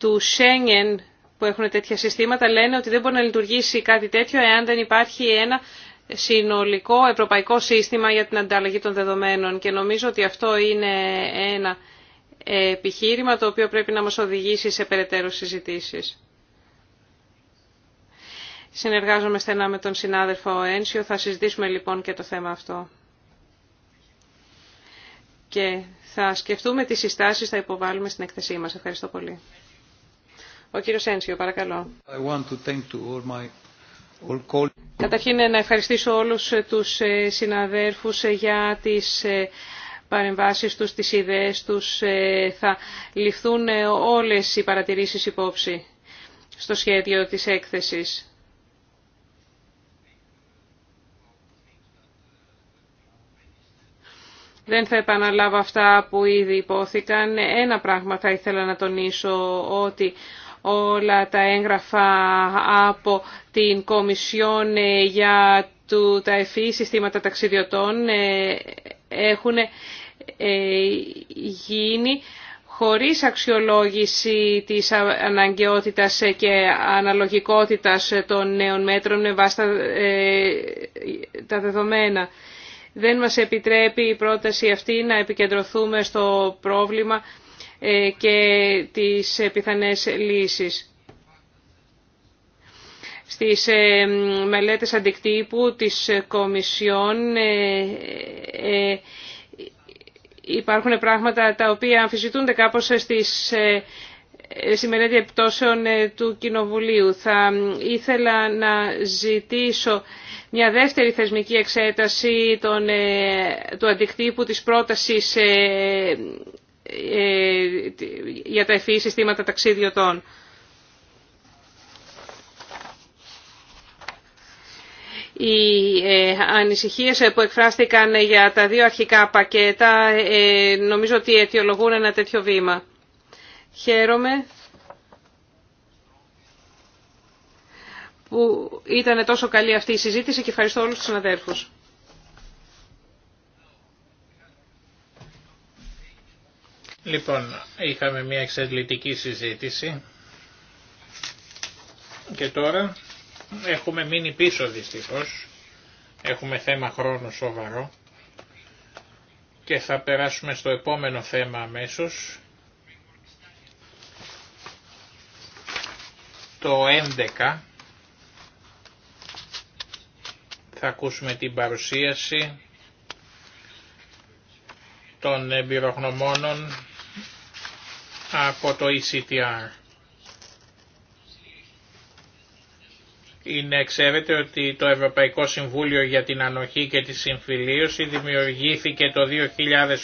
του Σέγγεν που έχουν τέτοια συστήματα λένε ότι δεν μπορεί να λειτουργήσει κάτι τέτοιο εάν δεν υπάρχει ένα συνολικό ευρωπαϊκό σύστημα για την ανταλλαγή των δεδομένων και νομίζω ότι αυτό είναι ένα επιχείρημα το οποίο πρέπει να μας οδηγήσει σε περαιτέρω συζητήσεις. Συνεργάζομαι στενά με τον συνάδελφο Ένσιο, θα συζητήσουμε λοιπόν και το θέμα αυτό. Και θα σκεφτούμε τις συστάσεις, θα υποβάλουμε στην εκθεσή μας. Ευχαριστώ πολύ. Ο κύριο παρακαλώ. Καταρχήν ε, να ευχαριστήσω όλους ε, τους ε, συναδέρφους για τις παρεμβάσεις τους, τις ιδέες τους. Θα ληφθούν όλες οι παρατηρήσεις υπόψη στο σχέδιο της έκθεσης. Δεν θα επαναλάβω αυτά που ήδη υπόθηκαν. Ένα πράγμα θα ήθελα να τονίσω ότι όλα τα έγγραφα από την Κομισιόν ε, για του, τα εφή e συστήματα ταξιδιωτών ε, έχουν ε, γίνει χωρίς αξιολόγηση της αναγκαιότητας και αναλογικότητας των νέων μέτρων με βάση τα, τα δεδομένα. Δεν μας επιτρέπει η πρόταση αυτή να επικεντρωθούμε στο πρόβλημα ε, και τις ε, πιθανές λύσεις. Στις ε, μελέτες αντικτύπου της Κομισιόν υπάρχουν πράγματα τα οποία αμφισβητούνται κάπως στις στη μελέτη επιπτώσεων του Κοινοβουλίου. Θα ήθελα να ζητήσω μια δεύτερη θεσμική εξέταση των, του αντικτύπου της πρότασης ε, για τα ευφυή e συστήματα ταξίδιωτών. Οι ε, ανησυχίες ε, που εκφράστηκαν για τα δύο αρχικά πακέτα νομίζω ότι αιτιολογούν ένα τέτοιο βήμα. Χαίρομαι που ήταν τόσο καλή αυτή η συζήτηση και ευχαριστώ όλους τους συναδέλφους. Λοιπόν, είχαμε μια εξαντλητική συζήτηση και τώρα έχουμε μείνει πίσω δυστυχώς. Έχουμε θέμα χρόνου σοβαρό και θα περάσουμε στο επόμενο θέμα αμέσως. Το 11 θα ακούσουμε την παρουσίαση των εμπειρογνωμόνων από το ECTR. Είναι, ξέρετε ότι το Ευρωπαϊκό Συμβούλιο για την Ανοχή και τη Συμφιλίωση δημιουργήθηκε το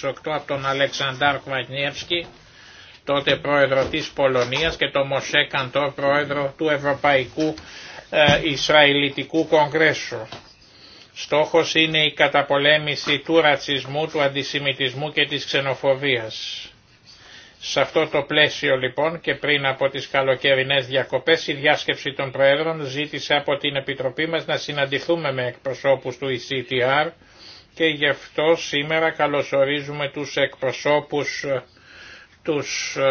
2008 από τον Αλεξανδάρ Κβανιεύσκη, τότε πρόεδρο της Πολωνίας και τον Μωσέ Καντό, πρόεδρο του Ευρωπαϊκού ε, Ισραηλιτικού Κογκρέσου. Στόχος είναι η καταπολέμηση του ρατσισμού, του αντισημιτισμού και της ξενοφοβίας. Σε αυτό το πλαίσιο λοιπόν και πριν από τις καλοκαιρινές διακοπές η διάσκεψη των Προέδρων ζήτησε από την Επιτροπή μας να συναντηθούμε με εκπροσώπους του ECTR και γι' αυτό σήμερα καλωσορίζουμε τους εκπροσώπους τους ε,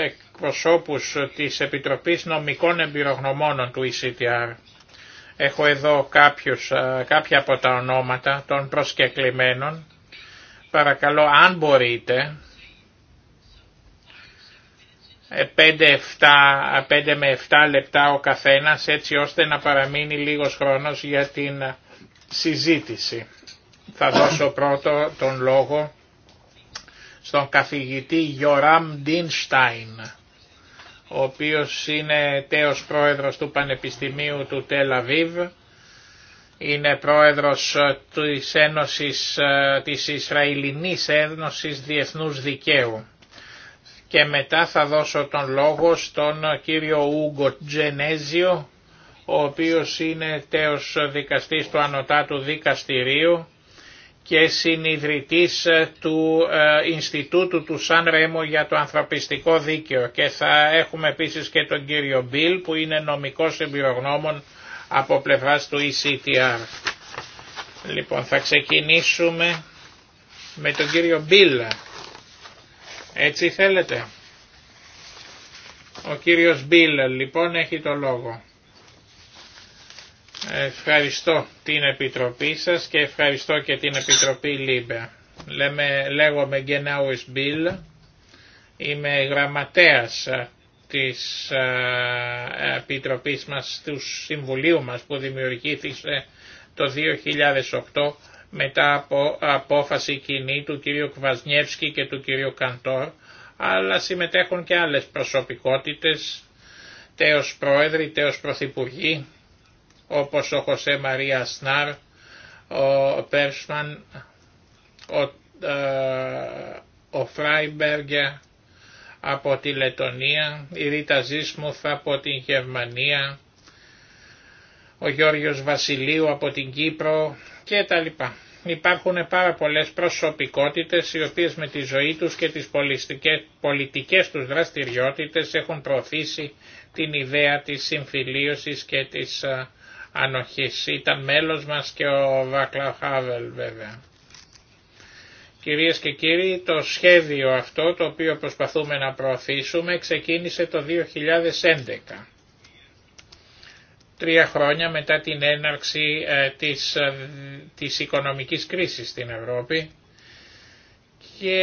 ε, εκπροσώπους της Επιτροπής Νομικών Εμπειρογνωμόνων του ECTR. Έχω εδώ κάποιους, ε, κάποια από τα ονόματα των προσκεκλημένων. Παρακαλώ αν μπορείτε 5, ε, με 7 λεπτά ο καθένας έτσι ώστε να παραμείνει λίγος χρόνος για την ε, συζήτηση. Θα δώσω πρώτο τον λόγο στον καθηγητή Γιωράμ Ντίνσταϊν ο οποίος είναι τέος πρόεδρος του Πανεπιστημίου του Τελαβίβ, είναι πρόεδρος ε, της, Ένωσης, της Ισραηλινής Ένωσης Διεθνούς Δικαίου και μετά θα δώσω τον λόγο στον κύριο Ούγκο Τζενέζιο, ο οποίος είναι τέος δικαστής του Ανωτάτου Δικαστηρίου και συνειδητής ε, του ε, Ινστιτούτου του Σαν Ρέμο για το Ανθρωπιστικό Δίκαιο και θα έχουμε επίσης και τον κύριο Μπιλ που είναι νομικός εμπειρογνώμων από πλευράς του ECTR. Λοιπόν θα ξεκινήσουμε με τον κύριο Μπίλ. Έτσι θέλετε. Ο κύριος Μπίλ λοιπόν έχει το λόγο. Ευχαριστώ την Επιτροπή σας και ευχαριστώ και την Επιτροπή Λίμπε. Λέμε, λέγομαι Γκενάουις Μπίλ, είμαι γραμματέας της ε, Επιτροπής μας, του Συμβουλίου μας που δημιουργήθηκε το 2008 μετά από απόφαση κοινή του κύριου Κβασνιεύσκη και του κύριου Καντόρ, αλλά συμμετέχουν και άλλες προσωπικότητες, τέως πρόεδροι, τέως πρωθυπουργοί, όπως ο Χωσέ Μαρία Σνάρ, ο Πέρσμαν, ο, ε, από τη Λετωνία, η Ρίτα Ζίσμουθ από την Γερμανία, ο Γιώργος Βασιλείου από την Κύπρο, και τα λοιπά. Υπάρχουν πάρα πολλές προσωπικότητες οι οποίες με τη ζωή τους και τις πολιτικές τους δραστηριότητες έχουν προωθήσει την ιδέα της συμφιλίωσης και της ανοχής. Ήταν μέλος μας και ο Βακλά βέβαια. Κυρίες και κύριοι, το σχέδιο αυτό το οποίο προσπαθούμε να προωθήσουμε ξεκίνησε το 2011 τρία χρόνια μετά την έναρξη ε, της, ε, της οικονομικής κρίσης στην Ευρώπη και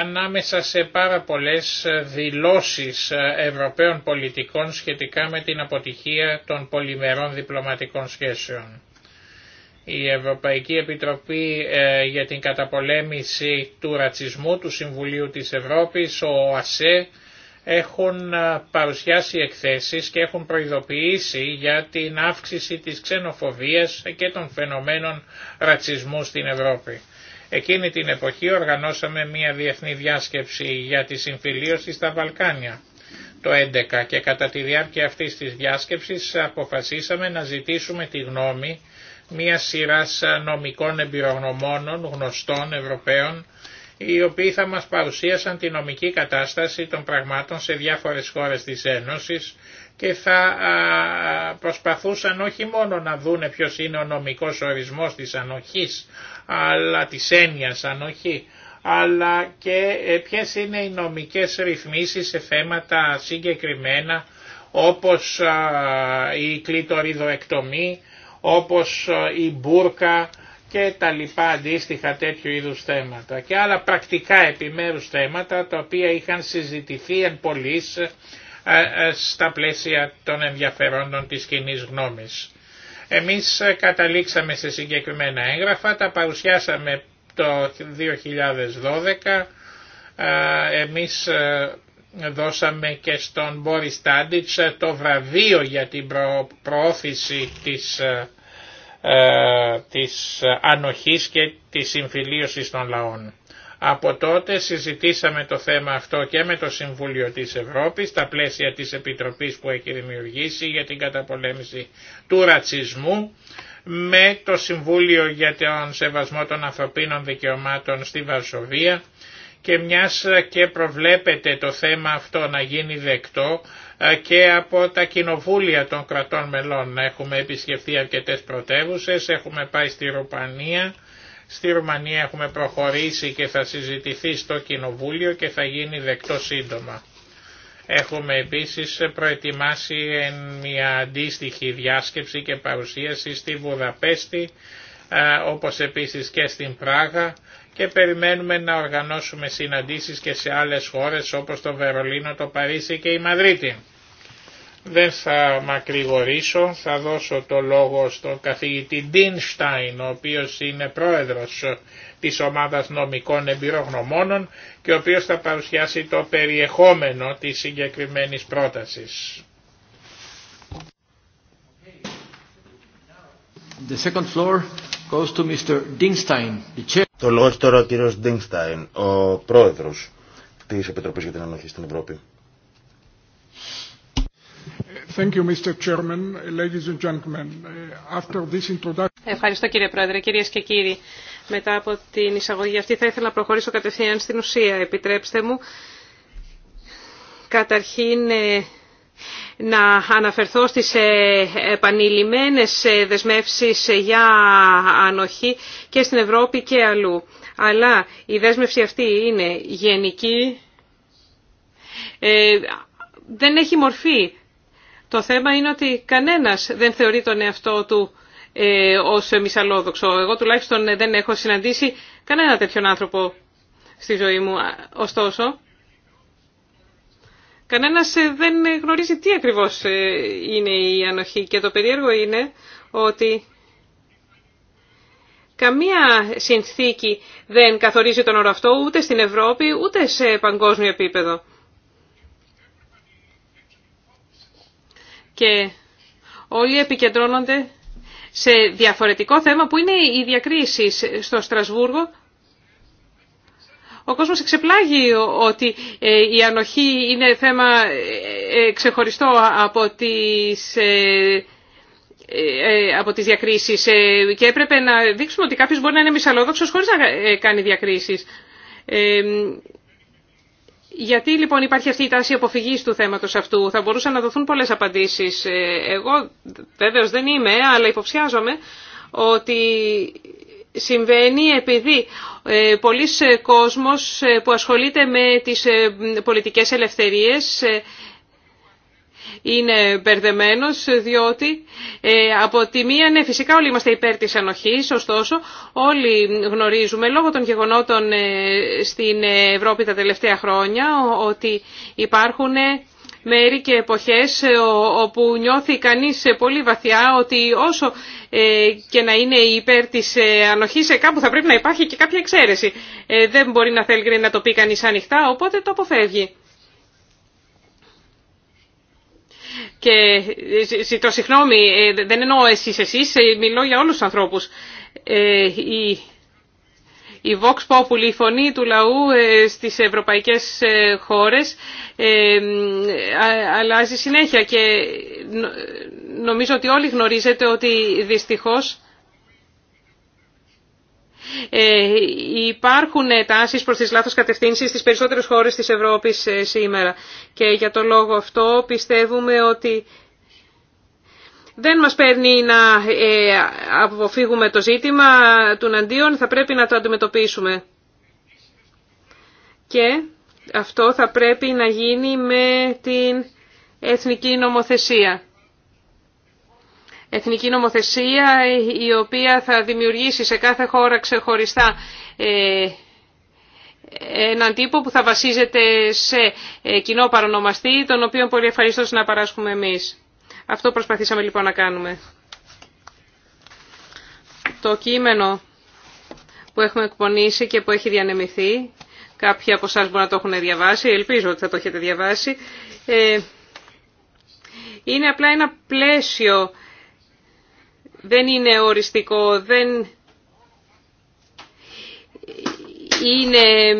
ανάμεσα σε πάρα πολλές δηλώσεις ε, Ευρωπαίων πολιτικών σχετικά με την αποτυχία των πολυμερών διπλωματικών σχέσεων. Η Ευρωπαϊκή Επιτροπή για την καταπολέμηση του ρατσισμού του Συμβουλίου της Ευρώπης, ο ΑΣΕ, έχουν παρουσιάσει εκθέσεις και έχουν προειδοποιήσει για την αύξηση της ξενοφοβίας και των φαινομένων ρατσισμού στην Ευρώπη. Εκείνη την εποχή οργανώσαμε μια διεθνή διάσκεψη για τη συμφιλίωση στα Βαλκάνια το 11 και κατά τη διάρκεια αυτής της διάσκεψης αποφασίσαμε να ζητήσουμε τη γνώμη μια σειρά νομικών εμπειρογνωμόνων γνωστών Ευρωπαίων οι οποίοι θα μας παρουσίασαν τη νομική κατάσταση των πραγμάτων σε διάφορες χώρες της Ένωσης και θα προσπαθούσαν όχι μόνο να δούνε ποιος είναι ο νομικός ορισμός της ανοχής, αλλά της έννοιας ανοχή, αλλά και ε, ποιες είναι οι νομικές ρυθμίσεις σε θέματα συγκεκριμένα όπως η κλειτοριδοεκτομή, όπως η μπουρκα, και τα λοιπά αντίστοιχα τέτοιου είδους θέματα και άλλα πρακτικά επιμέρους θέματα τα οποία είχαν συζητηθεί εν πολλής ε, ε, στα πλαίσια των ενδιαφερόντων της κοινή γνώμης. Εμείς ε, καταλήξαμε σε συγκεκριμένα έγγραφα, τα παρουσιάσαμε το 2012, εμείς δώσαμε και στον Μπόρι Τάντιτς το βραβείο για την προώθηση της ε, της ανοχής και της συμφιλίωσης των λαών. Από τότε συζητήσαμε το θέμα αυτό και με το Συμβούλιο της Ευρώπης τα πλαίσια της Επιτροπής που έχει δημιουργήσει για την καταπολέμηση του ρατσισμού με το Συμβούλιο για τον Σεβασμό των Ανθρωπίνων Δικαιωμάτων στη Βαρσοβία και μιας και προβλέπεται το θέμα αυτό να γίνει δεκτό ε, και από τα κοινοβούλια των κρατών μελών. Έχουμε επισκεφθεί αρκετές πρωτεύουσες, έχουμε πάει στη Ρουμανία, στη Ρουμανία έχουμε προχωρήσει και θα συζητηθεί στο κοινοβούλιο και θα γίνει δεκτό σύντομα. Έχουμε επίσης προετοιμάσει μια αντίστοιχη διάσκεψη και παρουσίαση στη Βουδαπέστη, ε, όπως επίσης και στην Πράγα και περιμένουμε να οργανώσουμε συναντήσεις και σε άλλες χώρες όπως το Βερολίνο, το Παρίσι και η Μαδρίτη. Δεν θα μακρηγορήσω, θα δώσω το λόγο στον καθηγητή Ντίνσταϊν, ο οποίος είναι πρόεδρος της ομάδας νομικών εμπειρογνωμόνων και ο οποίος θα παρουσιάσει το περιεχόμενο της συγκεκριμένης πρότασης. The second floor goes to Mr. The chair. Το λόγο τώρα ο κύριος Ντίνσταϊν, ο πρόεδρος της Επιτροπής για την Ανοχή στην Ευρώπη. Ευχαριστώ κύριε Πρόεδρε, κυρίες και κύριοι. Μετά από την εισαγωγή αυτή θα ήθελα να προχωρήσω κατευθείαν στην ουσία. Επιτρέψτε μου καταρχήν ε, να αναφερθώ στις ε, επανειλημμένες ε, δεσμεύσεις για ανοχή και στην Ευρώπη και αλλού. Αλλά η δέσμευση αυτή είναι γενική, δεν έχει μορφή το θέμα είναι ότι κανένας δεν θεωρεί τον εαυτό του ε, ως μυσαλόδοξο. Εγώ τουλάχιστον ε, δεν έχω συναντήσει κανένα τέτοιον άνθρωπο στη ζωή μου. Ωστόσο, κανένας ε, δεν γνωρίζει τι ακριβώς ε, είναι η ανοχή. Και το περίεργο είναι ότι καμία συνθήκη δεν καθορίζει τον όρο αυτό ούτε στην Ευρώπη ούτε σε παγκόσμιο επίπεδο. και όλοι επικεντρώνονται σε διαφορετικό θέμα που είναι οι διακρίσεις στο Στρασβούργο. Ο κόσμος εξεπλάγει ότι ε, η ανοχή είναι θέμα ε, ε, ξεχωριστό από τις από τις διακρίσεις και έπρεπε να δείξουμε ότι κάποιος μπορεί να είναι μυσαλόδοξος χωρίς να κάνει διακρίσεις. Γιατί λοιπόν υπάρχει αυτή η τάση αποφυγή του θέματος αυτού. Θα μπορούσαν να δοθούν πολλές απαντήσεις. Ε, εγώ βεβαίω δεν είμαι, αλλά υποψιάζομαι ότι συμβαίνει επειδή ε, πολλοί ε, κόσμος ε, που ασχολείται με τις πολιτικές ελευθερίες είναι μπερδεμένος διότι ε, από τη μία, ναι φυσικά όλοι είμαστε υπέρ τη ανοχή, ωστόσο όλοι γνωρίζουμε λόγω των γεγονότων ε, στην Ευρώπη τα τελευταία χρόνια ότι υπάρχουν ε, μέρη και εποχές ε, όπου νιώθει κανείς πολύ βαθιά ότι όσο και να είναι υπέρ της ανοχής ε, κάπου θα πρέπει να υπάρχει και κάποια εξαίρεση. Δεν μπορεί να θέλει να το πει κανείς ανοιχτά, οπότε το αποφεύγει. και ε, ζητώ συγγνώμη, ε, δεν εννοώ εσείς εσείς, ε, μιλώ για όλους τους ανθρώπους. η, η Vox Populi, η φωνή του λαού στις ευρωπαϊκές χώρες αλλάζει συνέχεια και νομίζω ότι όλοι γνωρίζετε ότι δυστυχώς ε, υπάρχουν τάσεις προς τις λάθος κατευθύνσεις στις περισσότερες χώρες της Ευρώπης ε, σήμερα. Και για το λόγο αυτό πιστεύουμε ότι δεν μας παίρνει να ε, αποφύγουμε το ζήτημα του αντίον, θα πρέπει να το αντιμετωπίσουμε. Και αυτό θα πρέπει να γίνει με την εθνική νομοθεσία εθνική νομοθεσία η οποία θα δημιουργήσει σε κάθε χώρα ξεχωριστά ε, έναν τύπο που θα βασίζεται σε ε, κοινό παρονομαστή, τον οποίο πολύ ευχαριστώ να παράσχουμε εμείς. Αυτό προσπαθήσαμε λοιπόν να κάνουμε. Το κείμενο που έχουμε εκπονήσει και που έχει διανεμηθεί, κάποιοι από εσά μπορεί να το έχουν διαβάσει, ελπίζω ότι θα το έχετε διαβάσει, ε, είναι απλά ένα πλαίσιο δεν είναι οριστικό, δεν είναι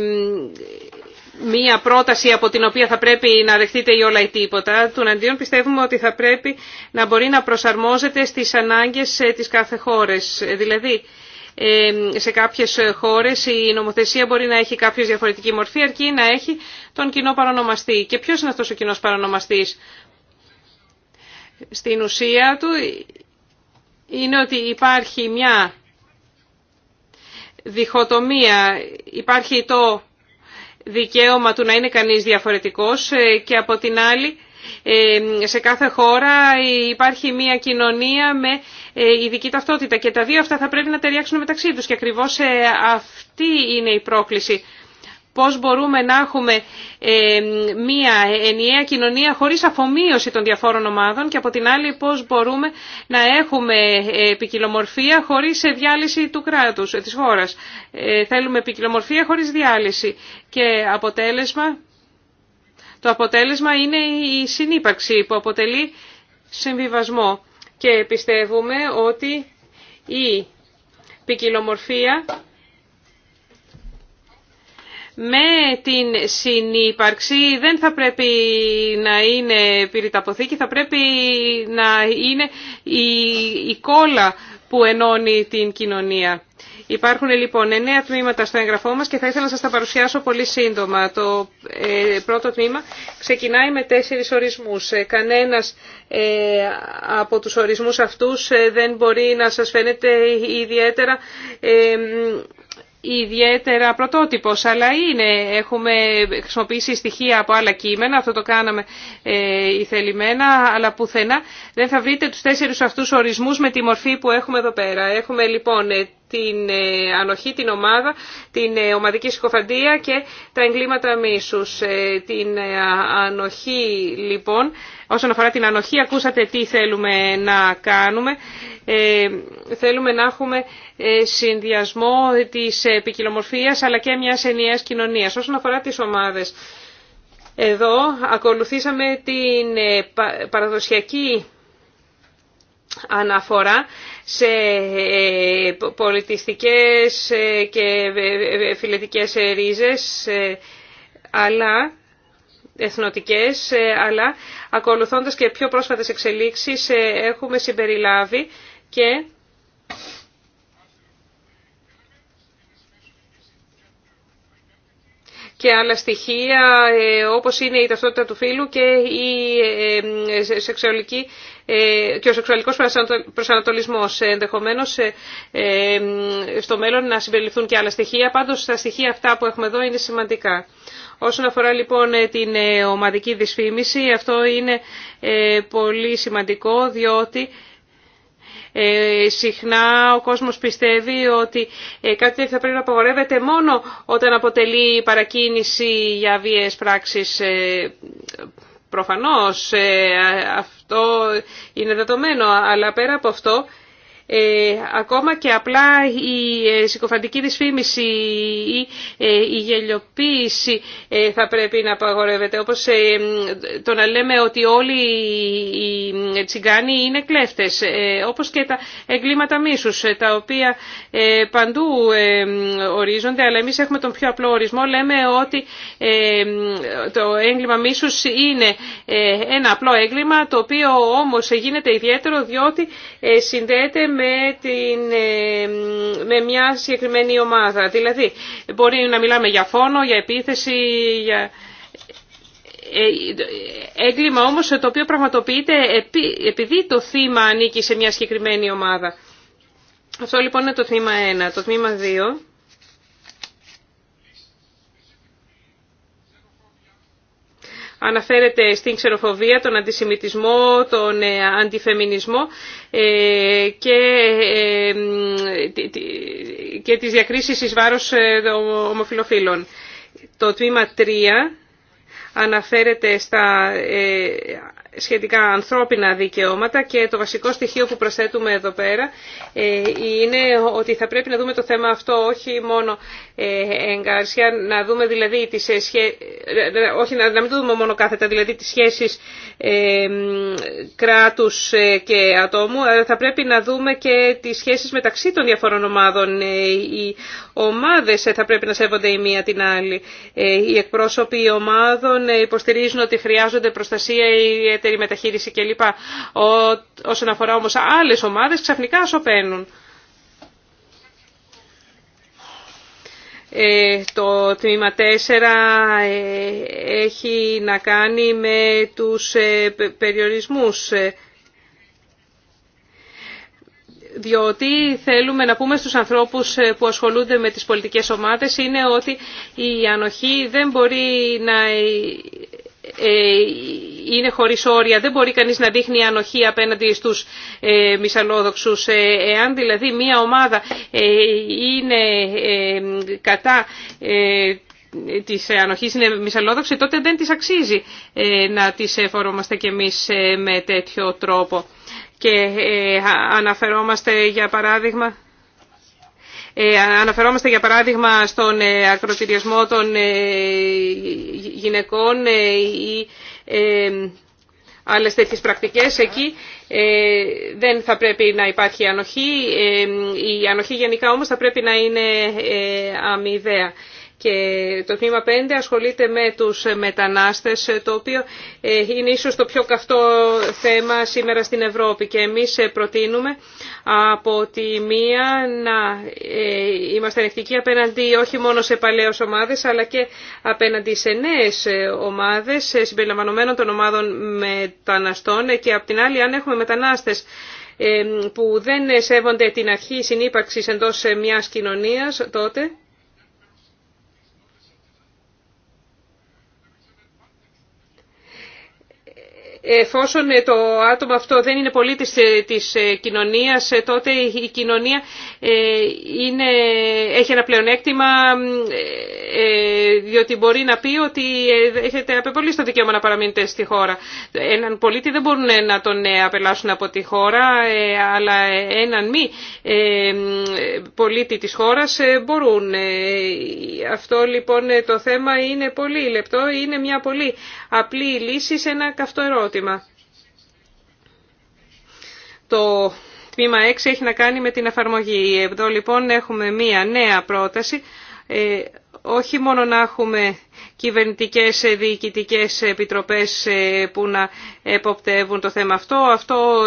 μία πρόταση από την οποία θα πρέπει να δεχτείτε ή όλα ή τίποτα. Του αντίον πιστεύουμε ότι θα πρέπει να μπορεί να προσαρμόζεται στις ανάγκες ε, της κάθε χώρες. Ε, δηλαδή, ε, σε κάποιες χώρες η ολα η τιποτα του μπορεί να έχει κάποιος διαφορετική μορφή αρκεί να προσαρμοζεται στις αναγκες της καθε χωρες δηλαδη σε καποιες χωρες η νομοθεσια μπορει να εχει καποιες διαφορετικη μορφη αρκει να εχει τον κοινό παρονομαστή. Και ποιος είναι αυτός ο κοινός παρονομαστής. Στην ουσία του είναι ότι υπάρχει μια διχοτομία, υπάρχει το δικαίωμα του να είναι κανείς διαφορετικός ε, και από την άλλη ε, σε κάθε χώρα υπάρχει μια κοινωνία με ε, ειδική ταυτότητα και τα δύο αυτά θα πρέπει να ταιριάξουν μεταξύ τους και ακριβώς αυτή είναι η πρόκληση πώς μπορούμε να έχουμε ε, μία ενιαία κοινωνία χωρίς αφομοίωση των διαφόρων ομάδων και από την άλλη πώς μπορούμε να έχουμε επικοινομορφία χωρίς διάλυση του κράτους, ε, της χώρας. Ε, θέλουμε επικοινομορφία χωρίς διάλυση και αποτέλεσμα... Το αποτέλεσμα είναι η συνύπαρξη που αποτελεί συμβιβασμό και πιστεύουμε ότι η ποικιλομορφία με την συνύπαρξη δεν θα πρέπει να είναι πυρηταποθήκη, θα πρέπει να είναι η, η κόλλα που ενώνει την κοινωνία. Υπάρχουν λοιπόν εννέα τμήματα στο εγγραφό μας και θα ήθελα να σας τα παρουσιάσω πολύ σύντομα. Το ε, πρώτο τμήμα ξεκινάει με τέσσερις ορισμούς. Ε, κανένας ε, από τους ορισμούς αυτούς ε, δεν μπορεί να σας φαίνεται ιδιαίτερα ιδιαίτερα πρωτότυπος, αλλά είναι. Έχουμε χρησιμοποιήσει στοιχεία από άλλα κείμενα, αυτό το κάναμε ε, ηθελημένα, αλλά πουθενά δεν θα βρείτε τους τέσσερις αυτούς ορισμούς με τη μορφή που έχουμε εδώ πέρα. Έχουμε λοιπόν ε, την ε, ανοχή, την ομάδα, την ε, ομαδική συκοφαντία και τα εγκλήματα μίσους. Την ανοχή λοιπόν, όσον αφορά την ανοχή, ακούσατε τι θέλουμε να κάνουμε. Θέλουμε να έχουμε ε, συνδυασμό της επικοινομορφίας αλλά και μιας ενιαίας κοινωνίας. Όσον αφορά τις ομάδες, εδώ ακολουθήσαμε την ε, παραδοσιακή αναφορά σε ε, πολιτιστικές και φιλετικές ρίζες, αλλά εθνοτικές, αλλά ακολουθώντας και πιο πρόσφατες εξελίξεις έχουμε συμπεριλάβει και και άλλα στοιχεία ε, όπως είναι η ταυτότητα του φύλου και, η ε, σεξουαλική, ε, και ο σεξουαλικός προσανατολισμός. Ενδεχομένως στο μέλλον να συμπεριληφθούν και άλλα στοιχεία. Πάντως τα στοιχεία αυτά που έχουμε εδώ είναι σημαντικά. Όσον αφορά λοιπόν την ομαδική δυσφήμιση, αυτό είναι πολύ σημαντικό διότι ε, συχνά ο κόσμος πιστεύει ότι ε, κάτι θα πρέπει να απαγορεύεται μόνο όταν αποτελεί παρακίνηση για βίαιες πράξεις. Ε, προφανώς αυτό είναι δεδομένο, αλλά πέρα από αυτό ε, ακόμα και απλά η ε, συκοφαντική δυσφήμιση ή ε, η γελιοποίηση θα πρέπει να απαγορεύεται. Όπως το να λέμε ότι όλοι οι τσιγκάνοι είναι κλέφτες, όπως και τα εγκλήματα μίσους, τα οποία παντού ορίζονται, αλλά εμείς έχουμε τον πιο απλό ορισμό. Λέμε ότι το έγκλημα μίσους είναι ένα απλό έγκλημα, το οποίο όμως γίνεται ιδιαίτερο διότι συνδέεται με με, ε, με μια συγκεκριμένη ομάδα. Δηλαδή, μπορεί να μιλάμε για φόνο, για επίθεση, για ε, ε, έγκλημα όμως το οποίο πραγματοποιείται επειδή το θύμα ανήκει σε μια συγκεκριμένη ομάδα. Αυτό λοιπόν είναι το θύμα 1. Το τμήμα 2 αναφέρεται στην ξενοφοβία, τον αντισημιτισμό, τον ε, αντιφεμινισμό ε, και, ε, και τις διακρίσεις εις βάρος ομοφιλοφίλων. Το τμήμα 3 αναφέρεται στα σχετικά ανθρώπινα δικαιώματα και το βασικό στοιχείο που προσθέτουμε εδώ πέρα ε, είναι ότι θα πρέπει να δούμε το θέμα αυτό όχι μόνο ε, εγκάρσια, να δούμε δηλαδή τις ε, σχέ... όχι να, μην το δούμε μόνο κάθετα, δηλαδή τις σχέσεις κράτους και ατόμου, αλλά θα πρέπει να δούμε και τις σχέσεις μεταξύ των διαφορών ομάδων. οι ομάδες θα πρέπει να σέβονται η μία την άλλη. οι εκπρόσωποι ομάδων υποστηρίζουν ότι χρειάζονται προστασία ιδιαίτερη μεταχείριση κλπ. Όσον αφορά όμως άλλες ομάδες ξαφνικά σωπαίνουν. Ε, το τμήμα 4 ε, έχει να κάνει με τους ε, περιορισμούς διότι θέλουμε να πούμε στους ανθρώπους που ασχολούνται με τις πολιτικές ομάδες είναι ότι η ανοχή δεν μπορεί να ε, είναι χωρίς όρια. Δεν μπορεί κανείς να δείχνει ανοχή απέναντι στους ε, ε εάν δηλαδή μία ομάδα ε, είναι κατά της ανοχής, είναι μυσαλόδοξη, τότε δεν της αξίζει να τις φορόμαστε κι εμείς με τέτοιο τρόπο. Και αναφερόμαστε για παράδειγμα ε, αναφερόμαστε για παράδειγμα στον ε, ακροτηριασμό των ε, γυναικών ή άλλες τέτοιες πρακτικές. Εκεί δεν θα πρέπει να υπάρχει ανοχή. Η ανοχή γενικά όμως θα πρέπει να είναι αμοιβαία. Και το τμήμα 5 ασχολείται με τους μετανάστες, το οποίο ε, είναι ίσως το πιο καυτό θέμα σήμερα στην Ευρώπη. Και εμείς ε, προτείνουμε από τη μία να ε, είμαστε ανοιχτικοί απέναντι όχι μόνο σε παλαιές ομάδες, αλλά και απέναντι σε νέες ομάδες, συμπεριλαμβανομένων των ομάδων μεταναστών. Και από την άλλη, αν έχουμε μετανάστες που δεν σέβονται την αρχή συνύπαρξης εντός μιας κοινωνίας, τότε εφόσον ε, το άτομο αυτό δεν είναι πολίτης ε, της ε, κοινωνίας, τότε η κοινωνία είναι, έχει ένα πλεονέκτημα διότι μπορεί να πει ότι έχετε απεπολύσει το δικαίωμα να παραμείνετε στη χώρα. Έναν πολίτη δεν μπορούν να τον απελάσουν από τη χώρα, αλλά έναν μη πολίτη της χώρας μπορούν. Αυτό λοιπόν το θέμα είναι πολύ λεπτό, είναι μια πολύ απλή λύση σε ένα καυτό ερώτημα. Το τμήμα 6 έχει να κάνει με την εφαρμογή. Εδώ λοιπόν έχουμε μία νέα πρόταση. Ε, όχι μόνο να έχουμε κυβερνητικές ε, διοικητικέ επιτροπές ε, που να εποπτεύουν το θέμα αυτό. Αυτό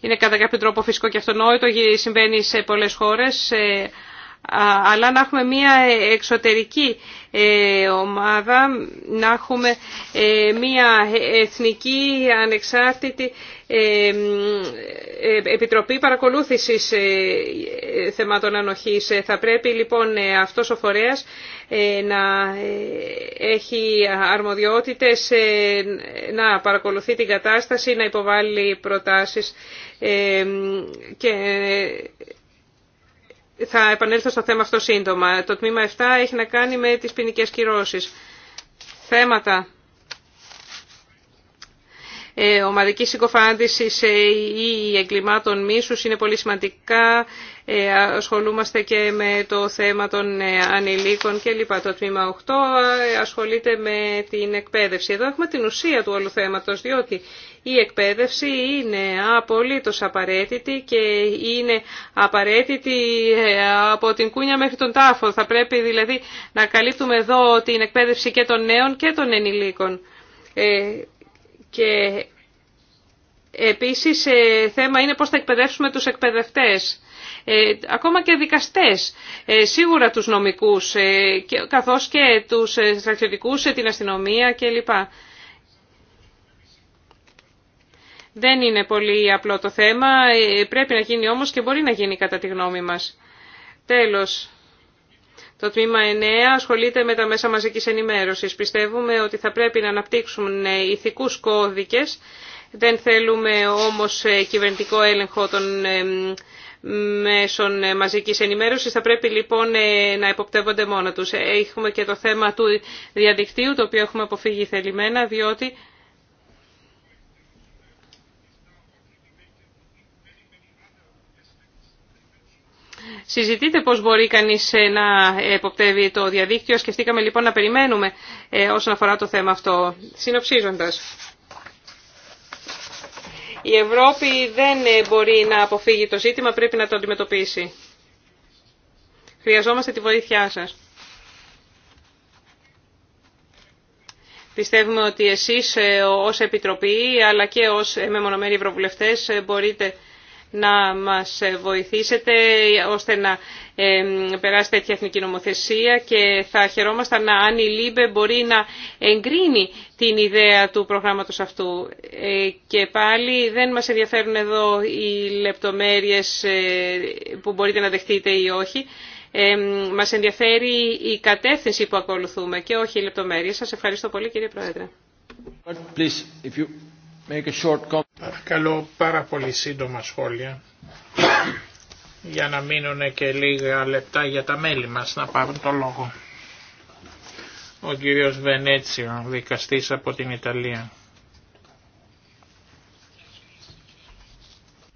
είναι κατά κάποιο τρόπο φυσικό και αυτονόητο. Συμβαίνει σε πολλές χώρες αλλά να έχουμε μία εξωτερική ε, ομάδα, να έχουμε ε, μία εθνική ανεξάρτητη ε, επιτροπή παρακολούθησης θεμάτων ανοχής. Θα πρέπει λοιπόν αυτός ο φορέας να έχει αρμοδιότητες να παρακολουθεί την κατάσταση, να υποβάλει προτάσεις και θα επανέλθω στο θέμα αυτό σύντομα. Το τμήμα 7 έχει να κάνει με τις ποινικέ κυρώσεις. Θέματα ε, συγκοφάντηση συγκοφάντησης ή εγκλημάτων μίσους είναι πολύ σημαντικά. Ε, ασχολούμαστε και με το θέμα των ε, ανηλίκων κλπ. Το τμήμα 8 ε, ασχολείται με την εκπαίδευση. Εδώ έχουμε την ουσία του όλου θέματος, διότι η εκπαίδευση είναι απολύτως απαραίτητη και είναι απαραίτητη ε, από την κούνια μέχρι τον τάφο. Θα πρέπει δηλαδή να καλύπτουμε εδώ την εκπαίδευση και των νέων και των ενηλίκων. Ε, και επίσης ε, θέμα είναι πώς θα εκπαιδεύσουμε τους εκπαιδευτές. ακόμα και δικαστές, σίγουρα τους νομικούς, ε, καθώς και τους στρατιωτικούς, την αστυνομία κλπ. Δεν είναι πολύ απλό το θέμα, ε, πρέπει να γίνει όμως και μπορεί να γίνει κατά τη γνώμη μας. Τέλος, το τμήμα 9 ασχολείται με τα μέσα μαζικής ενημέρωσης. Πιστεύουμε ότι θα πρέπει να αναπτύξουν ε, ηθικούς κώδικες. Δεν θέλουμε όμως ε, κυβερνητικό έλεγχο των μέσων μαζικής ενημέρωσης. Θα πρέπει λοιπόν να υποπτεύονται μόνο τους. Έχουμε και το θέμα του διαδικτύου, το οποίο έχουμε αποφύγει θελημένα, διότι Συζητείτε πώς μπορεί κανείς ε, να εποπτεύει το διαδίκτυο. Σκεφτήκαμε λοιπόν να περιμένουμε ε, όσον αφορά το θέμα αυτό. Συνοψίζοντας, η Ευρώπη δεν ε, μπορεί να αποφύγει το ζήτημα, πρέπει να το αντιμετωπίσει. Χρειαζόμαστε τη βοήθειά σας. Πιστεύουμε ότι εσείς ως Επιτροπή αλλά και ως μεμονωμένοι Ευρωβουλευτές μπορείτε να μας βοηθήσετε ώστε να περάσει τέτοια εθνική νομοθεσία και θα χαιρόμασταν αν η ΛΥΜΠΕ μπορεί να εγκρίνει την ιδέα του προγράμματος αυτού. Ε, και πάλι δεν μας ενδιαφέρουν εδώ οι λεπτομέρειες ε, που μπορείτε να δεχτείτε ή όχι. μας ενδιαφέρει η κατεύθυνση που ακολουθούμε και όχι οι λεπτομέρειες. Σας ευχαριστώ πολύ κύριε Πρόεδρε. Make πάρα πολύ σύντομα σχόλια για να μείνουν και λίγα λεπτά για τα μέλη μας να πάρουν το λόγο. Ο κύριος Βενέτσιο, δικαστής από την Ιταλία.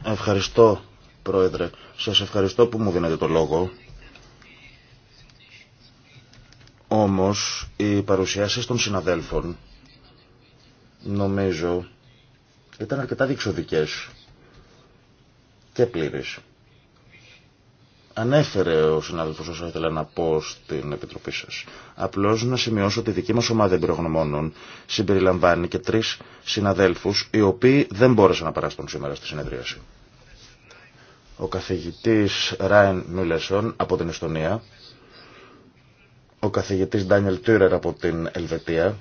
Ευχαριστώ Πρόεδρε. Σας ευχαριστώ που μου δίνετε το λόγο. Όμως οι παρουσιάσεις των συναδέλφων νομίζω ήταν αρκετά διεξοδικέ και πλήρε. Ανέφερε ο συνάδελφο όσα ήθελα να πω στην επιτροπή σα. Απλώ να σημειώσω ότι η δική μα ομάδα εμπειρογνωμόνων συμπεριλαμβάνει και τρει συναδέλφου οι οποίοι δεν μπόρεσαν να παραστούν σήμερα στη συνεδρίαση. Ο καθηγητή Ράιν Μιλέσον από την Εστονία, ο καθηγητή Ντάνιελ Τούρερ από την Ελβετία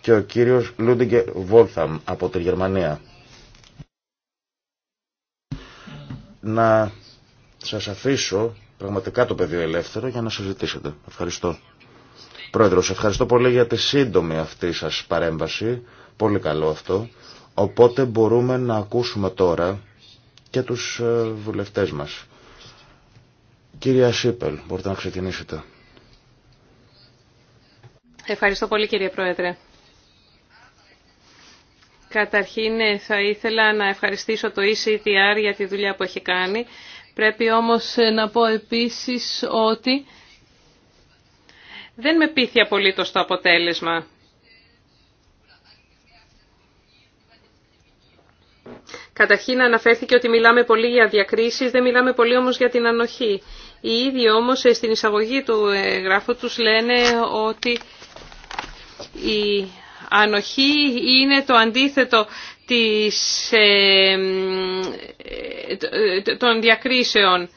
και ο κύριος Λούντιγκε Βόλθαμ από τη Γερμανία. Να σας αφήσω πραγματικά το πεδίο ελεύθερο για να συζητήσετε. Ευχαριστώ. Πρόεδρος, ευχαριστώ πολύ για τη σύντομη αυτή σας παρέμβαση. Πολύ καλό αυτό. Οπότε μπορούμε να ακούσουμε τώρα και τους ε, βουλευτές μας. Κυρία Σίπελ, μπορείτε να ξεκινήσετε. Ευχαριστώ πολύ κύριε Πρόεδρε. Καταρχήν ε, θα ήθελα να ευχαριστήσω το ECTR για τη δουλειά που έχει κάνει. Πρέπει όμως ε, να πω επίσης ότι δεν με πείθει απολύτως το αποτέλεσμα. Καταρχήν αναφέρθηκε ότι μιλάμε πολύ για διακρίσεις, δεν μιλάμε πολύ όμως για την ανοχή. Οι ίδιοι όμως ε, στην εισαγωγή του γράφου τους λένε ότι Ανοχή είναι το αντίθετο της, ε, ε, των διακρίσεων.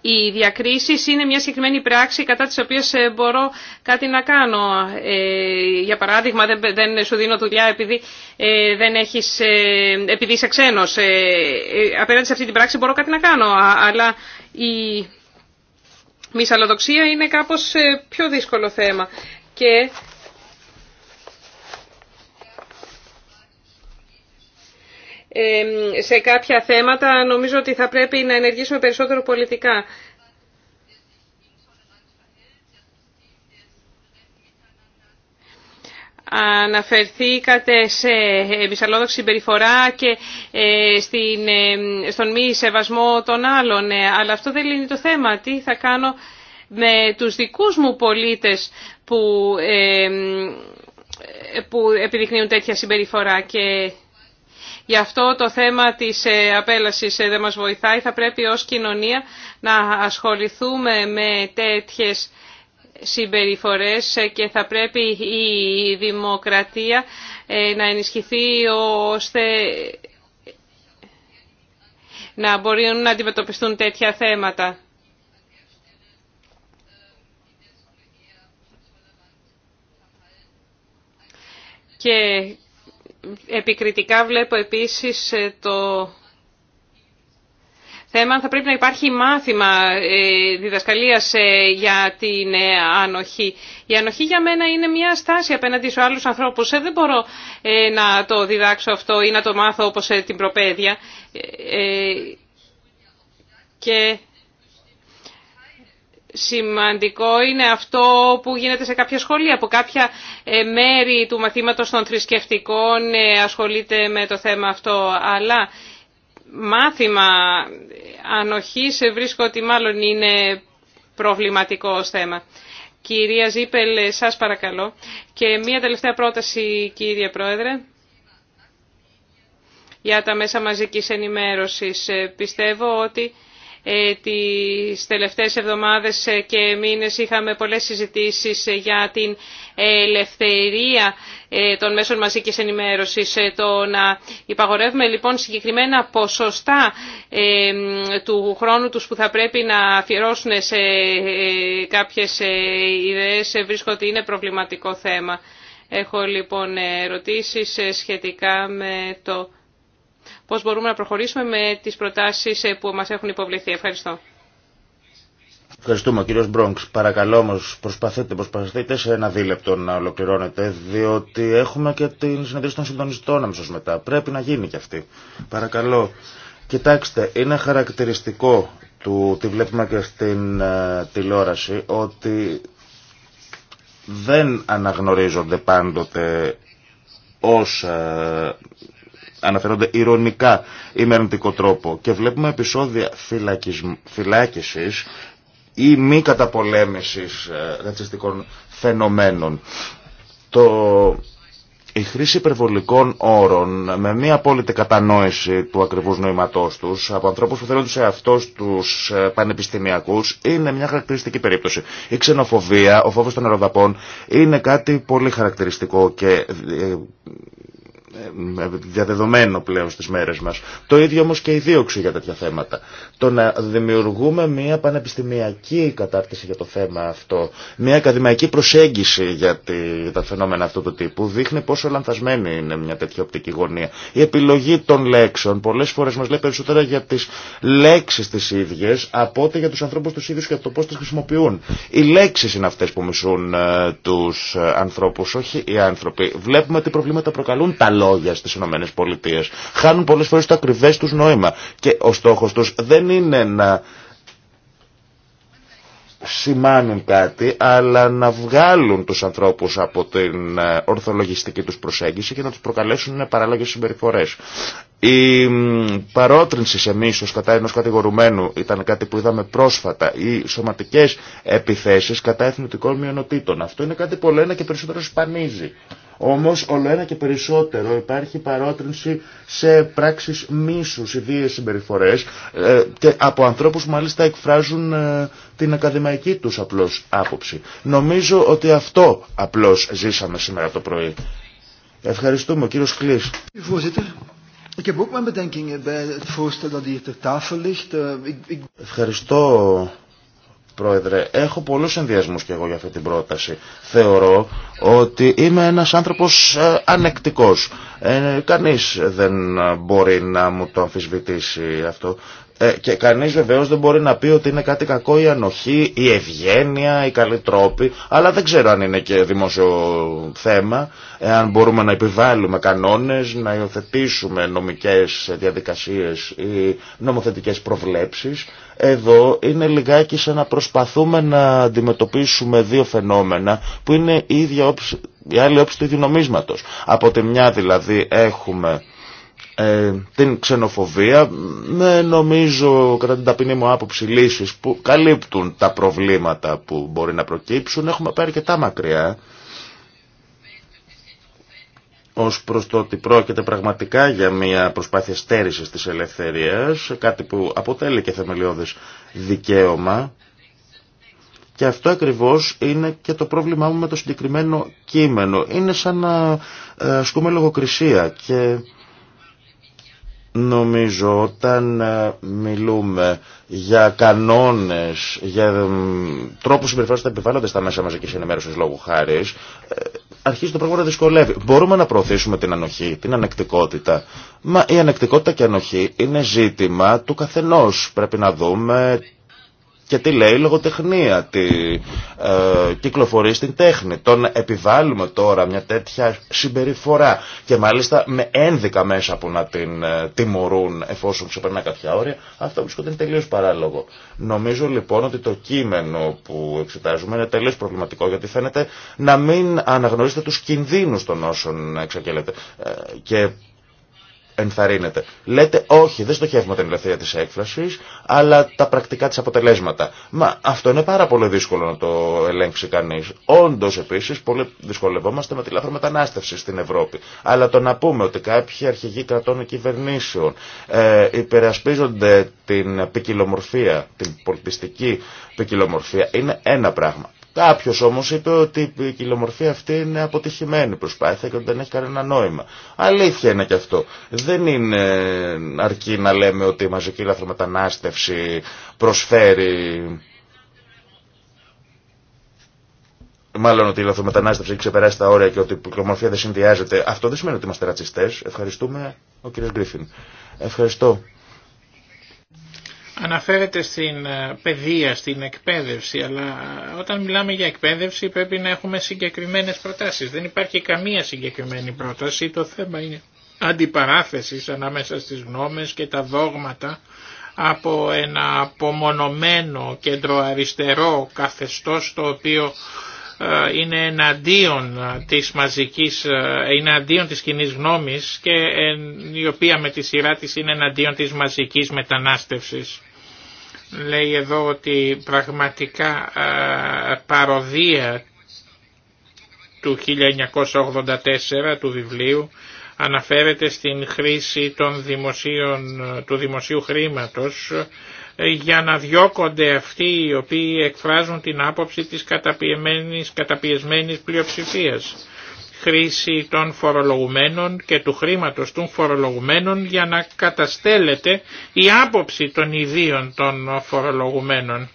Οι διακρίσεις είναι μια συγκεκριμένη πράξη κατά της οποίας ε, μπορώ κάτι να κάνω. Για παράδειγμα, δεν σου δίνω δουλειά επειδή, δεν έχεις, επειδή είσαι ξένος. Απέναντι σε αυτή την πράξη μπορώ κάτι να κάνω, αλλά η μυσαλλοδοξία είναι κάπως πιο δύσκολο θέμα και σε κάποια θέματα νομίζω ότι θα πρέπει να ενεργήσουμε περισσότερο πολιτικά. Αναφερθήκατε σε μυσαλόδοξη συμπεριφορά και ε, στην, ε, στον μη σεβασμό των άλλων, ε, αλλά αυτό δεν είναι το θέμα. Τι θα κάνω με τους δικούς μου πολίτες που, επιδεικνύουν τέτοια συμπεριφορά και γι' αυτό το θέμα της ε, απέλασης ε, δεν μας βοηθάει. Θα πρέπει ως κοινωνία να ασχοληθούμε με τέτοιες συμπεριφορές ε, και θα πρέπει η δημοκρατία να ενισχυθεί ώστε να μπορούν να αντιμετωπιστούν τέτοια θέματα. Και επικριτικά βλέπω επίσης ε, το θέμα θα πρέπει να υπάρχει μάθημα ε, διδασκαλίας ε, για την άνοχη. Η ανοχή για μένα είναι μια στάση απέναντι στους άλλους ανθρώπους. Δεν μπορώ να το διδάξω αυτό ή να το μάθω όπως την προπαίδεια. Και Σημαντικό είναι αυτό που γίνεται σε κάποια σχολεία. Από κάποια ε, μέρη του μαθήματος των θρησκευτικών ε, ασχολείται με το θέμα αυτό. Αλλά μάθημα ανοχής βρίσκω ότι μάλλον είναι προβληματικό ως θέμα. Κυρία Ζήπελ, σας παρακαλώ. Και μία τελευταία πρόταση, κύριε Πρόεδρε, για τα μέσα μαζικής ενημέρωσης. Ε, πιστεύω ότι ε, τις τελευταίες εβδομάδες ε, και μήνες είχαμε πολλές συζητήσεις ε, για την ελευθερία των μέσων μαζικής ενημέρωσης. Το να υπαγορεύουμε λοιπόν συγκεκριμένα ποσοστά του χρόνου τους που θα πρέπει να αφιερώσουν σε κάποιες ιδέες βρίσκω ότι είναι προβληματικό θέμα. Έχω λοιπόν ερωτήσεις σχετικά με το πώς μπορούμε να προχωρήσουμε με τις προτάσεις ε, που μας έχουν υποβληθεί. Ευχαριστώ. Ευχαριστούμε. κύριος Μπρόγκς, παρακαλώ όμως προσπαθείτε, προσπαθείτε σε ένα δίλεπτο να ολοκληρώνετε, διότι έχουμε και την συνεδρία των συντονιστών αμέσως μετά. Πρέπει να γίνει και αυτή. Παρακαλώ. Κοιτάξτε, είναι χαρακτηριστικό του, τη βλέπουμε και στην ε, τηλεόραση, ότι δεν αναγνωρίζονται πάντοτε όσα αναφέρονται ηρωνικά ή με τρόπο και βλέπουμε επεισόδια φυλάκισης ή μη καταπολέμησης ε, ρατσιστικών φαινομένων. Το... Η χρήση υπερβολικών όρων με μία απόλυτη κατανόηση του ακριβούς νοήματός τους από ανθρώπους που θέλουν σε αυτός τους ε, πανεπιστημιακούς είναι μια χαρακτηριστική περίπτωση. Η ξενοφοβία, ο φόβος των αεροδαπών είναι κάτι πολύ χαρακτηριστικό και ε, ε, διαδεδομένο πλέον στις μέρες μας. Το ίδιο όμως και η δίωξη για τέτοια θέματα. Το να δημιουργούμε μια πανεπιστημιακή κατάρτιση για το θέμα αυτό, μια ακαδημαϊκή προσέγγιση για τα φαινόμενα αυτού του τύπου, δείχνει πόσο λανθασμένη είναι μια τέτοια οπτική γωνία. Η επιλογή των λέξεων πολλές φορές μας λέει περισσότερα για τις λέξεις τις ίδιες από ό,τι για τους ανθρώπους τους ίδιους και το πώς τις χρησιμοποιούν. Οι λέξεις είναι αυτές που μισούν ε, τους ε, ανθρώπους, όχι οι άνθρωποι. Βλέπουμε τι προβλήματα προκαλούν τα λόγια λόγια στι Ηνωμένες Πολιτείες. Χάνουν πολλές φορές το ακριβέ τους νόημα και ο στόχο τους δεν είναι να σημάνουν κάτι, αλλά να βγάλουν τους ανθρώπους από την ε, ορθολογιστική τους προσέγγιση και να τους προκαλέσουν παράλογες συμπεριφορέ. Η παρότρινση σε μίσος κατά ενός κατηγορουμένου ήταν κάτι που είδαμε πρόσφατα. ή σωματικές επιθέσεις κατά εθνικών μειονοτήτων. Αυτό είναι κάτι που λένε και περισσότερο σπανίζει. Όμως όλο ένα και περισσότερο υπάρχει παρότρινση σε πράξεις μίσους, ιδίες συμπεριφορές ε, και από ανθρώπους που μάλιστα εκφράζουν ε, την ακαδημαϊκή τους απλώς άποψη. Νομίζω ότι αυτό απλώς ζήσαμε σήμερα το πρωί. Ευχαριστούμε, ο κύριος Κλής. Ε, Ευχαριστώ, Πρόεδρε, έχω πολλούς ενδιασμούς και εγώ για αυτή την πρόταση. Θεωρώ ότι είμαι ένας άνθρωπος ε, ανεκτικός. Ε, κανείς δεν μπορεί να μου το αμφισβητήσει αυτό. Ε, και κανείς βεβαίως δεν μπορεί να πει ότι είναι κάτι κακό η ανοχή, η ευγένεια, οι καλοί τρόποι, αλλά δεν ξέρω αν είναι και δημόσιο θέμα, ε, αν μπορούμε να επιβάλλουμε κανόνες, να υιοθετήσουμε νομικές διαδικασίες ή νομοθετικές προβλέψεις. Εδώ είναι λιγάκι σαν να προσπαθούμε να αντιμετωπίσουμε δύο φαινόμενα που είναι η, ίδια όψη, η άλλη όψη του ίδιου Από τη μια δηλαδή έχουμε ε, την ξενοφοβία με νομίζω κατά την ταπεινή μου άποψη λύσεις που καλύπτουν τα προβλήματα που μπορεί να προκύψουν έχουμε πάει αρκετά μακριά ως προς το ότι πρόκειται πραγματικά για μια προσπάθεια στέρησης της ελευθερίας, κάτι που αποτελεί και θεμελιώδες δικαίωμα. Και αυτό ακριβώς είναι και το πρόβλημά μου με το συγκεκριμένο κείμενο. Είναι σαν να ε, ασκούμε λογοκρισία και Νομίζω όταν ε, μιλούμε για κανόνες, για ε, τρόπους συμπεριφοράς που επιβάλλονται στα μέσα μαζικής ενημέρωσης λόγου χάρη, ε, αρχίζει το πράγμα να δυσκολεύει. Μπορούμε να προωθήσουμε την ανοχή, την ανεκτικότητα. Μα η ανεκτικότητα και η ανοχή είναι ζήτημα του καθενός. Πρέπει να δούμε και τι λέει, η λογοτεχνία, τι ε, κυκλοφορεί στην τέχνη. Τον επιβάλλουμε τώρα μια τέτοια συμπεριφορά και μάλιστα με ένδικα μέσα που να την ε, τιμωρούν εφόσον ξεπερνά κάποια όρια, αυτό βρίσκονται είναι τελείω παράλογο. Νομίζω λοιπόν ότι το κείμενο που εξετάζουμε είναι τελείω προβληματικό γιατί φαίνεται να μην αναγνωρίζετε του κινδύνου των όσων εξακέλετε. και ενθαρρύνεται. Λέτε όχι, δεν στοχεύουμε την ελευθερία της έκφρασης, αλλά τα πρακτικά της αποτελέσματα. Μα αυτό είναι πάρα πολύ δύσκολο να το ελέγξει κανείς. Όντως επίσης πολύ δυσκολευόμαστε με τη μετανάστευση στην Ευρώπη. Αλλά το να πούμε ότι κάποιοι αρχηγοί κρατών και κυβερνήσεων ε, υπερασπίζονται την ποικιλομορφία, την πολιτιστική ποικιλομορφία, είναι ένα πράγμα. Κάποιο όμω είπε ότι η κυκλομορφία αυτή είναι αποτυχημένη προσπάθεια και ότι δεν έχει κανένα νόημα. Αλήθεια είναι και αυτό. Δεν είναι αρκεί να λέμε ότι η μαζική λαθρομετανάστευση προσφέρει. Μάλλον ότι η λαθρομετανάστευση έχει ξεπεράσει τα όρια και ότι η κυκλομορφία δεν συνδυάζεται. Αυτό δεν σημαίνει ότι είμαστε ρατσιστέ. Ευχαριστούμε ο κύριο Γκρίφιν. Ευχαριστώ Αναφέρεται στην ε, παιδεία, στην εκπαίδευση, αλλά όταν μιλάμε για εκπαίδευση πρέπει να έχουμε συγκεκριμένες προτάσεις. Δεν υπάρχει καμία συγκεκριμένη πρόταση, το θέμα είναι αντιπαράθεσης ανάμεσα στις γνώμες και τα δόγματα από ένα απομονωμένο κέντρο αριστερό καθεστώς το οποίο ε, είναι εναντίον ε, της μαζικής, ε, είναι εναντίον της κοινής γνώμης και η οποία με τη σειρά της είναι εναντίον της μαζικής μετανάστευσης. Λέει εδώ ότι πραγματικά παροδία του 1984 του βιβλίου αναφέρεται στην χρήση των δημοσίων, του δημοσίου χρήματος για να διώκονται αυτοί οι οποίοι εκφράζουν την άποψη της καταπιεσμένης, καταπιεσμένης πλειοψηφίας. Χρήση των φορολογουμένων και του χρήματος των φορολογουμένων για να καταστέλλεται η άποψη των ιδίων των φορολογουμένων.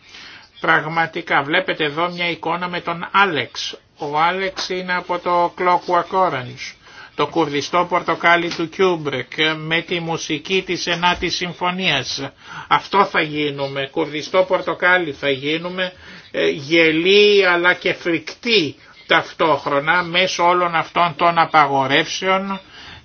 Πραγματικά βλέπετε εδώ μια εικόνα με τον Άλεξ. Ο Άλεξ είναι από το Clockwork Orange το κουρδιστό πορτοκάλι του Κιούμπρεκ με τη μουσική της Ενάτης Συμφωνίας. Αυτό θα γίνουμε, κουρδιστό πορτοκάλι θα γίνουμε, ε, γελί αλλά και φρικτή ταυτόχρονα μέσω όλων αυτών των απαγορεύσεων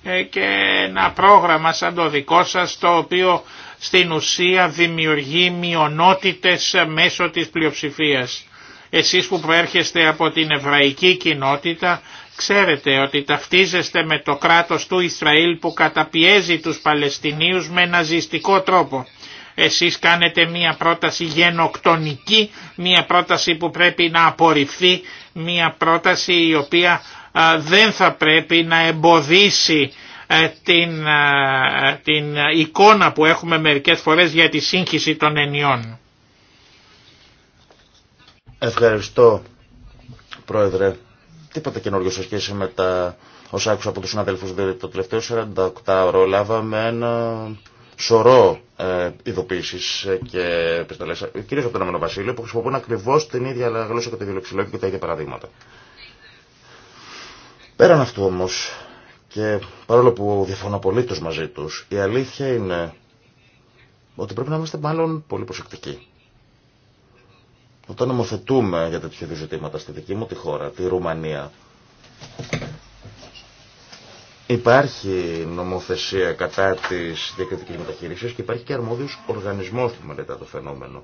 ε, και ένα πρόγραμμα σαν το δικό σας το οποίο στην ουσία δημιουργεί μειονότητες μέσω της πλειοψηφίας. Εσείς που προέρχεστε από την εβραϊκή κοινότητα Ξέρετε ότι ταυτίζεστε με το κράτος του Ισραήλ που καταπιέζει τους Παλαιστινίους με ναζιστικό τρόπο. Εσείς κάνετε μία πρόταση γενοκτονική, μία πρόταση που πρέπει να απορριφθεί, μία πρόταση η οποία δεν θα πρέπει να εμποδίσει ε, την, την εικόνα που έχουμε μερικές φορές για τη σύγχυση των ενιών. Ευχαριστώ Πρόεδρε τίποτα καινούριο σε σχέση με τα όσα άκουσα από τους συναδέλφους. Δηλαδή, το τελευταίο 48 ώρο λάβαμε ένα σωρό ε, ειδοποίησεις και επιστολές, κυρίως από τον Αμένο Βασίλειο, που χρησιμοποιούν ακριβώς την ίδια γλώσσα και το ίδιο και τα ίδια παραδείγματα. Πέραν αυτού όμως, και παρόλο που διαφωνώ απολύτως μαζί τους, η αλήθεια είναι ότι πρέπει να είμαστε μάλλον πολύ προσεκτικοί. Όταν νομοθετούμε για τέτοιου ζητήματα στη δική μου τη χώρα, τη Ρουμανία, Υπάρχει νομοθεσία κατά τη διακριτική μεταχείριση και υπάρχει και αρμόδιο οργανισμό που μελετά το φαινόμενο.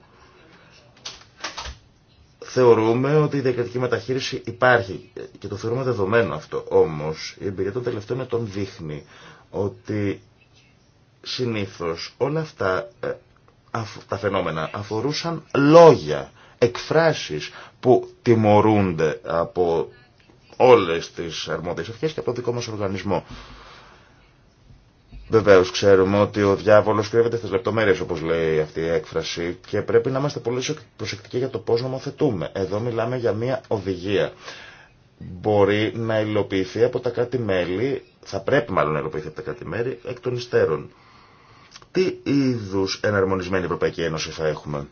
Θεωρούμε ότι η διακριτική μεταχείριση υπάρχει και το θεωρούμε δεδομένο αυτό. Όμω η εμπειρία των τελευταίων ετών δείχνει ότι συνήθω όλα αυτά ε, τα φαινόμενα αφορούσαν λόγια εκφράσεις που τιμωρούνται από όλες τις αρμόδιες αρχές και από το δικό μας οργανισμό. Βεβαίω ξέρουμε ότι ο διάβολος κρύβεται στι λεπτομέρειες όπως λέει αυτή η έκφραση, και πρέπει να είμαστε πολύ προσεκτικοί για το πώ νομοθετούμε. Εδώ μιλάμε για μια οδηγία. Μπορεί να υλοποιηθεί από τα κάτι μελη θα πρέπει μάλλον να υλοποιηθεί από τα κάτι μελη εκ των υστέρων. Τι είδου εναρμονισμένη Ευρωπαϊκή Ένωση θα έχουμε.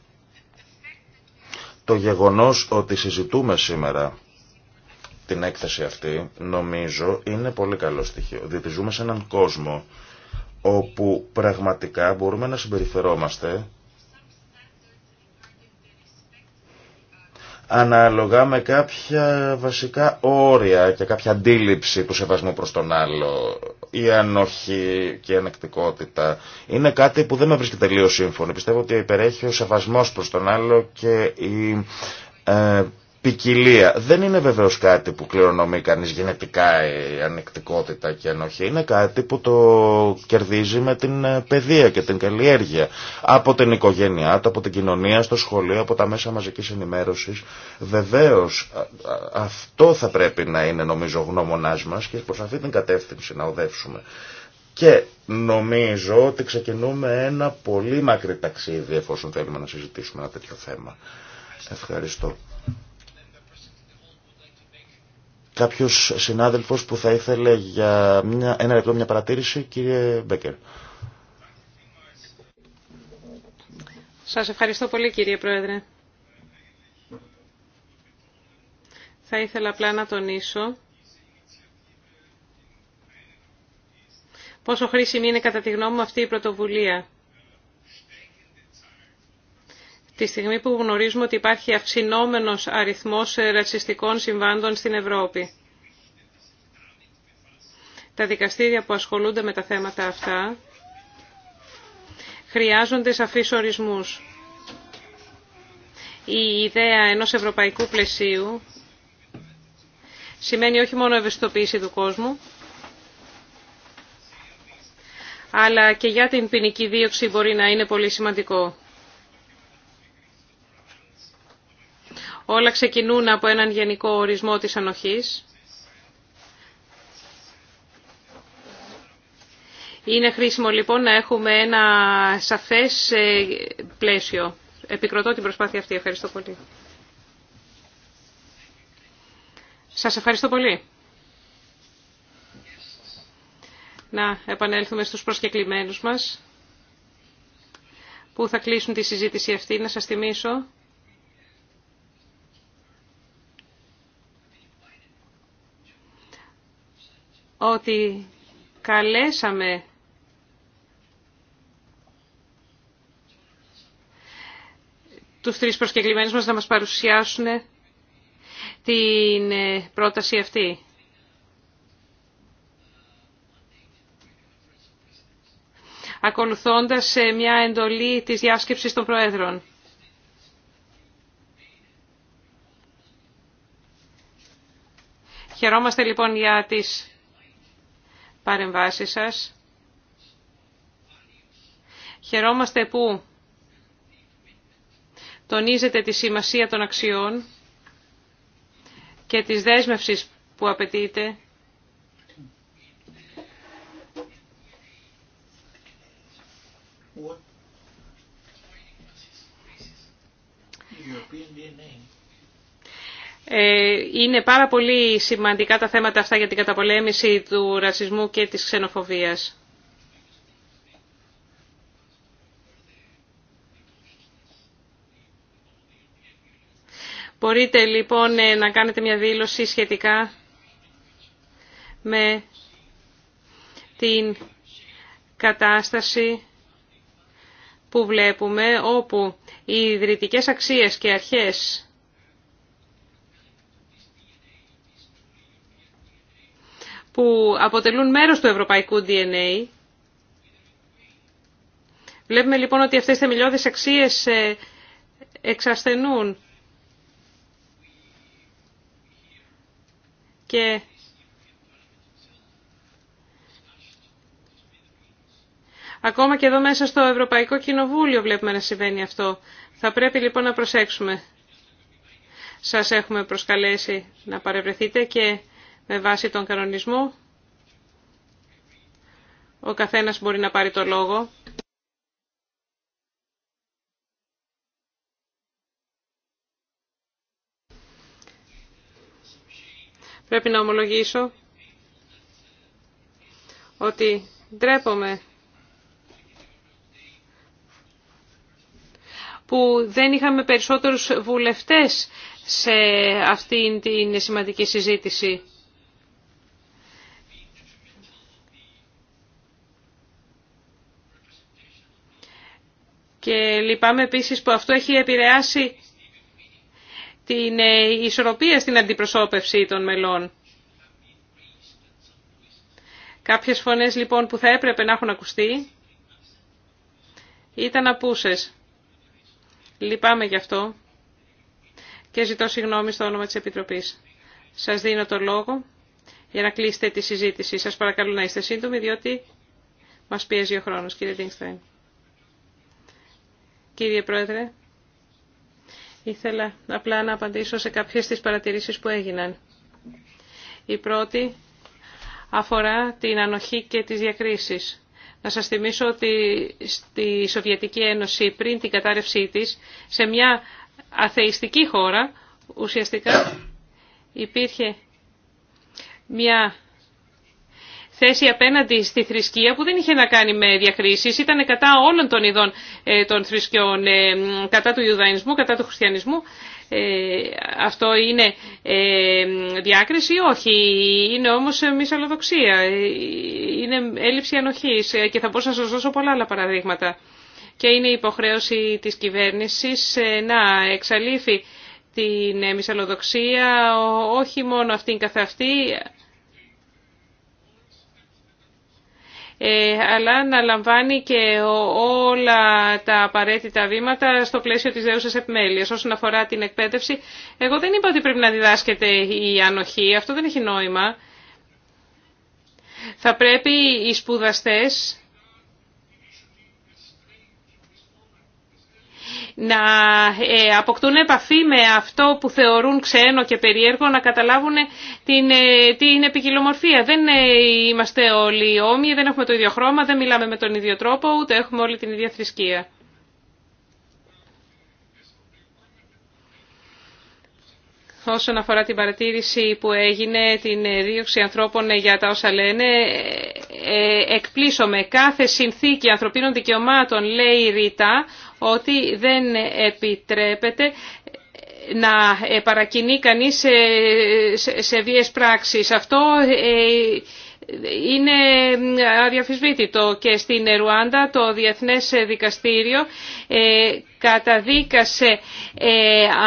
Το γεγονός ότι συζητούμε σήμερα την έκθεση αυτή, νομίζω, είναι πολύ καλό στοιχείο. Διότι ζούμε σε έναν κόσμο όπου πραγματικά μπορούμε να συμπεριφερόμαστε ανάλογα με κάποια βασικά όρια και κάποια αντίληψη του σεβασμού προς τον άλλο η ανοχή και η ανεκτικότητα είναι κάτι που δεν με βρίσκει τελείω σύμφωνο. Πιστεύω ότι υπερέχει ο σεβασμός προς τον άλλο και η ε, ποικιλία. Δεν είναι βεβαίως κάτι που κληρονομεί κανείς γενετικά η ανεκτικότητα και ανοχή. Είναι κάτι που το κερδίζει με την ε, παιδεία και την καλλιέργεια. Από την οικογένειά του, από την κοινωνία, στο σχολείο, από τα μέσα μαζικής ενημέρωσης. Βεβαίως αυτό θα πρέπει να είναι νομίζω γνώμονάς μας και προς αυτή την κατεύθυνση να οδεύσουμε. Και νομίζω ότι ξεκινούμε ένα πολύ μακρύ ταξίδι εφόσον θέλουμε να συζητήσουμε ένα τέτοιο θέμα. Ευχαριστώ. κάποιος συνάδελφος που θα ήθελε για μια, ένα λεπτό μια παρατήρηση, κύριε Μπέκερ. Σας ευχαριστώ πολύ κύριε Πρόεδρε. Θα ήθελα απλά να τονίσω πόσο χρήσιμη είναι κατά τη γνώμη μου αυτή η πρωτοβουλία τη στιγμή που γνωρίζουμε ότι υπάρχει αυξηνόμενος αριθμός ε, ρατσιστικών συμβάντων στην Ευρώπη. Τα δικαστήρια που ασχολούνται με τα θέματα αυτά χρειάζονται σαφείς ορισμούς. Η ιδέα ενός ευρωπαϊκού πλαισίου σημαίνει όχι μόνο ευαισθητοποίηση του κόσμου, αλλά και για την ποινική δίωξη μπορεί να είναι πολύ σημαντικό. Όλα ξεκινούν από έναν γενικό ορισμό της ανοχής. Είναι χρήσιμο λοιπόν να έχουμε ένα σαφές ε, πλαίσιο. Επικροτώ την προσπάθεια αυτή. Ευχαριστώ πολύ. Σας ευχαριστώ πολύ. Να επανέλθουμε στους προσκεκλημένους μας που θα κλείσουν τη συζήτηση αυτή. Να σας θυμίσω ότι καλέσαμε τους τρεις προσκεκλημένους μας να μας παρουσιάσουν την ε, πρόταση αυτή. ακολουθώντας ε, μια εντολή της διάσκεψης των Προέδρων. Χαιρόμαστε λοιπόν για τις παρεμβάσεις σας. Χαιρόμαστε που τονίζετε τη σημασία των αξιών και της δέσμευσης που απαιτείται ε, είναι πάρα πολύ σημαντικά τα θέματα αυτά για την καταπολέμηση του ρατσισμού και της ξενοφοβίας. Μπορείτε λοιπόν ε, να κάνετε μια δήλωση σχετικά με την κατάσταση που βλέπουμε όπου οι ιδρυτικές αξίες και αρχές που αποτελούν μέρος του ευρωπαϊκού DNA. Βλέπουμε λοιπόν ότι αυτές οι θεμελιώδεις αξίες ε, εξασθενούν. Και Ακόμα και εδώ μέσα στο Ευρωπαϊκό Κοινοβούλιο βλέπουμε να συμβαίνει αυτό. Θα πρέπει λοιπόν να προσέξουμε. Σας έχουμε προσκαλέσει να παρευρεθείτε και με βάση τον κανονισμό. Ο καθένας μπορεί να πάρει το λόγο. Πρέπει να ομολογήσω ότι ντρέπομαι που δεν είχαμε περισσότερους βουλευτές σε αυτήν την σημαντική συζήτηση. Και λυπάμαι επίσης που αυτό έχει επηρεάσει την ε, ισορροπία στην αντιπροσώπευση των μελών. Κάποιες φωνές λοιπόν που θα έπρεπε να έχουν ακουστεί ήταν απούσες. Λυπάμαι γι' αυτό και ζητώ συγγνώμη στο όνομα της Επιτροπής. Σας δίνω το λόγο για να κλείσετε τη συζήτηση. Σας παρακαλώ να είστε σύντομοι διότι μας πιέζει ο χρόνος. Κύριε Τίνγκσταϊν κύριε Πρόεδρε. Ήθελα απλά να απαντήσω σε κάποιες τις παρατηρήσεις που έγιναν. Η πρώτη αφορά την ανοχή και τις διακρίσεις. Να σας θυμίσω ότι στη Σοβιετική Ένωση πριν την κατάρρευσή της, σε μια αθεϊστική χώρα ουσιαστικά υπήρχε μια θέση απέναντι στη θρησκεία που δεν είχε να κάνει με διακρίσεις, ήταν κατά όλων των ειδών ε, των θρησκειών, ε, κατά του Ιουδαϊνισμού, κατά του Χριστιανισμού. Ε, αυτό είναι διάκριση, όχι, είναι όμως μυσαλλοδοξία. είναι έλλειψη ανοχής και θα μπορούσα να σας δώσω πολλά άλλα παραδείγματα. Και είναι υποχρέωση της κυβέρνησης να εξαλείφει την μυσαλλοδοξία, όχι μόνο αυτήν καθ' αυτή, Ε, αλλά να λαμβάνει και όλα τα απαραίτητα βήματα στο πλαίσιο της δέουσας επιμέλεια, Όσον αφορά την εκπαίδευση, εγώ δεν είπα ότι πρέπει να διδάσκεται η ανοχή, αυτό δεν έχει νόημα. Θα πρέπει οι σπουδαστές να ε, αποκτούν επαφή με αυτό που θεωρούν ξένο και περίεργο, να καταλάβουν την, ε, την επικοινωμορφία. Δεν ε, είμαστε όλοι όμοιοι, δεν έχουμε το ίδιο χρώμα, δεν μιλάμε με τον ίδιο τρόπο, ούτε έχουμε όλη την ίδια θρησκεία. όσον αφορά την παρατήρηση που έγινε, την δίωξη ανθρώπων για τα όσα λένε, εκπλήσω κάθε συνθήκη ανθρωπίνων δικαιωμάτων, λέει η ότι δεν επιτρέπεται να παρακινεί κανείς σε βίες πράξεις. Αυτό ε, είναι αδιαφυσβήτητο και στην Ρουάντα το Διεθνές Δικαστήριο ε, καταδίκασε ε,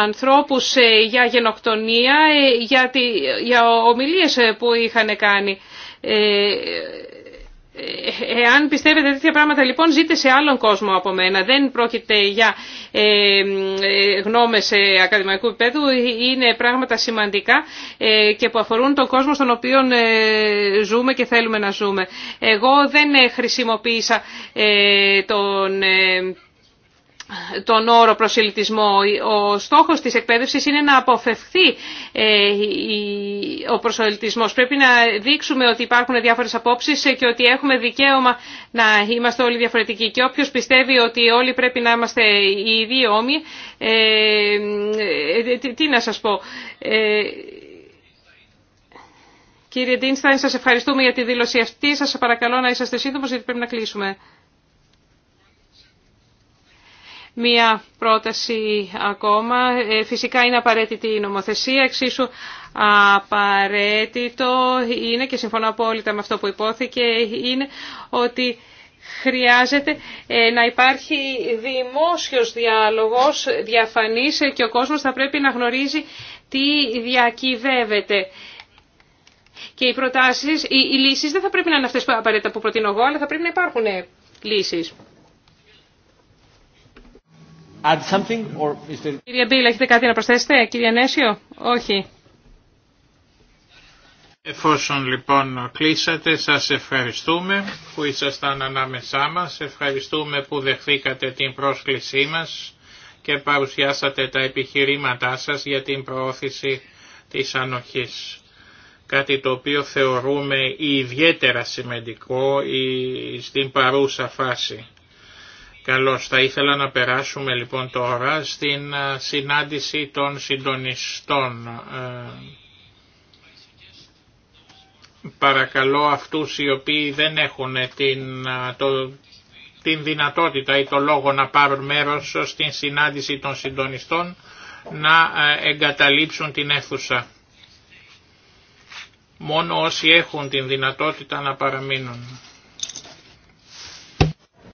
ανθρώπους για γενοκτονία για ομιλίες που είχαν κάνει. Ε, εάν πιστεύετε τέτοια πράγματα λοιπόν ζείτε σε άλλον κόσμο από μένα. Δεν πρόκειται για ε, ε, γνώμες ακαδημαϊκού επίπεδου. Είναι πράγματα σημαντικά και που αφορούν τον κόσμο στον οποίο ζούμε και θέλουμε να ζούμε. Εγώ δεν χρησιμοποίησα τον τον όρο προσελητισμό. Ο στόχος της εκπαίδευσης είναι να αποφευχθεί ε, ο προσελητισμός. Πρέπει να δείξουμε ότι υπάρχουν διάφορες απόψεις και ότι έχουμε δικαίωμα να είμαστε όλοι διαφορετικοί. Και όποιος πιστεύει ότι όλοι πρέπει να είμαστε οι ίδιοι ε, ε τι να σας πω... Ε, κύριε Ντίνσταϊν, σας ευχαριστούμε για τη δήλωση αυτή. Σας παρακαλώ να είσαστε σύντομος γιατί πρέπει να κλείσουμε. Μία πρόταση ακόμα. Ε, φυσικά είναι απαραίτητη η νομοθεσία. Εξίσου απαραίτητο είναι, και συμφωνώ απόλυτα με αυτό που υπόθηκε, είναι ότι χρειάζεται ε, να υπάρχει δημόσιος διάλογος διαφανής ε, και ο κόσμος θα πρέπει να γνωρίζει τι διακυβεύεται. Και οι προτάσεις, οι, οι λύσεις δεν θα πρέπει να είναι αυτές που προτείνω εγώ, αλλά θα πρέπει να υπάρχουν λύσεις. Κύριε Μπίλ, έχετε κάτι να προσθέσετε, κύριε Νέσιο, όχι. Εφόσον λοιπόν κλείσατε, σας ευχαριστούμε που ήσασταν ανάμεσά μας, ευχαριστούμε που δεχθήκατε την πρόσκλησή μας και παρουσιάσατε τα επιχειρήματά σας για την προώθηση της ανοχής. Κάτι το οποίο θεωρούμε ιδιαίτερα σημαντικό στην παρούσα φάση. Καλώς, θα ήθελα να περάσουμε λοιπόν τώρα στην ε, συνάντηση των συντονιστών. Ε, παρακαλώ αυτούς οι οποίοι δεν έχουν την, ε, την δυνατότητα ή το λόγο να πάρουν μέρος στην συνάντηση των συντονιστών να εγκαταλείψουν την αίθουσα. Μόνο όσοι έχουν την δυνατότητα να παραμείνουν.